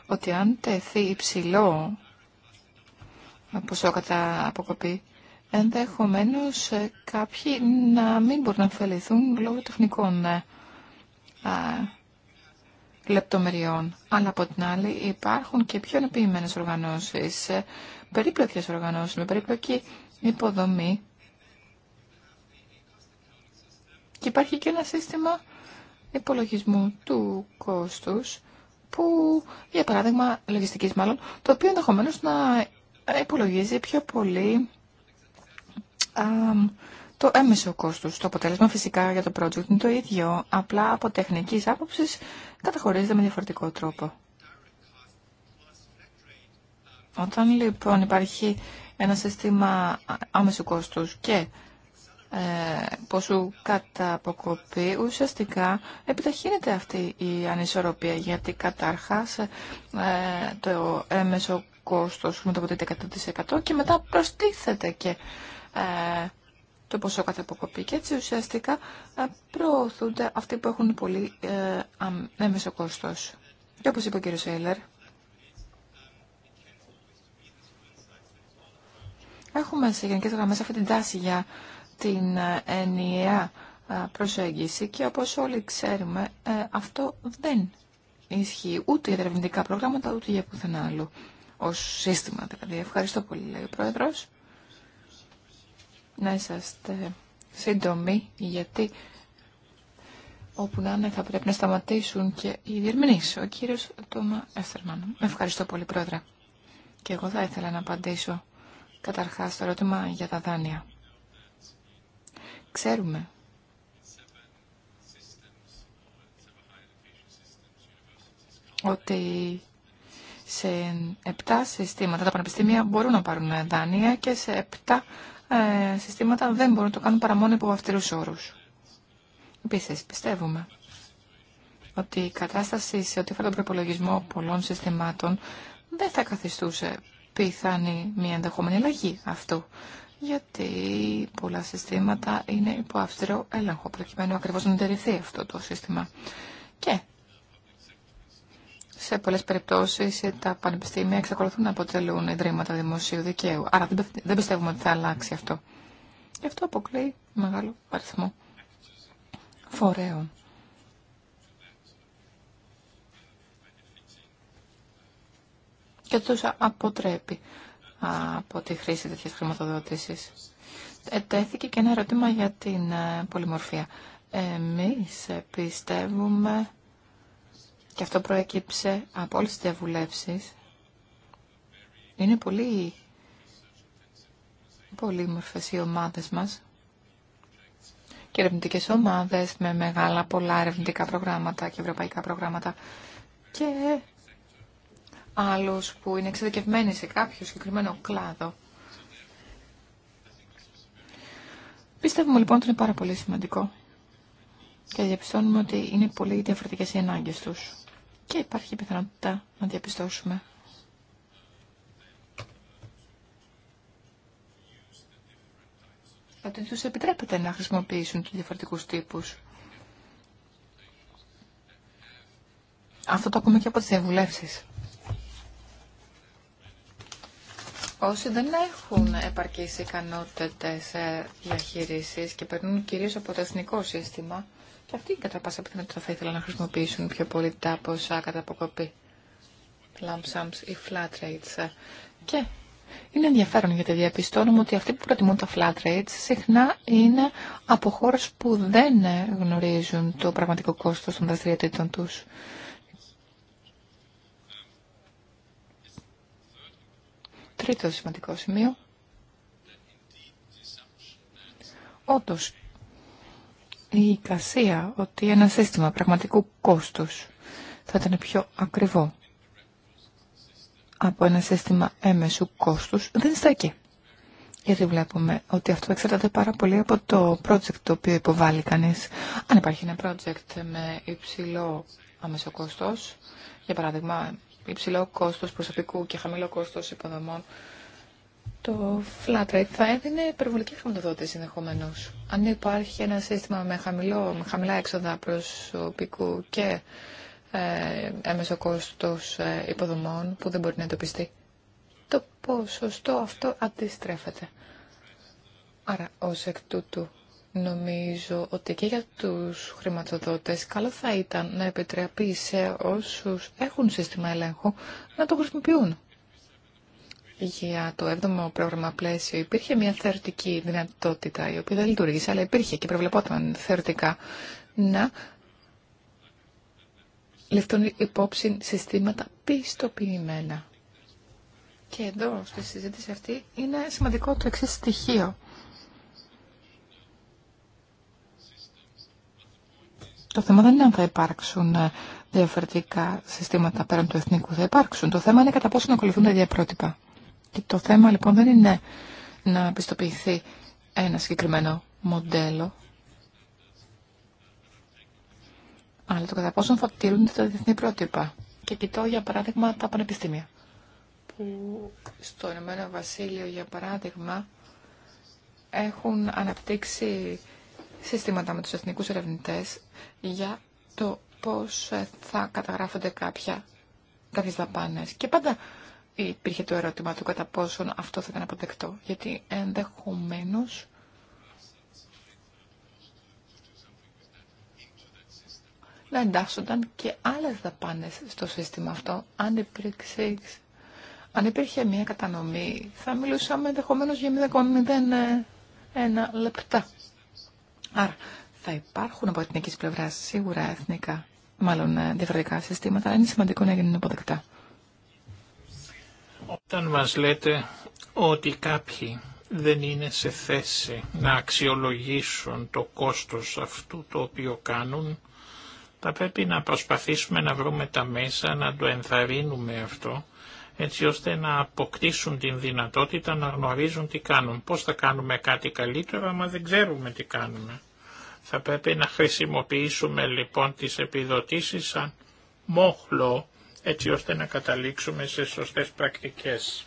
ότι αν τεθεί υψηλό ποσό κατά αποκοπή, ενδεχομένως ε, κάποιοι να μην μπορούν να ωφεληθούν λόγω τεχνικών ε, α, λεπτομεριών. Αλλά από την άλλη υπάρχουν και πιο ενοποιημένες οργανώσεις, ε, περίπλοκες οργανώσεις με περίπλοκη υποδομή. Και υπάρχει και ένα σύστημα υπολογισμού του κόστους που, για παράδειγμα, λογιστική, μάλλον, το οποίο ενδεχομένω να υπολογίζει πιο πολύ α, το έμεσο κόστος. Το αποτέλεσμα φυσικά για το project είναι το ίδιο, απλά από τεχνικής άποψης καταχωρίζεται με διαφορετικό τρόπο. Όταν λοιπόν υπάρχει ένα σύστημα άμεσου κόστους και ε, πόσο κατά αποκοπή, ουσιαστικά επιταχύνεται αυτή η ανισορροπία, γιατί καταρχάς ε, το έμεσο κόστος το 100% και μετά προστίθεται και ε, το ποσό κατά αποκοπή. Και έτσι ουσιαστικά προωθούνται αυτοί που έχουν πολύ έμεσο κόστος. Και όπως είπε ο κύριος Έιλερ, έχουμε σε γενικές γραμμές αυτή την τάση για την ε, ενιαία ε, προσέγγιση και όπως όλοι ξέρουμε ε, αυτό δεν ισχύει ούτε για ερευνητικά προγράμματα ούτε για πουθενά άλλο ως σύστημα δηλαδή. Ευχαριστώ πολύ λέει ο Πρόεδρος. Να είσαστε σύντομοι γιατί όπου να είναι θα πρέπει να σταματήσουν και οι διερμηνείς. Ο κύριος Τόμα Εύθερμαν. Ευχαριστώ πολύ Πρόεδρε. Και εγώ θα ήθελα να απαντήσω καταρχάς το ερώτημα για τα δάνεια. Ξέρουμε ότι σε επτά συστήματα τα πανεπιστήμια μπορούν να πάρουν δάνεια και σε επτά ε, συστήματα δεν μπορούν να το κάνουν παρά μόνο υπό αυτούς όρους. Επίσης, πιστεύουμε ότι η κατάσταση σε ό,τι αφορά τον προπολογισμό πολλών συστημάτων δεν θα καθιστούσε πιθανή μια ενδεχόμενη αλλαγή αυτού γιατί πολλά συστήματα είναι υπό αυστηρό έλεγχο, προκειμένου ακριβώς να εντερηθεί αυτό το σύστημα. Και σε πολλές περιπτώσεις τα πανεπιστήμια εξακολουθούν να αποτελούν ιδρύματα δημοσίου δικαίου. Άρα δεν πιστεύουμε ότι θα αλλάξει αυτό. Γι' αυτό αποκλεί μεγάλο αριθμό φορέων. Και τους αποτρέπει από τη χρήση τέτοια χρηματοδότηση. Ε, τέθηκε και ένα ερώτημα για την ε, πολυμορφία. Εμείς πιστεύουμε, και αυτό προέκυψε από όλες τις διαβουλεύσεις, είναι πολύ πολύμορφες οι ομάδες μας και ερευνητικέ ομάδες με μεγάλα πολλά ερευνητικά προγράμματα και ευρωπαϊκά προγράμματα και άλλους που είναι εξειδικευμένοι σε κάποιο συγκεκριμένο κλάδο. Πιστεύουμε λοιπόν ότι είναι πάρα πολύ σημαντικό και διαπιστώνουμε ότι είναι πολύ διαφορετικές οι ανάγκες τους και υπάρχει πιθανότητα να διαπιστώσουμε ότι τους επιτρέπεται να χρησιμοποιήσουν του διαφορετικούς τύπους. Αυτό το ακούμε και από τις διαβουλεύσεις. όσοι δεν έχουν επαρκείς ικανότητες διαχείρισης και περνούν κυρίως από το εθνικό σύστημα και αυτοί κατά πάσα πιθανότητα θα ήθελαν να χρησιμοποιήσουν πιο πολύ τα ποσά κατά αποκοπή. Lump sums ή flat rates. Και είναι ενδιαφέρον γιατί διαπιστώνουμε ότι αυτοί που προτιμούν τα flat rates συχνά είναι από χώρε που δεν γνωρίζουν το πραγματικό κόστος των δραστηριοτήτων τους. Τρίτο σημαντικό σημείο. Όντως, η εικασία ότι ένα σύστημα πραγματικού κόστους θα ήταν πιο ακριβό από ένα σύστημα έμεσου κόστου, δεν στέκει. Γιατί βλέπουμε ότι αυτό εξαρτάται πάρα πολύ από το project το οποίο υποβάλλει κανείς. Αν υπάρχει ένα project με υψηλό άμεσο για παράδειγμα υψηλό κόστο προσωπικού και χαμηλό κόστο υποδομών, το flat rate θα έδινε υπερβολική χρηματοδότηση ενδεχομένω. Αν υπάρχει ένα σύστημα με, χαμηλό, με χαμηλά έξοδα προσωπικού και ε, έμεσο κόστο ε, υποδομών που δεν μπορεί να εντοπιστεί, το ποσοστό αυτό αντιστρέφεται. Άρα, ω εκ τούτου, Νομίζω ότι και για τους χρηματοδότες καλό θα ήταν να επιτραπεί σε όσους έχουν σύστημα ελέγχου να το χρησιμοποιούν. Για το 7ο πρόγραμμα πλαίσιο υπήρχε μια θεωρητική δυνατότητα η οποία δεν λειτουργήσε, αλλά υπήρχε και προβλεπόταν θεωρητικά να ληφθούν υπόψη συστήματα πιστοποιημένα. Και εδώ στη συζήτηση αυτή είναι σημαντικό το εξή στοιχείο. Το θέμα δεν είναι αν θα υπάρξουν ε, διαφορετικά συστήματα πέραν του εθνικού. Θα υπάρξουν. Το θέμα είναι κατά πόσο να ακολουθούν τα ίδια πρότυπα. Και το θέμα λοιπόν δεν είναι να πιστοποιηθεί ένα συγκεκριμένο μοντέλο, αλλά το κατά πόσο θα τηρούν τα διεθνή πρότυπα. Και κοιτώ για παράδειγμα τα πανεπιστήμια. Που στο Ηνωμένο Βασίλειο, για παράδειγμα, έχουν αναπτύξει συστήματα με τους εθνικούς ερευνητές για το πώς ε, θα καταγράφονται κάποια, κάποιες δαπάνες. Και πάντα υπήρχε το ερώτημα του κατά πόσον αυτό θα ήταν αποδεκτό. Γιατί ενδεχομένω. να εντάσσονταν και άλλες δαπάνες στο σύστημα αυτό, αν υπήρξε αν υπήρχε μια κατανομή, θα μιλούσαμε ενδεχομένω για 0,01 λεπτά Άρα θα υπάρχουν από εθνική πλευρά σίγουρα εθνικά, μάλλον ε, διαφορετικά συστήματα, αλλά είναι σημαντικό να γίνουν αποδεκτά. Όταν μας λέτε ότι κάποιοι δεν είναι σε θέση να αξιολογήσουν το κόστος αυτού το οποίο κάνουν, θα πρέπει να προσπαθήσουμε να βρούμε τα μέσα να το ενθαρρύνουμε αυτό έτσι ώστε να αποκτήσουν την δυνατότητα να γνωρίζουν τι κάνουν. Πώς θα κάνουμε κάτι καλύτερο άμα δεν ξέρουμε τι κάνουμε. Θα πρέπει να χρησιμοποιήσουμε λοιπόν τις επιδοτήσεις σαν μόχλο έτσι ώστε να καταλήξουμε σε σωστές πρακτικές.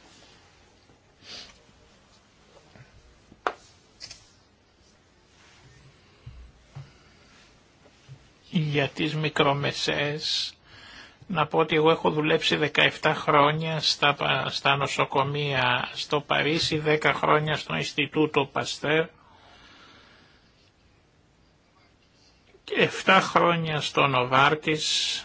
Για τις μικρομεσαίες να πω ότι εγώ έχω δουλέψει 17 χρόνια στα, στα νοσοκομεία στο Παρίσι, 10 χρόνια στο Ινστιτούτο Παστέρ 7 χρόνια στο Νοβάρτης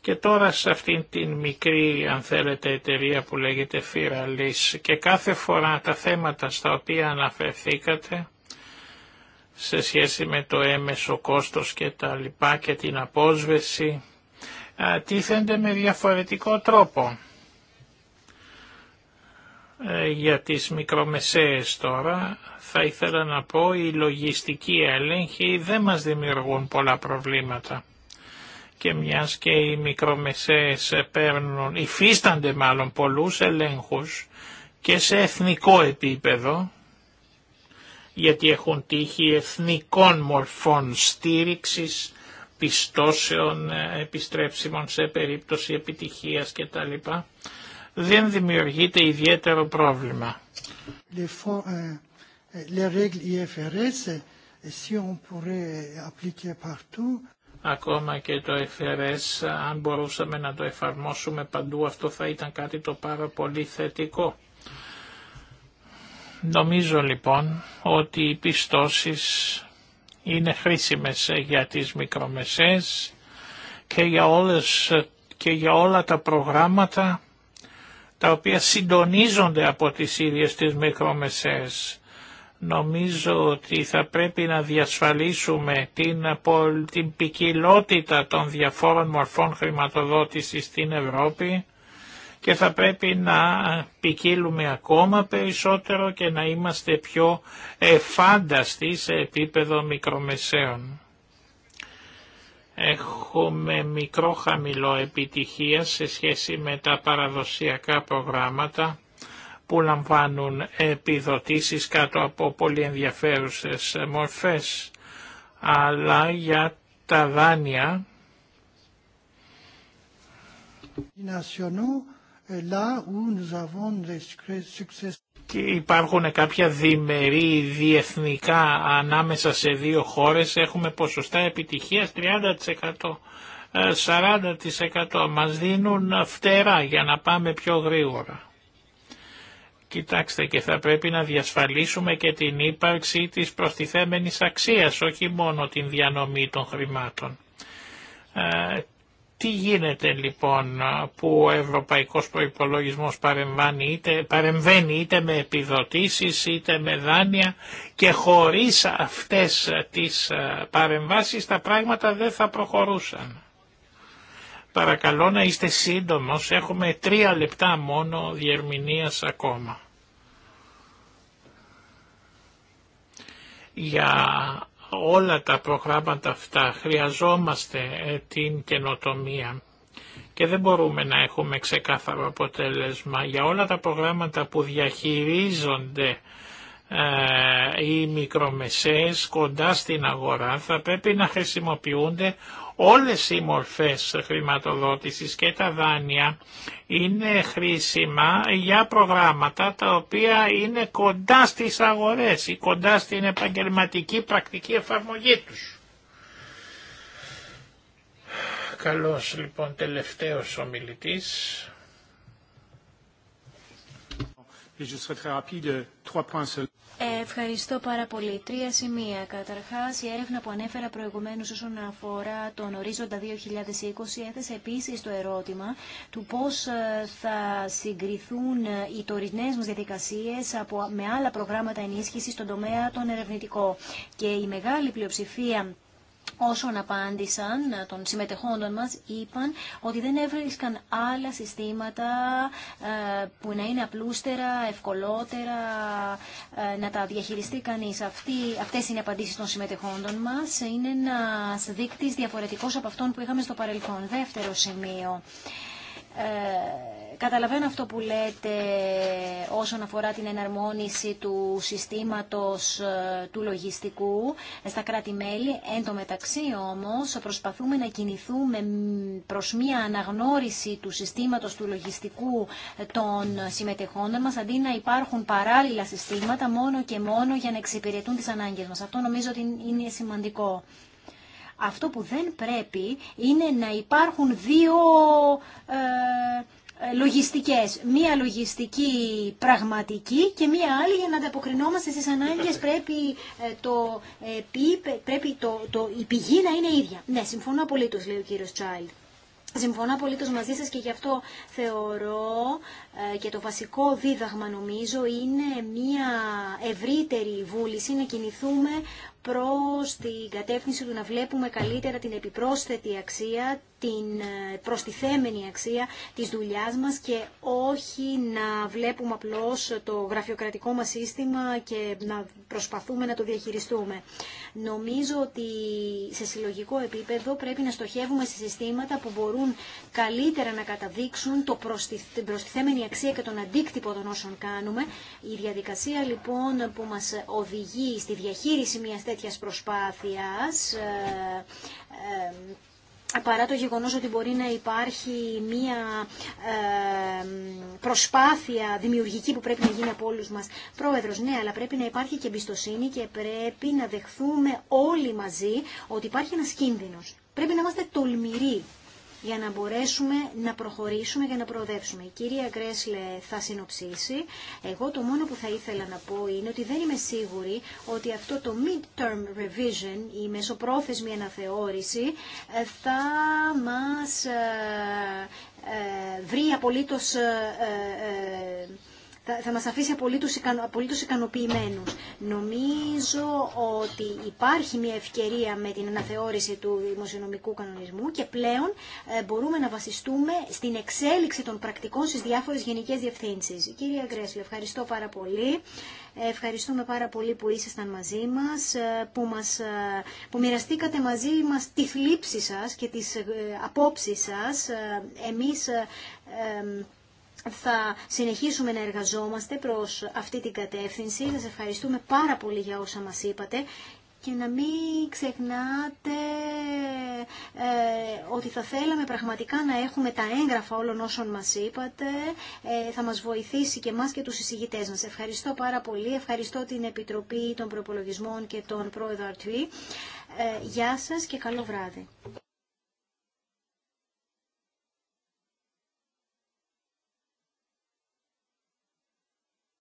και τώρα σε αυτήν την μικρή αν θέλετε εταιρεία που λέγεται Φυραλής και κάθε φορά τα θέματα στα οποία αναφερθήκατε σε σχέση με το έμεσο κόστος και τα λοιπά και την απόσβεση τίθενται με διαφορετικό τρόπο. Ε, για τις μικρομεσαίες τώρα θα ήθελα να πω οι λογιστικοί έλεγχοι δεν μας δημιουργούν πολλά προβλήματα και μιας και οι μικρομεσαίες παίρνουν, υφίστανται μάλλον πολλούς ελέγχους και σε εθνικό επίπεδο γιατί έχουν τύχει εθνικών μορφών στήριξης, πιστώσεων, ε, επιστρέψιμων σε περίπτωση επιτυχίας κτλ. Δεν δημιουργείται ιδιαίτερο πρόβλημα. Ακόμα και το FRS, ε, αν μπορούσαμε να το εφαρμόσουμε παντού, αυτό θα ήταν κάτι το πάρα πολύ θετικό Νομίζω λοιπόν ότι οι πιστώσεις είναι χρήσιμες για τις μικρομεσές και για, όλες, και για όλα τα προγράμματα τα οποία συντονίζονται από τις ίδιες τις μικρομεσές. Νομίζω ότι θα πρέπει να διασφαλίσουμε την, την ποικιλότητα των διαφόρων μορφών χρηματοδότησης στην Ευρώπη και θα πρέπει να ποικίλουμε ακόμα περισσότερο και να είμαστε πιο εφάνταστοι σε επίπεδο μικρομεσαίων. Έχουμε μικρό χαμηλό επιτυχία σε σχέση με τα παραδοσιακά προγράμματα που λαμβάνουν επιδοτήσεις κάτω από πολύ ενδιαφέρουσες μορφές, αλλά για τα δάνεια υπάρχουν κάποια διμερεί διεθνικά ανάμεσα σε δύο χώρες έχουμε ποσοστά επιτυχίας 30%. 40% ε, μας δίνουν φτερά για να πάμε πιο γρήγορα. Κοιτάξτε και θα πρέπει να διασφαλίσουμε και την ύπαρξη της προστιθέμενης αξίας, όχι μόνο την διανομή των χρημάτων. Ε, τι γίνεται λοιπόν που ο ευρωπαϊκός προϋπολογισμός παρεμβαίνει είτε, παρεμβαίνει είτε με επιδοτήσεις είτε με δάνεια και χωρίς αυτές τις ε, παρεμβάσεις τα πράγματα δεν θα προχωρούσαν. Παρακαλώ να είστε σύντομος, έχουμε τρία λεπτά μόνο διερμηνίας ακόμα. Για όλα τα προγράμματα αυτά χρειαζόμαστε ε, την καινοτομία και δεν μπορούμε να έχουμε ξεκάθαρο αποτέλεσμα για όλα τα προγράμματα που διαχειρίζονται ε, οι μικρομεσαίες κοντά στην αγορά θα πρέπει να χρησιμοποιούνται Όλες οι μορφές χρηματοδότησης και τα δάνεια είναι χρήσιμα για προγράμματα τα οποία είναι κοντά στις αγορές ή κοντά στην επαγγελματική πρακτική εφαρμογή τους. Καλώς λοιπόν τελευταίος ομιλητής. Ευχαριστώ πάρα πολύ. Τρία σημεία. Καταρχά, η έρευνα που ανέφερα προηγουμένως όσον αφορά τον ορίζοντα 2020 έθεσε επίσης το ερώτημα του πώς ε, θα συγκριθούν ε, οι τωρινέ μα διαδικασίε με άλλα προγράμματα ενίσχυσης στον τομέα τον ερευνητικό. Και η μεγάλη πλειοψηφία όσων απάντησαν ε, των συμμετεχόντων μας είπαν ότι δεν έβρισκαν άλλα συστήματα ε, που να είναι απλούστερα, ευκολότερα ε, να τα διαχειριστεί κανείς. Αυτή, αυτές είναι οι απαντήσεις των συμμετεχόντων μας. Είναι ένας δείκτης διαφορετικός από αυτόν που είχαμε στο παρελθόν. Δεύτερο σημείο. Καταλαβαίνω αυτό που λέτε όσον αφορά την εναρμόνιση του συστήματος ε, του λογιστικού ε, στα κράτη-μέλη. Εν τω μεταξύ όμως προσπαθούμε να κινηθούμε προς μία αναγνώριση του συστήματος του λογιστικού ε, των συμμετεχόντων μας αντί να υπάρχουν παράλληλα συστήματα μόνο και μόνο για να εξυπηρετούν τις ανάγκες μας. Αυτό νομίζω ότι είναι σημαντικό. Αυτό που δεν πρέπει είναι να υπάρχουν δύο... Ε, λογιστικές. Μία λογιστική πραγματική και μία άλλη για να ανταποκρινόμαστε στις ανάγκες πρέπει, ε, το, ε, πρέπει το, το, η πηγή να είναι ίδια. Ναι, συμφωνώ απολύτως λέει ο κύριος Τσάιλ. Συμφωνώ απολύτως μαζί σας και γι' αυτό θεωρώ και το βασικό δίδαγμα νομίζω είναι μια ευρύτερη βούληση να κινηθούμε προς την κατεύθυνση του να βλέπουμε καλύτερα την επιπρόσθετη αξία την ε, προστιθέμενη αξία της δουλειάς μας και όχι να βλέπουμε απλώς το γραφειοκρατικό μας σύστημα και να προσπαθούμε να το διαχειριστούμε. Νομίζω ότι σε συλλογικό επίπεδο πρέπει να στοχεύουμε σε συστήματα που μπορούν καλύτερα να καταδείξουν το την προστιθέμενη αξία και τον αντίκτυπο των όσων κάνουμε. Η διαδικασία λοιπόν που μας οδηγεί στη διαχείριση μιας τέτοιας προσπάθειας ε, ε, παρά το γεγονός ότι μπορεί να υπάρχει μία ε, προσπάθεια δημιουργική που πρέπει να γίνει από όλους μας. Πρόεδρος, ναι, αλλά πρέπει να υπάρχει και εμπιστοσύνη και πρέπει να δεχθούμε όλοι μαζί ότι υπάρχει ένας κίνδυνος. Πρέπει να είμαστε τολμηροί για να μπορέσουμε να προχωρήσουμε και να προοδεύσουμε. Η κυρία Γκρέσλε θα συνοψίσει. Εγώ το μόνο που θα ήθελα να πω είναι ότι δεν είμαι σίγουρη ότι αυτό το mid-term revision, η μεσοπρόθεσμη αναθεώρηση, ε, θα μας ε, ε, βρει απολύτως θα μας αφήσει απολύτως, απολύτως ικανοποιημένους. Νομίζω ότι υπάρχει μια ευκαιρία με την αναθεώρηση του δημοσιονομικού κανονισμού και πλέον ε, μπορούμε να βασιστούμε στην εξέλιξη των πρακτικών στις διάφορες γενικές διευθύνσεις. Κύριε Γκρέσλε, ευχαριστώ πάρα πολύ. Ευχαριστούμε πάρα πολύ που ήσασταν μαζί μας, ε, που, μας, ε, που μοιραστήκατε μαζί μας τη θλίψη σας και τις απόψεις σας. Εμείς θα συνεχίσουμε να εργαζόμαστε προς αυτή την κατεύθυνση. Σας ευχαριστούμε πάρα πολύ για όσα μας είπατε και να μην ξεχνάτε ε, ότι θα θέλαμε πραγματικά να έχουμε τα έγγραφα όλων όσων μας είπατε. Ε, θα μας βοηθήσει και μας και τους εισηγητές μας. Ευχαριστώ πάρα πολύ. Ευχαριστώ την Επιτροπή των Προπολογισμών και τον Πρόεδρο Αρτουή. Ε, γεια σας και καλό βράδυ.